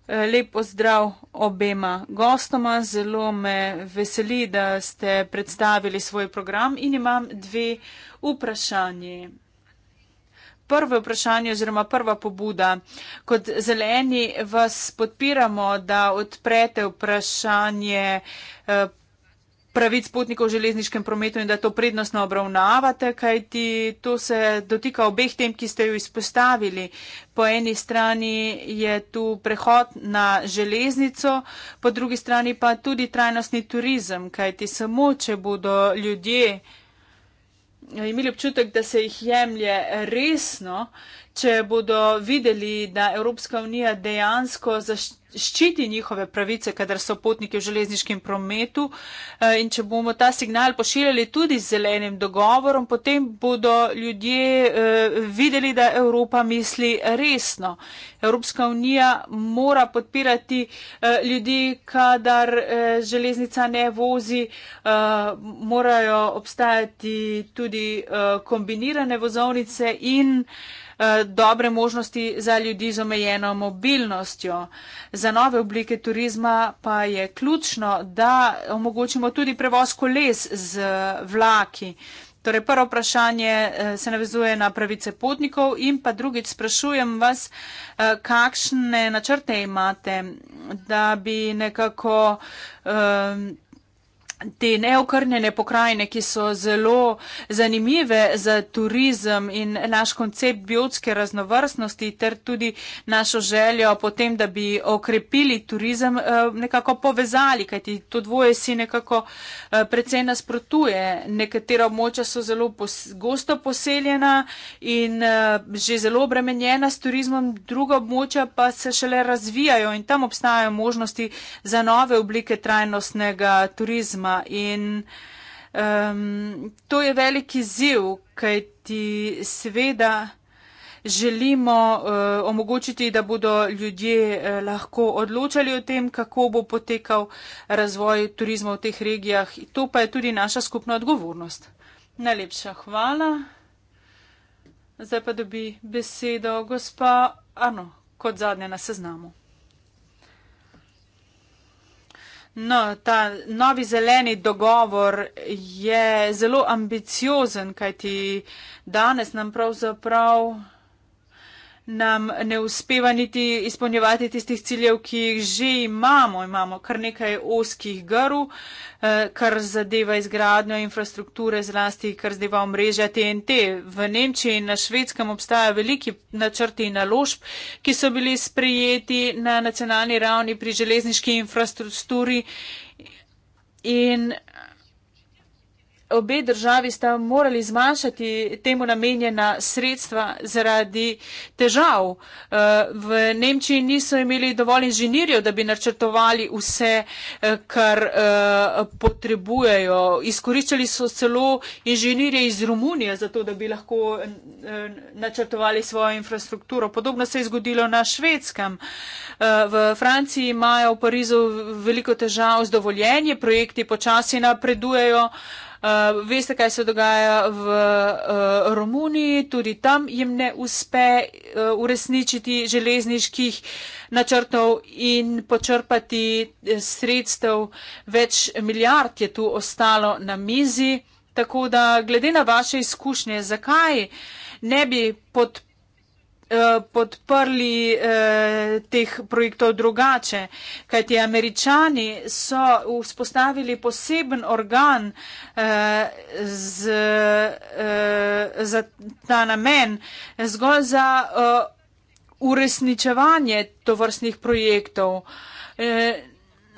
Eh, lep pozdrav obema gostoma. Zelo me veseli, da ste predstavili svoj program in imam dve vprašanje. Prvo vprašanje oziroma prva pobuda. Kot zeleni vas podpiramo, da odprete vprašanje eh, pravic potnikov v železniškem prometu in da to prednostno obravnavate, kajti to se dotika obeh tem, ki ste jo izpostavili. Po eni strani je tu prehod na železnico, po drugi strani pa tudi trajnostni turizem, kajti samo, če bodo ljudje imeli občutek, da se jih jemlje resno, če bodo videli, da Evropska unija dejansko zaščiti njihove pravice, kadar so potniki v železniškem prometu eh, in če bomo ta signal pošiljali tudi z zelenim dogovorom, potem bodo ljudje eh, videli, da Evropa misli resno. Evropska unija mora podpirati eh, ljudi, kadar železnica ne vozi, morajo obstajati tudi kombinirane vozovnice in Eh, dobre možnosti za ljudi z omejeno mobilnostjo. Za nove oblike turizma pa je ključno, da omogočimo tudi prevoz koles z vlaki. Torej, prvo vprašanje eh, se navezuje na pravice potnikov in pa drugič sprašujem vas, eh, kakšne načrte imate, da bi nekako. Um, te neokrnjene pokrajine, ki so zelo zanimive za turizem in naš koncept biotske raznovrstnosti ter tudi našo željo potem, da bi okrepili turizem, eh, nekako povezali, kajti to dvoje si nekako eh, predvsej nasprotuje. Nekatera območja so zelo gosto poseljena in eh, že zelo obremenjena s turizmom, druga območja pa se šele razvijajo in tam obstajajo možnosti za nove oblike trajnostnega turizma problema in um, to je veliki ziv, kaj ti seveda želimo uh, omogočiti, da bodo ljudje uh, lahko odločali o tem, kako bo potekal razvoj turizma v teh regijah. To pa je tudi naša skupna odgovornost. Najlepša hvala. Zdaj pa dobi besedo gospa Arno kot zadnja na seznamu. No, ta novi zeleni dogovor je zelo ambiciozen, kajti danes nam pravzaprav nam ne uspeva niti izpolnjevati tistih ciljev, ki jih že imamo. Imamo kar nekaj oskih grv, eh, kar zadeva izgradnjo infrastrukture, zlasti kar zadeva omrežja TNT. V Nemčiji in na švedskem obstaja veliki načrti in naložb, ki so bili sprejeti na nacionalni ravni pri železniški infrastrukturi. In obe državi sta morali zmanjšati temu namenjena sredstva zaradi težav. Eh, v Nemčiji niso imeli dovolj inženirjev, da bi načrtovali vse, eh, kar eh, potrebujejo. Izkoriščali so celo inženirje iz Romunije, zato da bi lahko načrtovali svojo infrastrukturo. Podobno se je zgodilo na švedskem. V Franciji imajo v Parizu veliko težav z dovoljenjem, projekti počasi napredujejo. Uh, veste, kaj se dogaja v uh, Romuniji, tudi tam jim ne uspe uh, uresničiti železniških načrtov in počrpati sredstev. Več milijard je tu ostalo na mizi. Tako da, glede na vaše izkušnje, zakaj ne bi podprli Eh, podprli eh, teh projektov drugače, kajti američani so vzpostavili poseben organ eh, z, za ta namen, zgolj za uresničevanje tovrstnih projektov.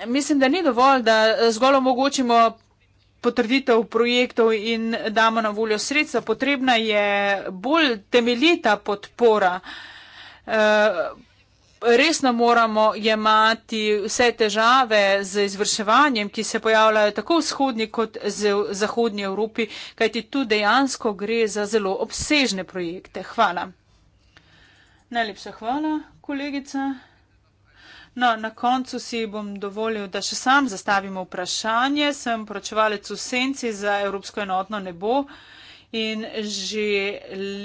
Mislim, da ni dovolj, da zgolj omogočimo potrditev projektov in damo na voljo sredstva. Potrebna je bolj temeljita podpora. Eh, resno moramo jemati vse težave z izvrševanjem, ki se pojavljajo tako v vzhodni kot z zahodnji Evropi, kajti tu dejansko gre za zelo obsežne projekte. Hvala. Najlepša hvala, kolegica. No, na koncu si bom dovolil, da še sam zastavim vprašanje. Sem pročevalec v senci za Evropsko enotno nebo in že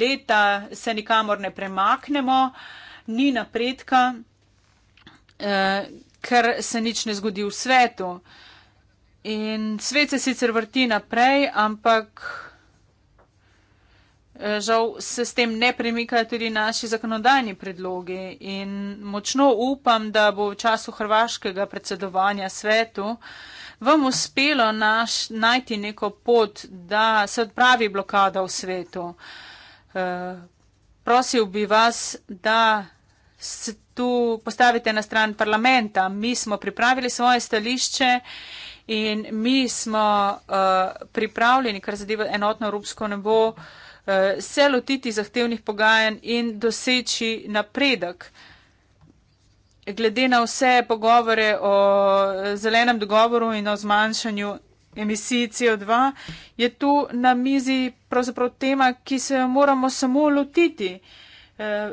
leta se nikamor ne premaknemo, ni napredka, eh, ker se nič ne zgodi v svetu. In svet se sicer vrti naprej, ampak. Eh, žal se s tem ne premikajo tudi naši zakonodajni predlogi in močno upam, da bo v času hrvaškega predsedovanja svetu vam uspelo naš, najti neko pot, da se odpravi blokada v svetu. E, prosil bi vas, da se tu postavite na stran parlamenta. Mi smo pripravili svoje stališče. In mi smo uh, pripravljeni, kar zadeva enotno evropsko nebo, uh, Eh, se lotiti zahtevnih pogajanj in doseči napredek. Glede na vse pogovore o zelenem dogovoru in o zmanjšanju emisij CO2, je tu na mizi pravzaprav tema, ki se jo moramo samo lotiti. Eh,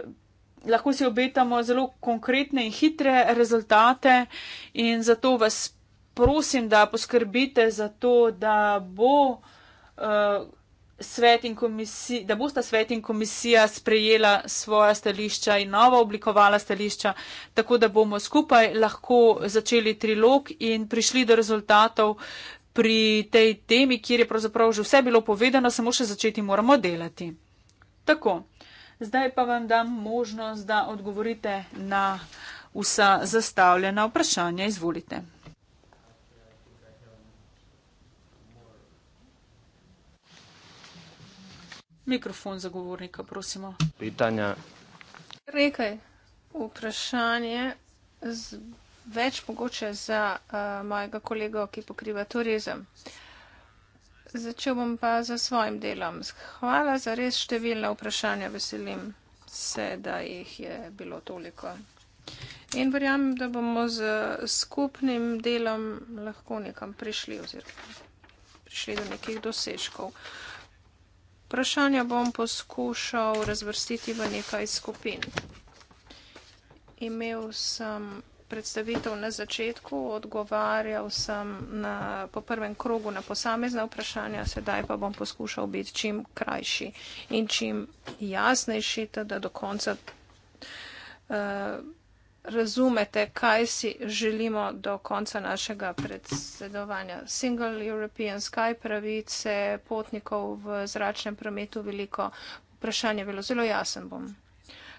lahko si obetamo zelo konkretne in hitre rezultate in zato vas prosim, da poskrbite za to, da bo uh, svet in komisija, da bosta svet in komisija sprejela svoja stališča in novo oblikovala stališča, tako da bomo skupaj lahko začeli trilog in prišli do rezultatov pri tej temi, kjer je pravzaprav že vse bilo povedano, samo še začeti moramo delati. Tako, zdaj pa vam dam možnost, da odgovorite na vsa zastavljena vprašanja. Izvolite. Mikrofon za govornika, prosimo. Pitanja. Rekaj, vprašanje z več mogoče za uh, mojega kolega, ki pokriva turizem. Začel bom pa za svojim delom. Hvala za res številna vprašanja. Veselim se, da jih je bilo toliko. In verjamem, da bomo z skupnim delom lahko nekam prišli oziroma prišli do nekih dosežkov. Uh, Vprašanja bom poskušal razvrstiti v nekaj skupin. Imel sem predstavitev na začetku, odgovarjal sem na, po prvem krogu na posamezna vprašanja, sedaj pa bom poskušal biti čim krajši in čim jasnejši, da do konca. Uh, razumete, kaj si želimo do konca našega predsedovanja. Single European Sky pravice potnikov v zračnem prometu veliko. Vprašanje je bilo zelo jasen bom.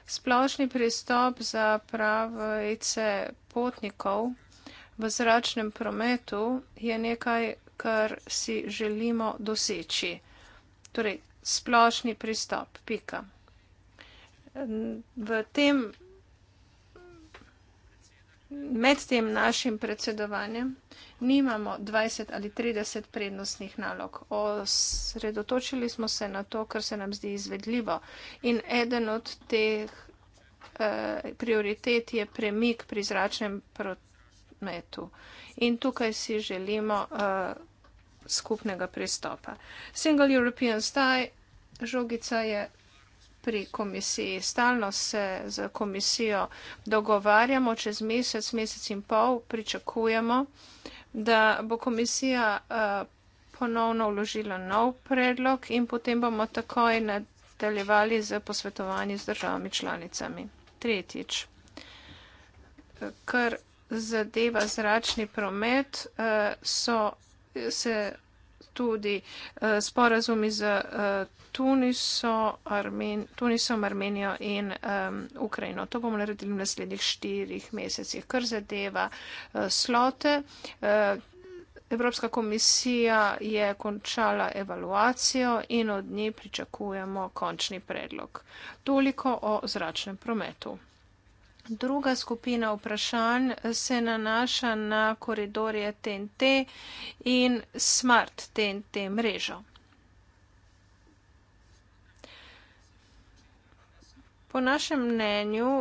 Splošni pristop za pravice potnikov v zračnem prometu je nekaj, kar si želimo doseči. Torej, splošni pristop, pika. V tem med tem našim predsedovanjem nimamo 20 ali 30 prednostnih nalog. Osredotočili smo se na to, kar se nam zdi izvedljivo. In eden od teh uh, prioritet je premik pri zračnem prometu. In tukaj si želimo uh, skupnega pristopa. Single European Style žogica je pri komisiji. Stalno se z komisijo dogovarjamo, čez mesec, mesec in pol pričakujemo, da bo komisija eh, ponovno vložila nov predlog in potem bomo takoj nadaljevali z posvetovanji z državami članicami. Tretjič. Eh, kar zadeva zračni promet, eh, so se tudi eh, sporazumi z eh, Tuniso, Armen, Tunisom, Armenijo in um, Ukrajino. To bomo naredili v naslednjih štirih mesecih, kar zadeva eh, slote. Evropska komisija je končala evaluacijo in od nje pričakujemo končni predlog. Toliko o zračnem prometu. Druga skupina vprašanj se nanaša na koridorje TNT in smart TNT mrežo. Po našem mnenju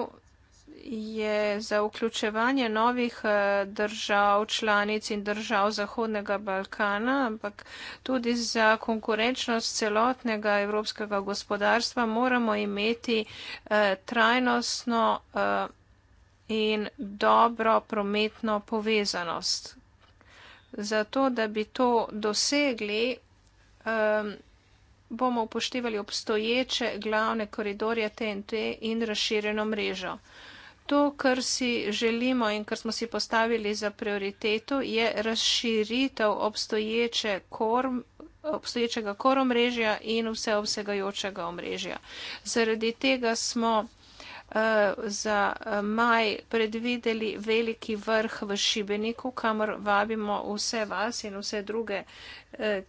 je za vključevanje novih eh, držav, članic in držav Zahodnega Balkana, ampak tudi za konkurenčnost celotnega evropskega gospodarstva moramo imeti eh, trajnostno eh, in dobro prometno povezanost. Zato, da bi to dosegli, ehm, bomo upoštevali obstoječe glavne koridorje TNT in razširjeno mrežo to, kar si želimo in kar smo si postavili za prioriteto, je razširitev obstoječe korm obstoječega koromrežja in vseobsegajočega omrežja. Zaradi tega smo Eh, za eh, maj predvideli veliki vrh v Šibeniku, kamor vabimo vse vas in vse druge, eh,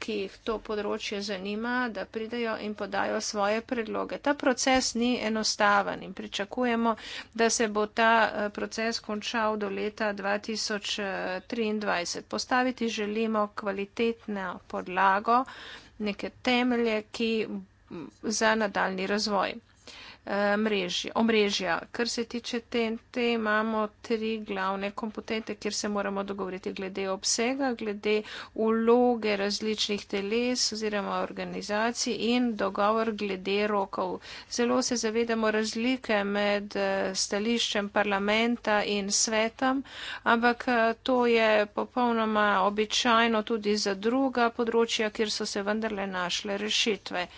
ki jih to področje zanima, da pridajo in podajo svoje predloge. Ta proces ni enostaven in pričakujemo, da se bo ta proces končal do leta 2023. Postaviti želimo kvalitetno podlago, neke temelje, ki za nadaljni razvoj mreži, omrežja. Kar se tiče TNT, imamo tri glavne kompetente, kjer se moramo dogovoriti glede obsega, glede uloge različnih teles oziroma organizacij in dogovor glede rokov. Zelo se zavedamo razlike med eh, stališčem parlamenta in svetom, ampak eh, to je popolnoma običajno tudi za druga področja, kjer so se vendarle našle rešitve.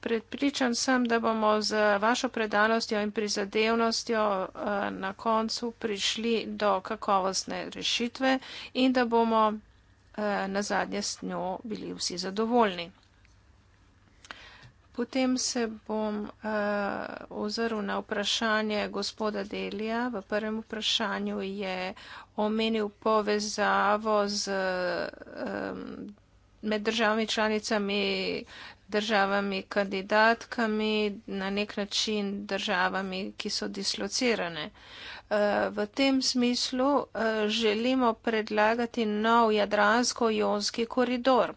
Predpričan sem, da bomo z vašo predanostjo in prizadevnostjo eh, na koncu prišli do kakovostne rešitve in da bomo eh, na zadnje s njo bili vsi zadovoljni. Potem se bom uh, ozrl na vprašanje gospoda Delija. V prvem vprašanju je omenil povezavo z, um, med državami članicami državami kandidatkami, na nek način državami, ki so dislocirane. Eh, v tem smislu eh, želimo predlagati nov jadransko-jonski koridor.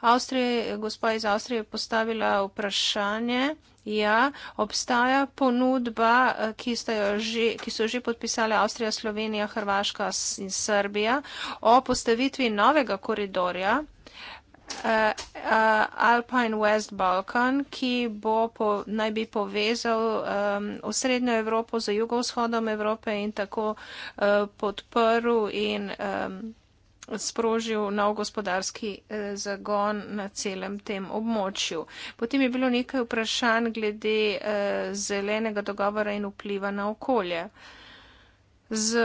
Avstrije, gospa iz Avstrije je postavila vprašanje. Ja, obstaja ponudba, eh, ki, že, ki so že podpisale Avstrija, Slovenija, Hrvaška in Srbija o postavitvi novega koridorja uh, Alpine West Balkan, ki bo po, naj bi povezal um, osrednjo Evropo z jugovzhodom Evrope in tako uh, podprl in um, sprožil nov gospodarski zagon na celem tem območju. Potem je bilo nekaj vprašanj glede zelenega dogovora in vpliva na okolje. Z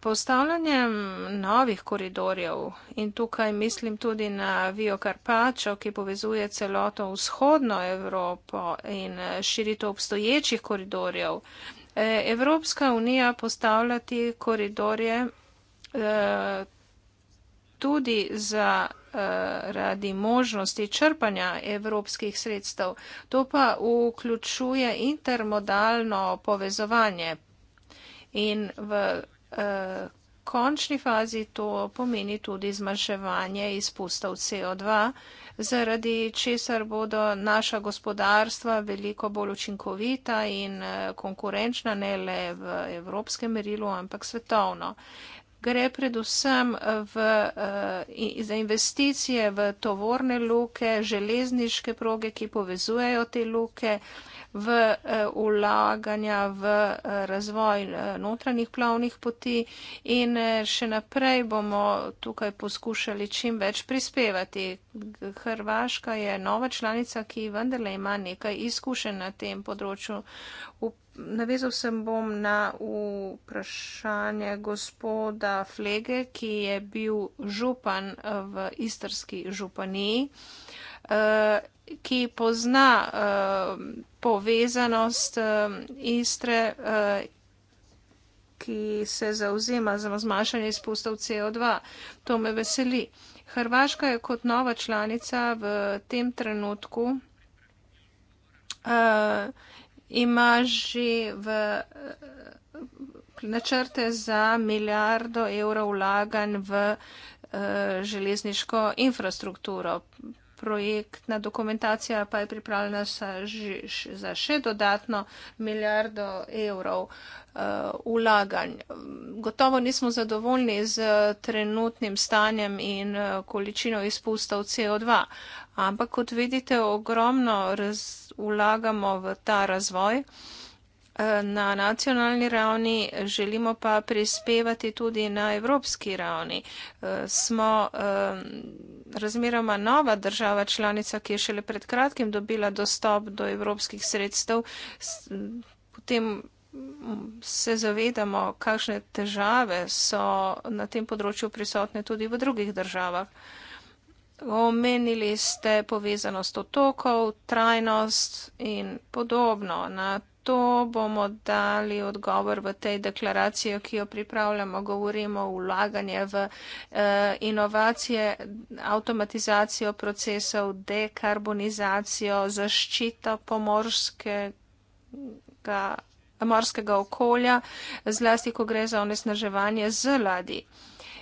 postavljanjem novih koridorjev in tukaj mislim tudi na Vijo Karpačo, ki povezuje celoto vzhodno Evropo in širitev obstoječih koridorjev, e, Evropska unija postavlja te koridorje e, tudi za, radi možnosti črpanja evropskih sredstev. To pa vključuje intermodalno povezovanje in v uh, končni fazi to pomeni tudi zmanjševanje izpustov CO2, zaradi česar bodo naša gospodarstva veliko bolj učinkovita in uh, konkurenčna ne le v evropskem merilu, ampak svetovno. Gre predvsem v, uh, za investicije v tovorne luke, železniške proge, ki povezujejo te luke, uh, v eh, ulaganja v eh, razvoj eh, notranjih plavnih poti in še naprej bomo tukaj poskušali čim več prispevati. Hrvaška je nova članica, ki vendarle ima nekaj izkušen na tem področju. Navezal sem bom na vprašanje gospoda Flege, ki je bil župan v istrski županiji ki pozna uh, povezanost uh, Istre, uh, ki se zauzema za zmanjšanje izpustov CO2. To me veseli. Hrvaška je kot nova članica v tem trenutku. Uh, ima že v načrte za milijardo evrov vlagan v uh, železniško infrastrukturo projektna dokumentacija pa je pripravljena za še dodatno milijardo evrov uh, vlaganj. Gotovo nismo zadovoljni z trenutnim stanjem in uh, količino izpustov CO2, ampak kot vidite, ogromno vlagamo v ta razvoj. Eh, na nacionalni ravni, želimo pa prispevati tudi na evropski ravni. Eh, smo eh, razmeroma nova država članica, ki je šele pred kratkim dobila dostop do evropskih sredstev. Potem se zavedamo, kakšne težave so na tem področju prisotne tudi v drugih državah. Omenili ste povezanost otokov, trajnost in podobno. Na to bomo dali odgovor v tej deklaraciji, ki jo pripravljamo. Govorimo o vlaganje v eh, inovacije, avtomatizacijo procesov, dekarbonizacijo, zaščito pomorskega morskega okolja, zlasti, ko gre za onesnaževanje z ladi.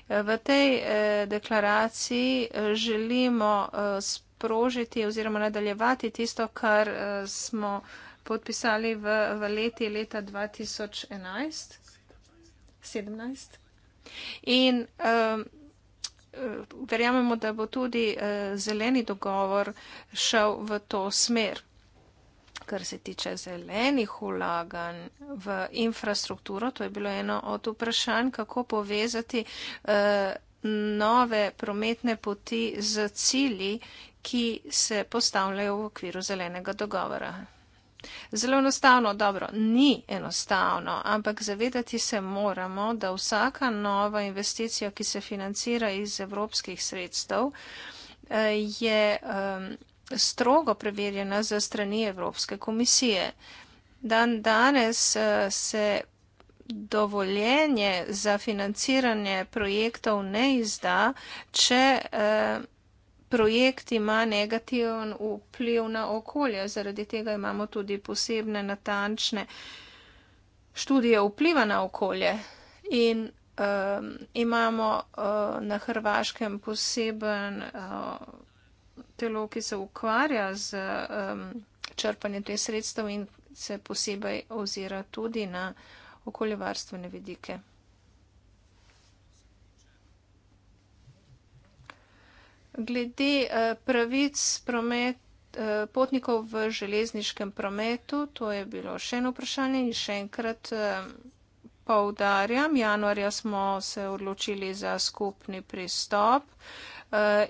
V tej eh, deklaraciji eh, želimo sprožiti oziroma nadaljevati tisto, kar smo podpisali v, v leti leta 2011. 17. In um, uh, verjamemo, da bo tudi uh, zeleni dogovor šel v to smer, kar se tiče zelenih ulaganj v infrastrukturo. To je bilo eno od vprašanj, kako povezati uh, nove prometne poti z cilji, ki se postavljajo v okviru zelenega dogovora. Zelo enostavno, dobro, ni enostavno, ampak zavedati se moramo, da vsaka nova investicija, ki se financira iz evropskih sredstev, eh, je strogo preverjena za strani Evropske komisije. Dan danes eh, se dovoljenje za financiranje projektov ne izda, če projekt ima negativen vpliv na okolje. Zaradi tega imamo tudi posebne natančne študije vpliva na okolje. In um, imamo uh, na Hrvaškem poseben uh, telo, ki se ukvarja z um, črpanjem teh sredstev in se posebej ozira tudi na okoljevarstvene vidike. Glede eh, pravic promet, eh, potnikov v železniškem prometu, to je bilo še eno vprašanje in še enkrat eh, povdarjam. Januarja smo se odločili za skupni pristop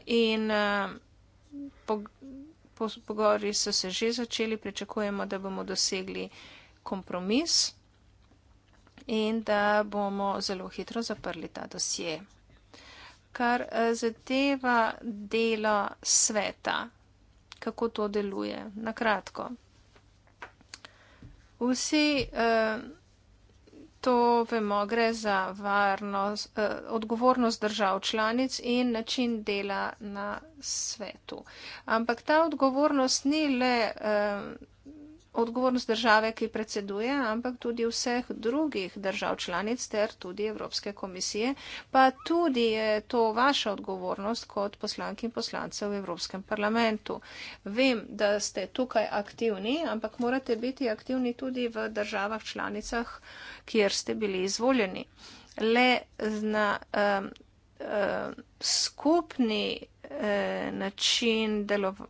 in pogovori so se že začeli, pričakujemo, da bomo dosegli kompromis in da bomo zelo hitro zaprli ta dosje kar eh, zadeva dela sveta, kako to deluje. Na kratko. Vsi eh, to vemo, gre za varnost, eh, odgovornost držav članic in način dela na svetu. Ampak ta odgovornost ni le odgovornost države, ki predseduje, ampak tudi vseh drugih držav članic ter tudi Evropske komisije, pa tudi je to vaša odgovornost kot poslank in poslancev v Evropskem parlamentu. Vem, da ste tukaj aktivni, ampak morate biti aktivni tudi v državah članicah, kjer ste bili izvoljeni. Le na um, um, skupni Eh, način delovanja,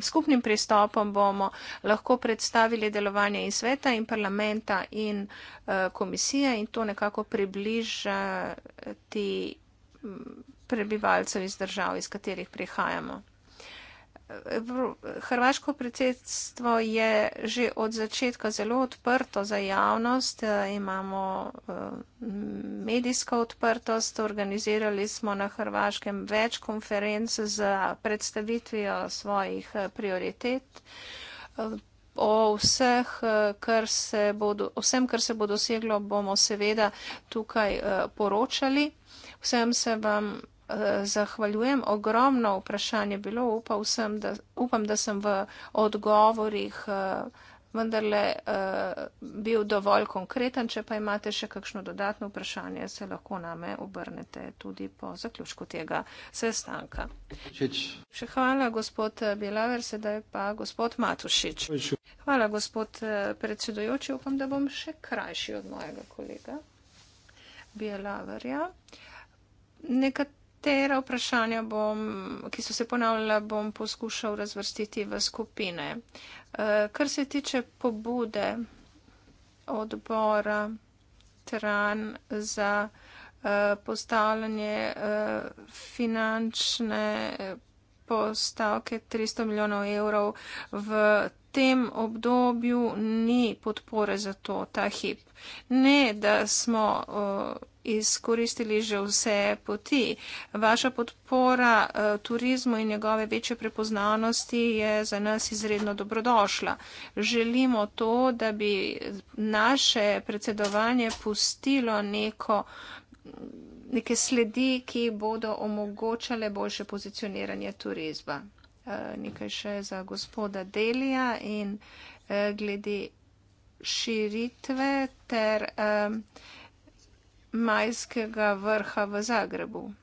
skupnim pristopom bomo lahko predstavili delovanje in sveta in parlamenta in eh, komisije in to nekako približati mm, prebivalcev iz držav, iz katerih prihajamo. Hrvaško predsedstvo je že od začetka zelo odprto za javnost, eh, imamo eh, medijsko odprtost, organizirali smo na Hrvaškem več konferenc z predstavitvijo svojih eh, prioritet. O vseh, kar se bodo, vsem, kar se bo doseglo, bomo seveda tukaj poročali. Vsem se vam Eh, zahvaljujem. Ogromno vprašanje bilo, upam, vsem, da, upam, da sem v odgovorih eh, vendarle eh, bil dovolj konkreten. Če pa imate še kakšno dodatno vprašanje, se lahko name obrnete tudi po zaključku tega sestanka. Še hvala, gospod Bilaver, sedaj pa gospod Matušič. Hvala, gospod predsedujoči. Upam, da bom še krajši od mojega kolega Bilaverja. Nekat Nekatera vprašanja, bom, ki so se ponavljala, bom poskušal razvrstiti v skupine. Eh, kar se tiče pobude odbora TRAN za eh, postavljanje eh, finančne postavke 300 milijonov evrov v tem obdobju, ni podpore za to ta hip. Ne, da smo izkoristili že vse poti. Vaša podpora uh, turizmu in njegove večje prepoznavnosti je za nas izredno dobrodošla. Želimo to, da bi naše predsedovanje pustilo neko, neke sledi, ki bodo omogočale boljše pozicioniranje turizma. Uh, nekaj še za gospoda Delija in uh, glede širitve ter. Um, majskega vrha v Zagrebu.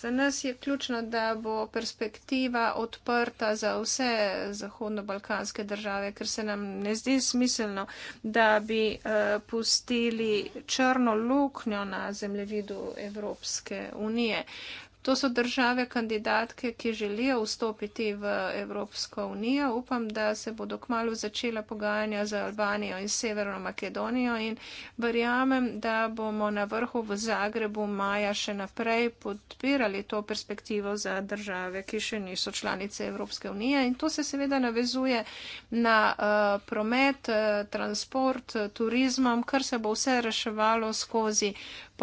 Za nas je ključno, da bo perspektiva odprta za vse zahodno-balkanske države, ker se nam ne zdi smiselno, da bi uh, pustili črno luknjo na zemljevidu Evropske unije. Uh, To so države kandidatke, ki želijo vstopiti v Evropsko unijo. Upam, da se bodo kmalo začela pogajanja z Albanijo in Severno Makedonijo in verjamem, da bomo na vrhu v Zagrebu maja še naprej podpirali to perspektivo za države, ki še niso članice Evropske unije. In to se seveda navezuje na uh, promet, eh, transport, eh, turizmom, kar se bo vse reševalo skozi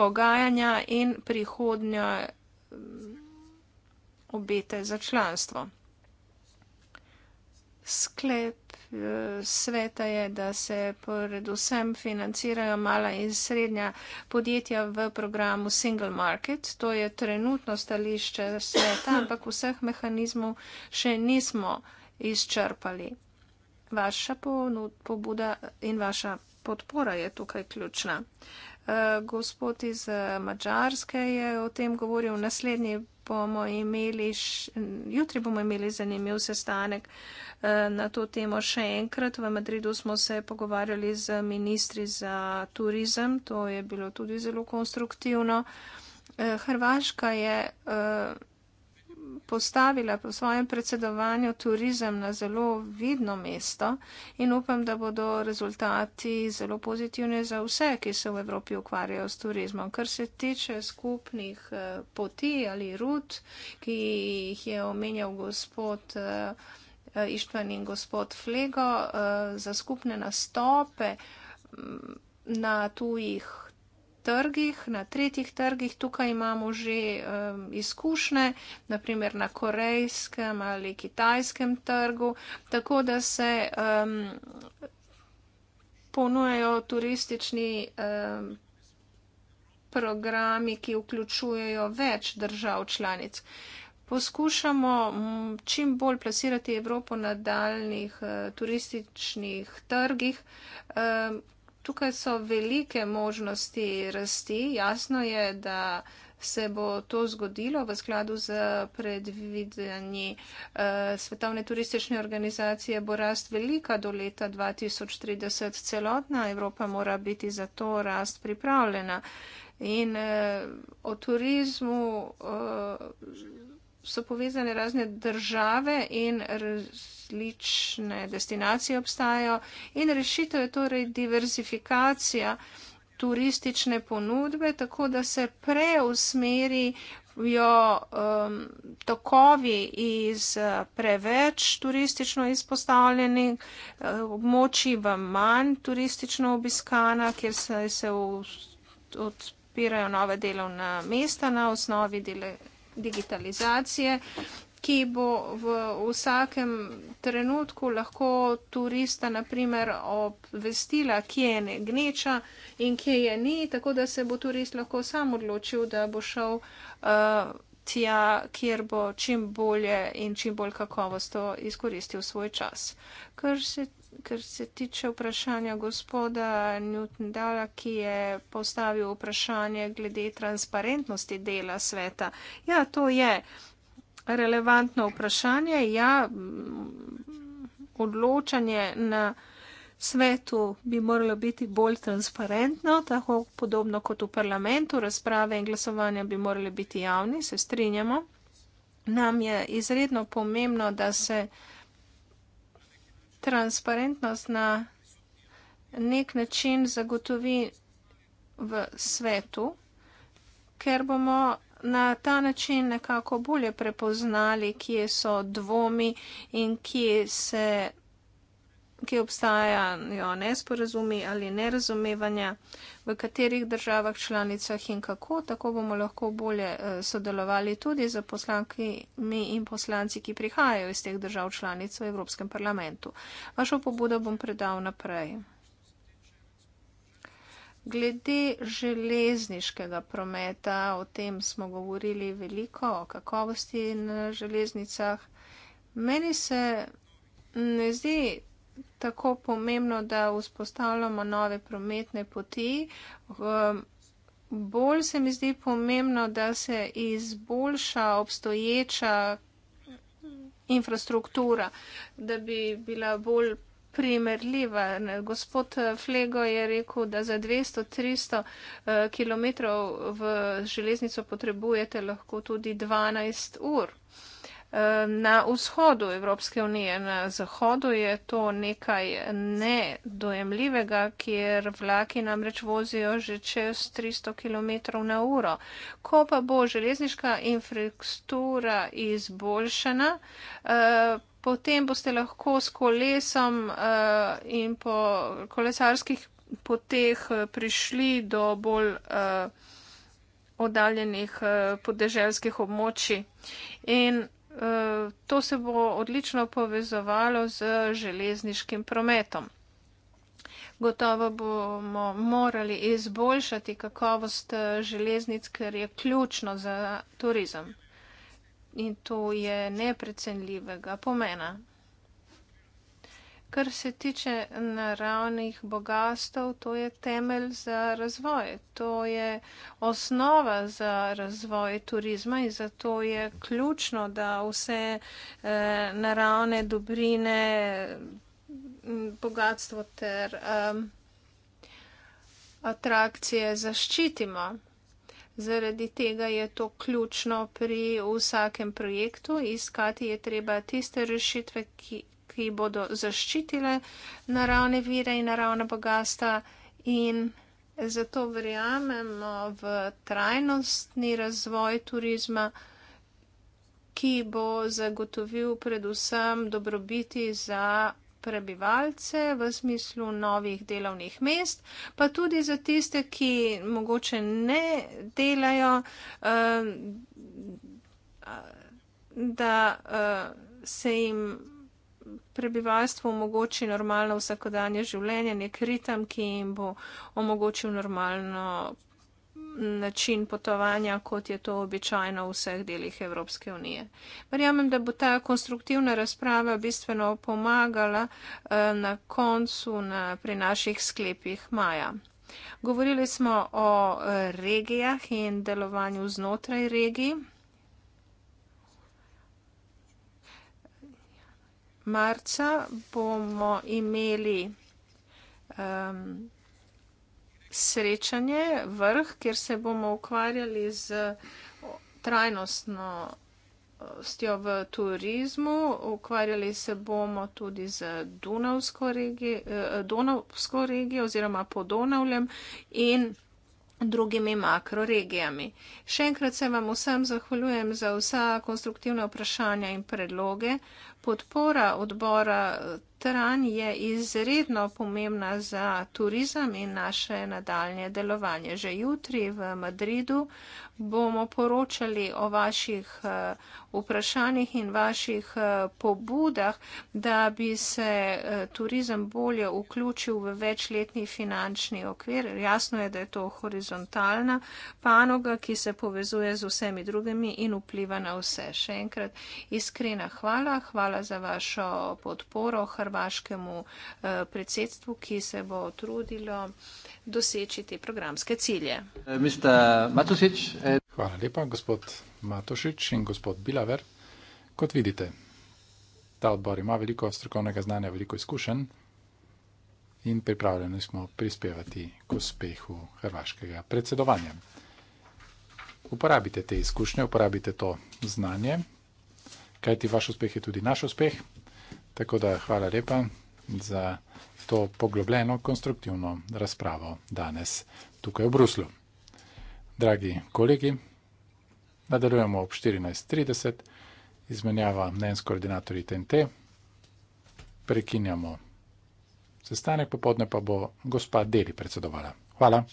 pogajanja in prihodnja obete za članstvo. Sklep eh, sveta je, da se predvsem financirajo mala in srednja podjetja v programu Single Market. To je trenutno stališče sveta, ampak vseh mehanizmov še nismo izčrpali. Vaša pobuda in vaša podpora je tukaj ključna. Uh, Eh, gospod iz eh, Mačarske je o tem govoril. Naslednji bomo imeli, š, jutri bomo imeli zanimiv sestanek eh, na to temo še enkrat. V Madridu smo se pogovarjali z ministri za turizem, to je bilo tudi zelo konstruktivno. Hrvaška je postavila po svojem predsedovanju turizem na zelo vidno mesto in upam, da bodo rezultati zelo pozitivni za vse, ki se v Evropi ukvarjajo s turizmom. Kar se tiče skupnih eh, poti ali rut, ki jih je omenjal gospod eh, Ištvan in gospod Flego, eh, za skupne nastope mm, na tujih trgih, na tretjih trgih, tukaj imamo že um, izkušnje, naprimer na korejskem ali kitajskem trgu, tako da se um, ponujajo turistični um, programi, ki vključujejo več držav članic. Poskušamo čim bolj plasirati Evropo na daljnih uh, turističnih trgih, uh, tukaj so velike možnosti rasti. Jasno je, da se bo to zgodilo v skladu z predvidenji eh, Svetovne turistične organizacije, bo rast velika do leta 2030. Celotna Evropa mora biti za to rast pripravljena. In eh, o turizmu. Eh, so povezane razne države in različne destinacije obstajajo. In rešitev je torej diverzifikacija turistične ponudbe, tako da se preusmeri jo um, tokovi iz uh, preveč turistično izpostavljenih uh, območij v manj turistično obiskana, kjer se, se v, odpirajo nove delovna mesta na osnovi dele, digitalizacije, ki bo v vsakem trenutku lahko turista naprimer obvestila, kje je gneča in kje je ni, tako da se bo turist lahko sam odločil, da bo šel uh, tja, kjer bo čim bolje in čim bolj kakovosto izkoristil svoj čas. Kar se kar se tiče vprašanja gospoda Newton-Dala, ki je postavil vprašanje glede transparentnosti dela sveta. Ja, to je relevantno vprašanje. Ja, odločanje na svetu bi moralo biti bolj transparentno, tako podobno kot v parlamentu. Razprave in glasovanja bi morali biti javni, se strinjamo. Nam je izredno pomembno, da se transparentnost na nek način zagotovi v svetu, ker bomo na ta način nekako bolje prepoznali, kje so dvomi in kje se ki obstajajo nesporazumi ali nerazumevanja, v katerih državah, članicah in kako, tako bomo lahko bolje eh, sodelovali tudi za poslankami in poslanci, ki prihajajo iz teh držav članic v Evropskem parlamentu. Vašo pobudo bom predal naprej. Glede železniškega prometa, o tem smo govorili veliko, o kakovosti na železnicah. Meni se ne zdi tako pomembno, da vzpostavljamo nove prometne poti. Ehm, bolj se mi zdi pomembno, da se izboljša obstoječa infrastruktura, da bi bila bolj primerljiva. Gospod Flego je rekel, da za 200-300 eh, km v železnico potrebujete lahko tudi 12 ur. Uh, Eh, na vzhodu Evropske unije, na zahodu je to nekaj nedojemljivega, kjer vlaki namreč vozijo že čez 300 km na uro. Ko pa bo železniška infrastruktura izboljšana, eh, potem boste lahko s kolesom eh, in po kolesarskih poteh prišli do bolj oddaljenih podeželskih območij. In to se bo odlično povezovalo z železniškim prometom. Gotovo bomo morali izboljšati kakovost eh, železnic, ker je ključno za turizem. In to je neprecenljivega pomena. Kar se tiče naravnih bogastov, to je temelj za razvoj, to je osnova za razvoj turizma in zato je ključno, da vse eh, naravne dobrine, bogatstvo ter eh, atrakcije zaščitimo. Zaradi tega je to ključno pri vsakem projektu. Iskati je treba tiste rešitve, ki, ki bodo zaščitile naravne vire in naravna bogasta in zato verjamemo v trajnostni razvoj turizma, ki bo zagotovil predvsem dobrobiti za prebivalce v smislu novih delovnih mest, pa tudi za tiste, ki mogoče ne delajo, eh, da eh, se jim prebivalstvu omogoči normalno vsakodanje življenje, nek ritem, ki jim bo omogočil normalno način potovanja, kot je to običajno v vseh delih Evropske unije. Verjamem, da bo ta konstruktivna razprava bistveno pomagala eh, na koncu na, pri naših sklepih maja. Govorili smo o eh, regijah in delovanju znotraj regij. marca bomo imeli um, srečanje, vrh, kjer se bomo ukvarjali z trajnostnostjo v turizmu, ukvarjali se bomo tudi z Dunavsko, regi, eh, Dunavsko regijo oziroma Podonavljem in drugimi makroregijami. Še enkrat se vam vsem zahvaljujem za vsa konstruktivna vprašanja in predloge podpora odbora Tran je izredno pomembna za turizem in naše nadaljne delovanje. Že jutri v Madridu bomo poročali o vaših eh, vprašanjih in vaših eh, pobudah, da bi se eh, turizem bolje vključil v večletni finančni okvir. Jasno je, da je to horizontalna panoga, ki se povezuje z vsemi drugimi in vpliva na vse. Še enkrat iskrena hvala. hvala hvala za vašo podporo hrvaškemu eh, predsedstvu, ki se bo trudilo doseči te programske cilje. Eh, eh, hvala lepa, gospod Matošič in gospod Bilaver. Kot vidite, ta odbor ima veliko strokovnega znanja, veliko izkušenj in pripravljeni smo prispevati k uspehu hrvaškega predsedovanja. Uporabite te izkušnje, uporabite to znanje, kaj ti vaš uspeh je tudi naš uspeh. Tako da hvala lepa za to poglobljeno, konstruktivno razpravo danes tukaj v Bruslu. Dragi kolegi, nadaljujemo ob 14.30, izmenjava mnenj s koordinatorji TNT, prekinjamo sestanek, popodne pa bo gospa Deli predsedovala. Hvala.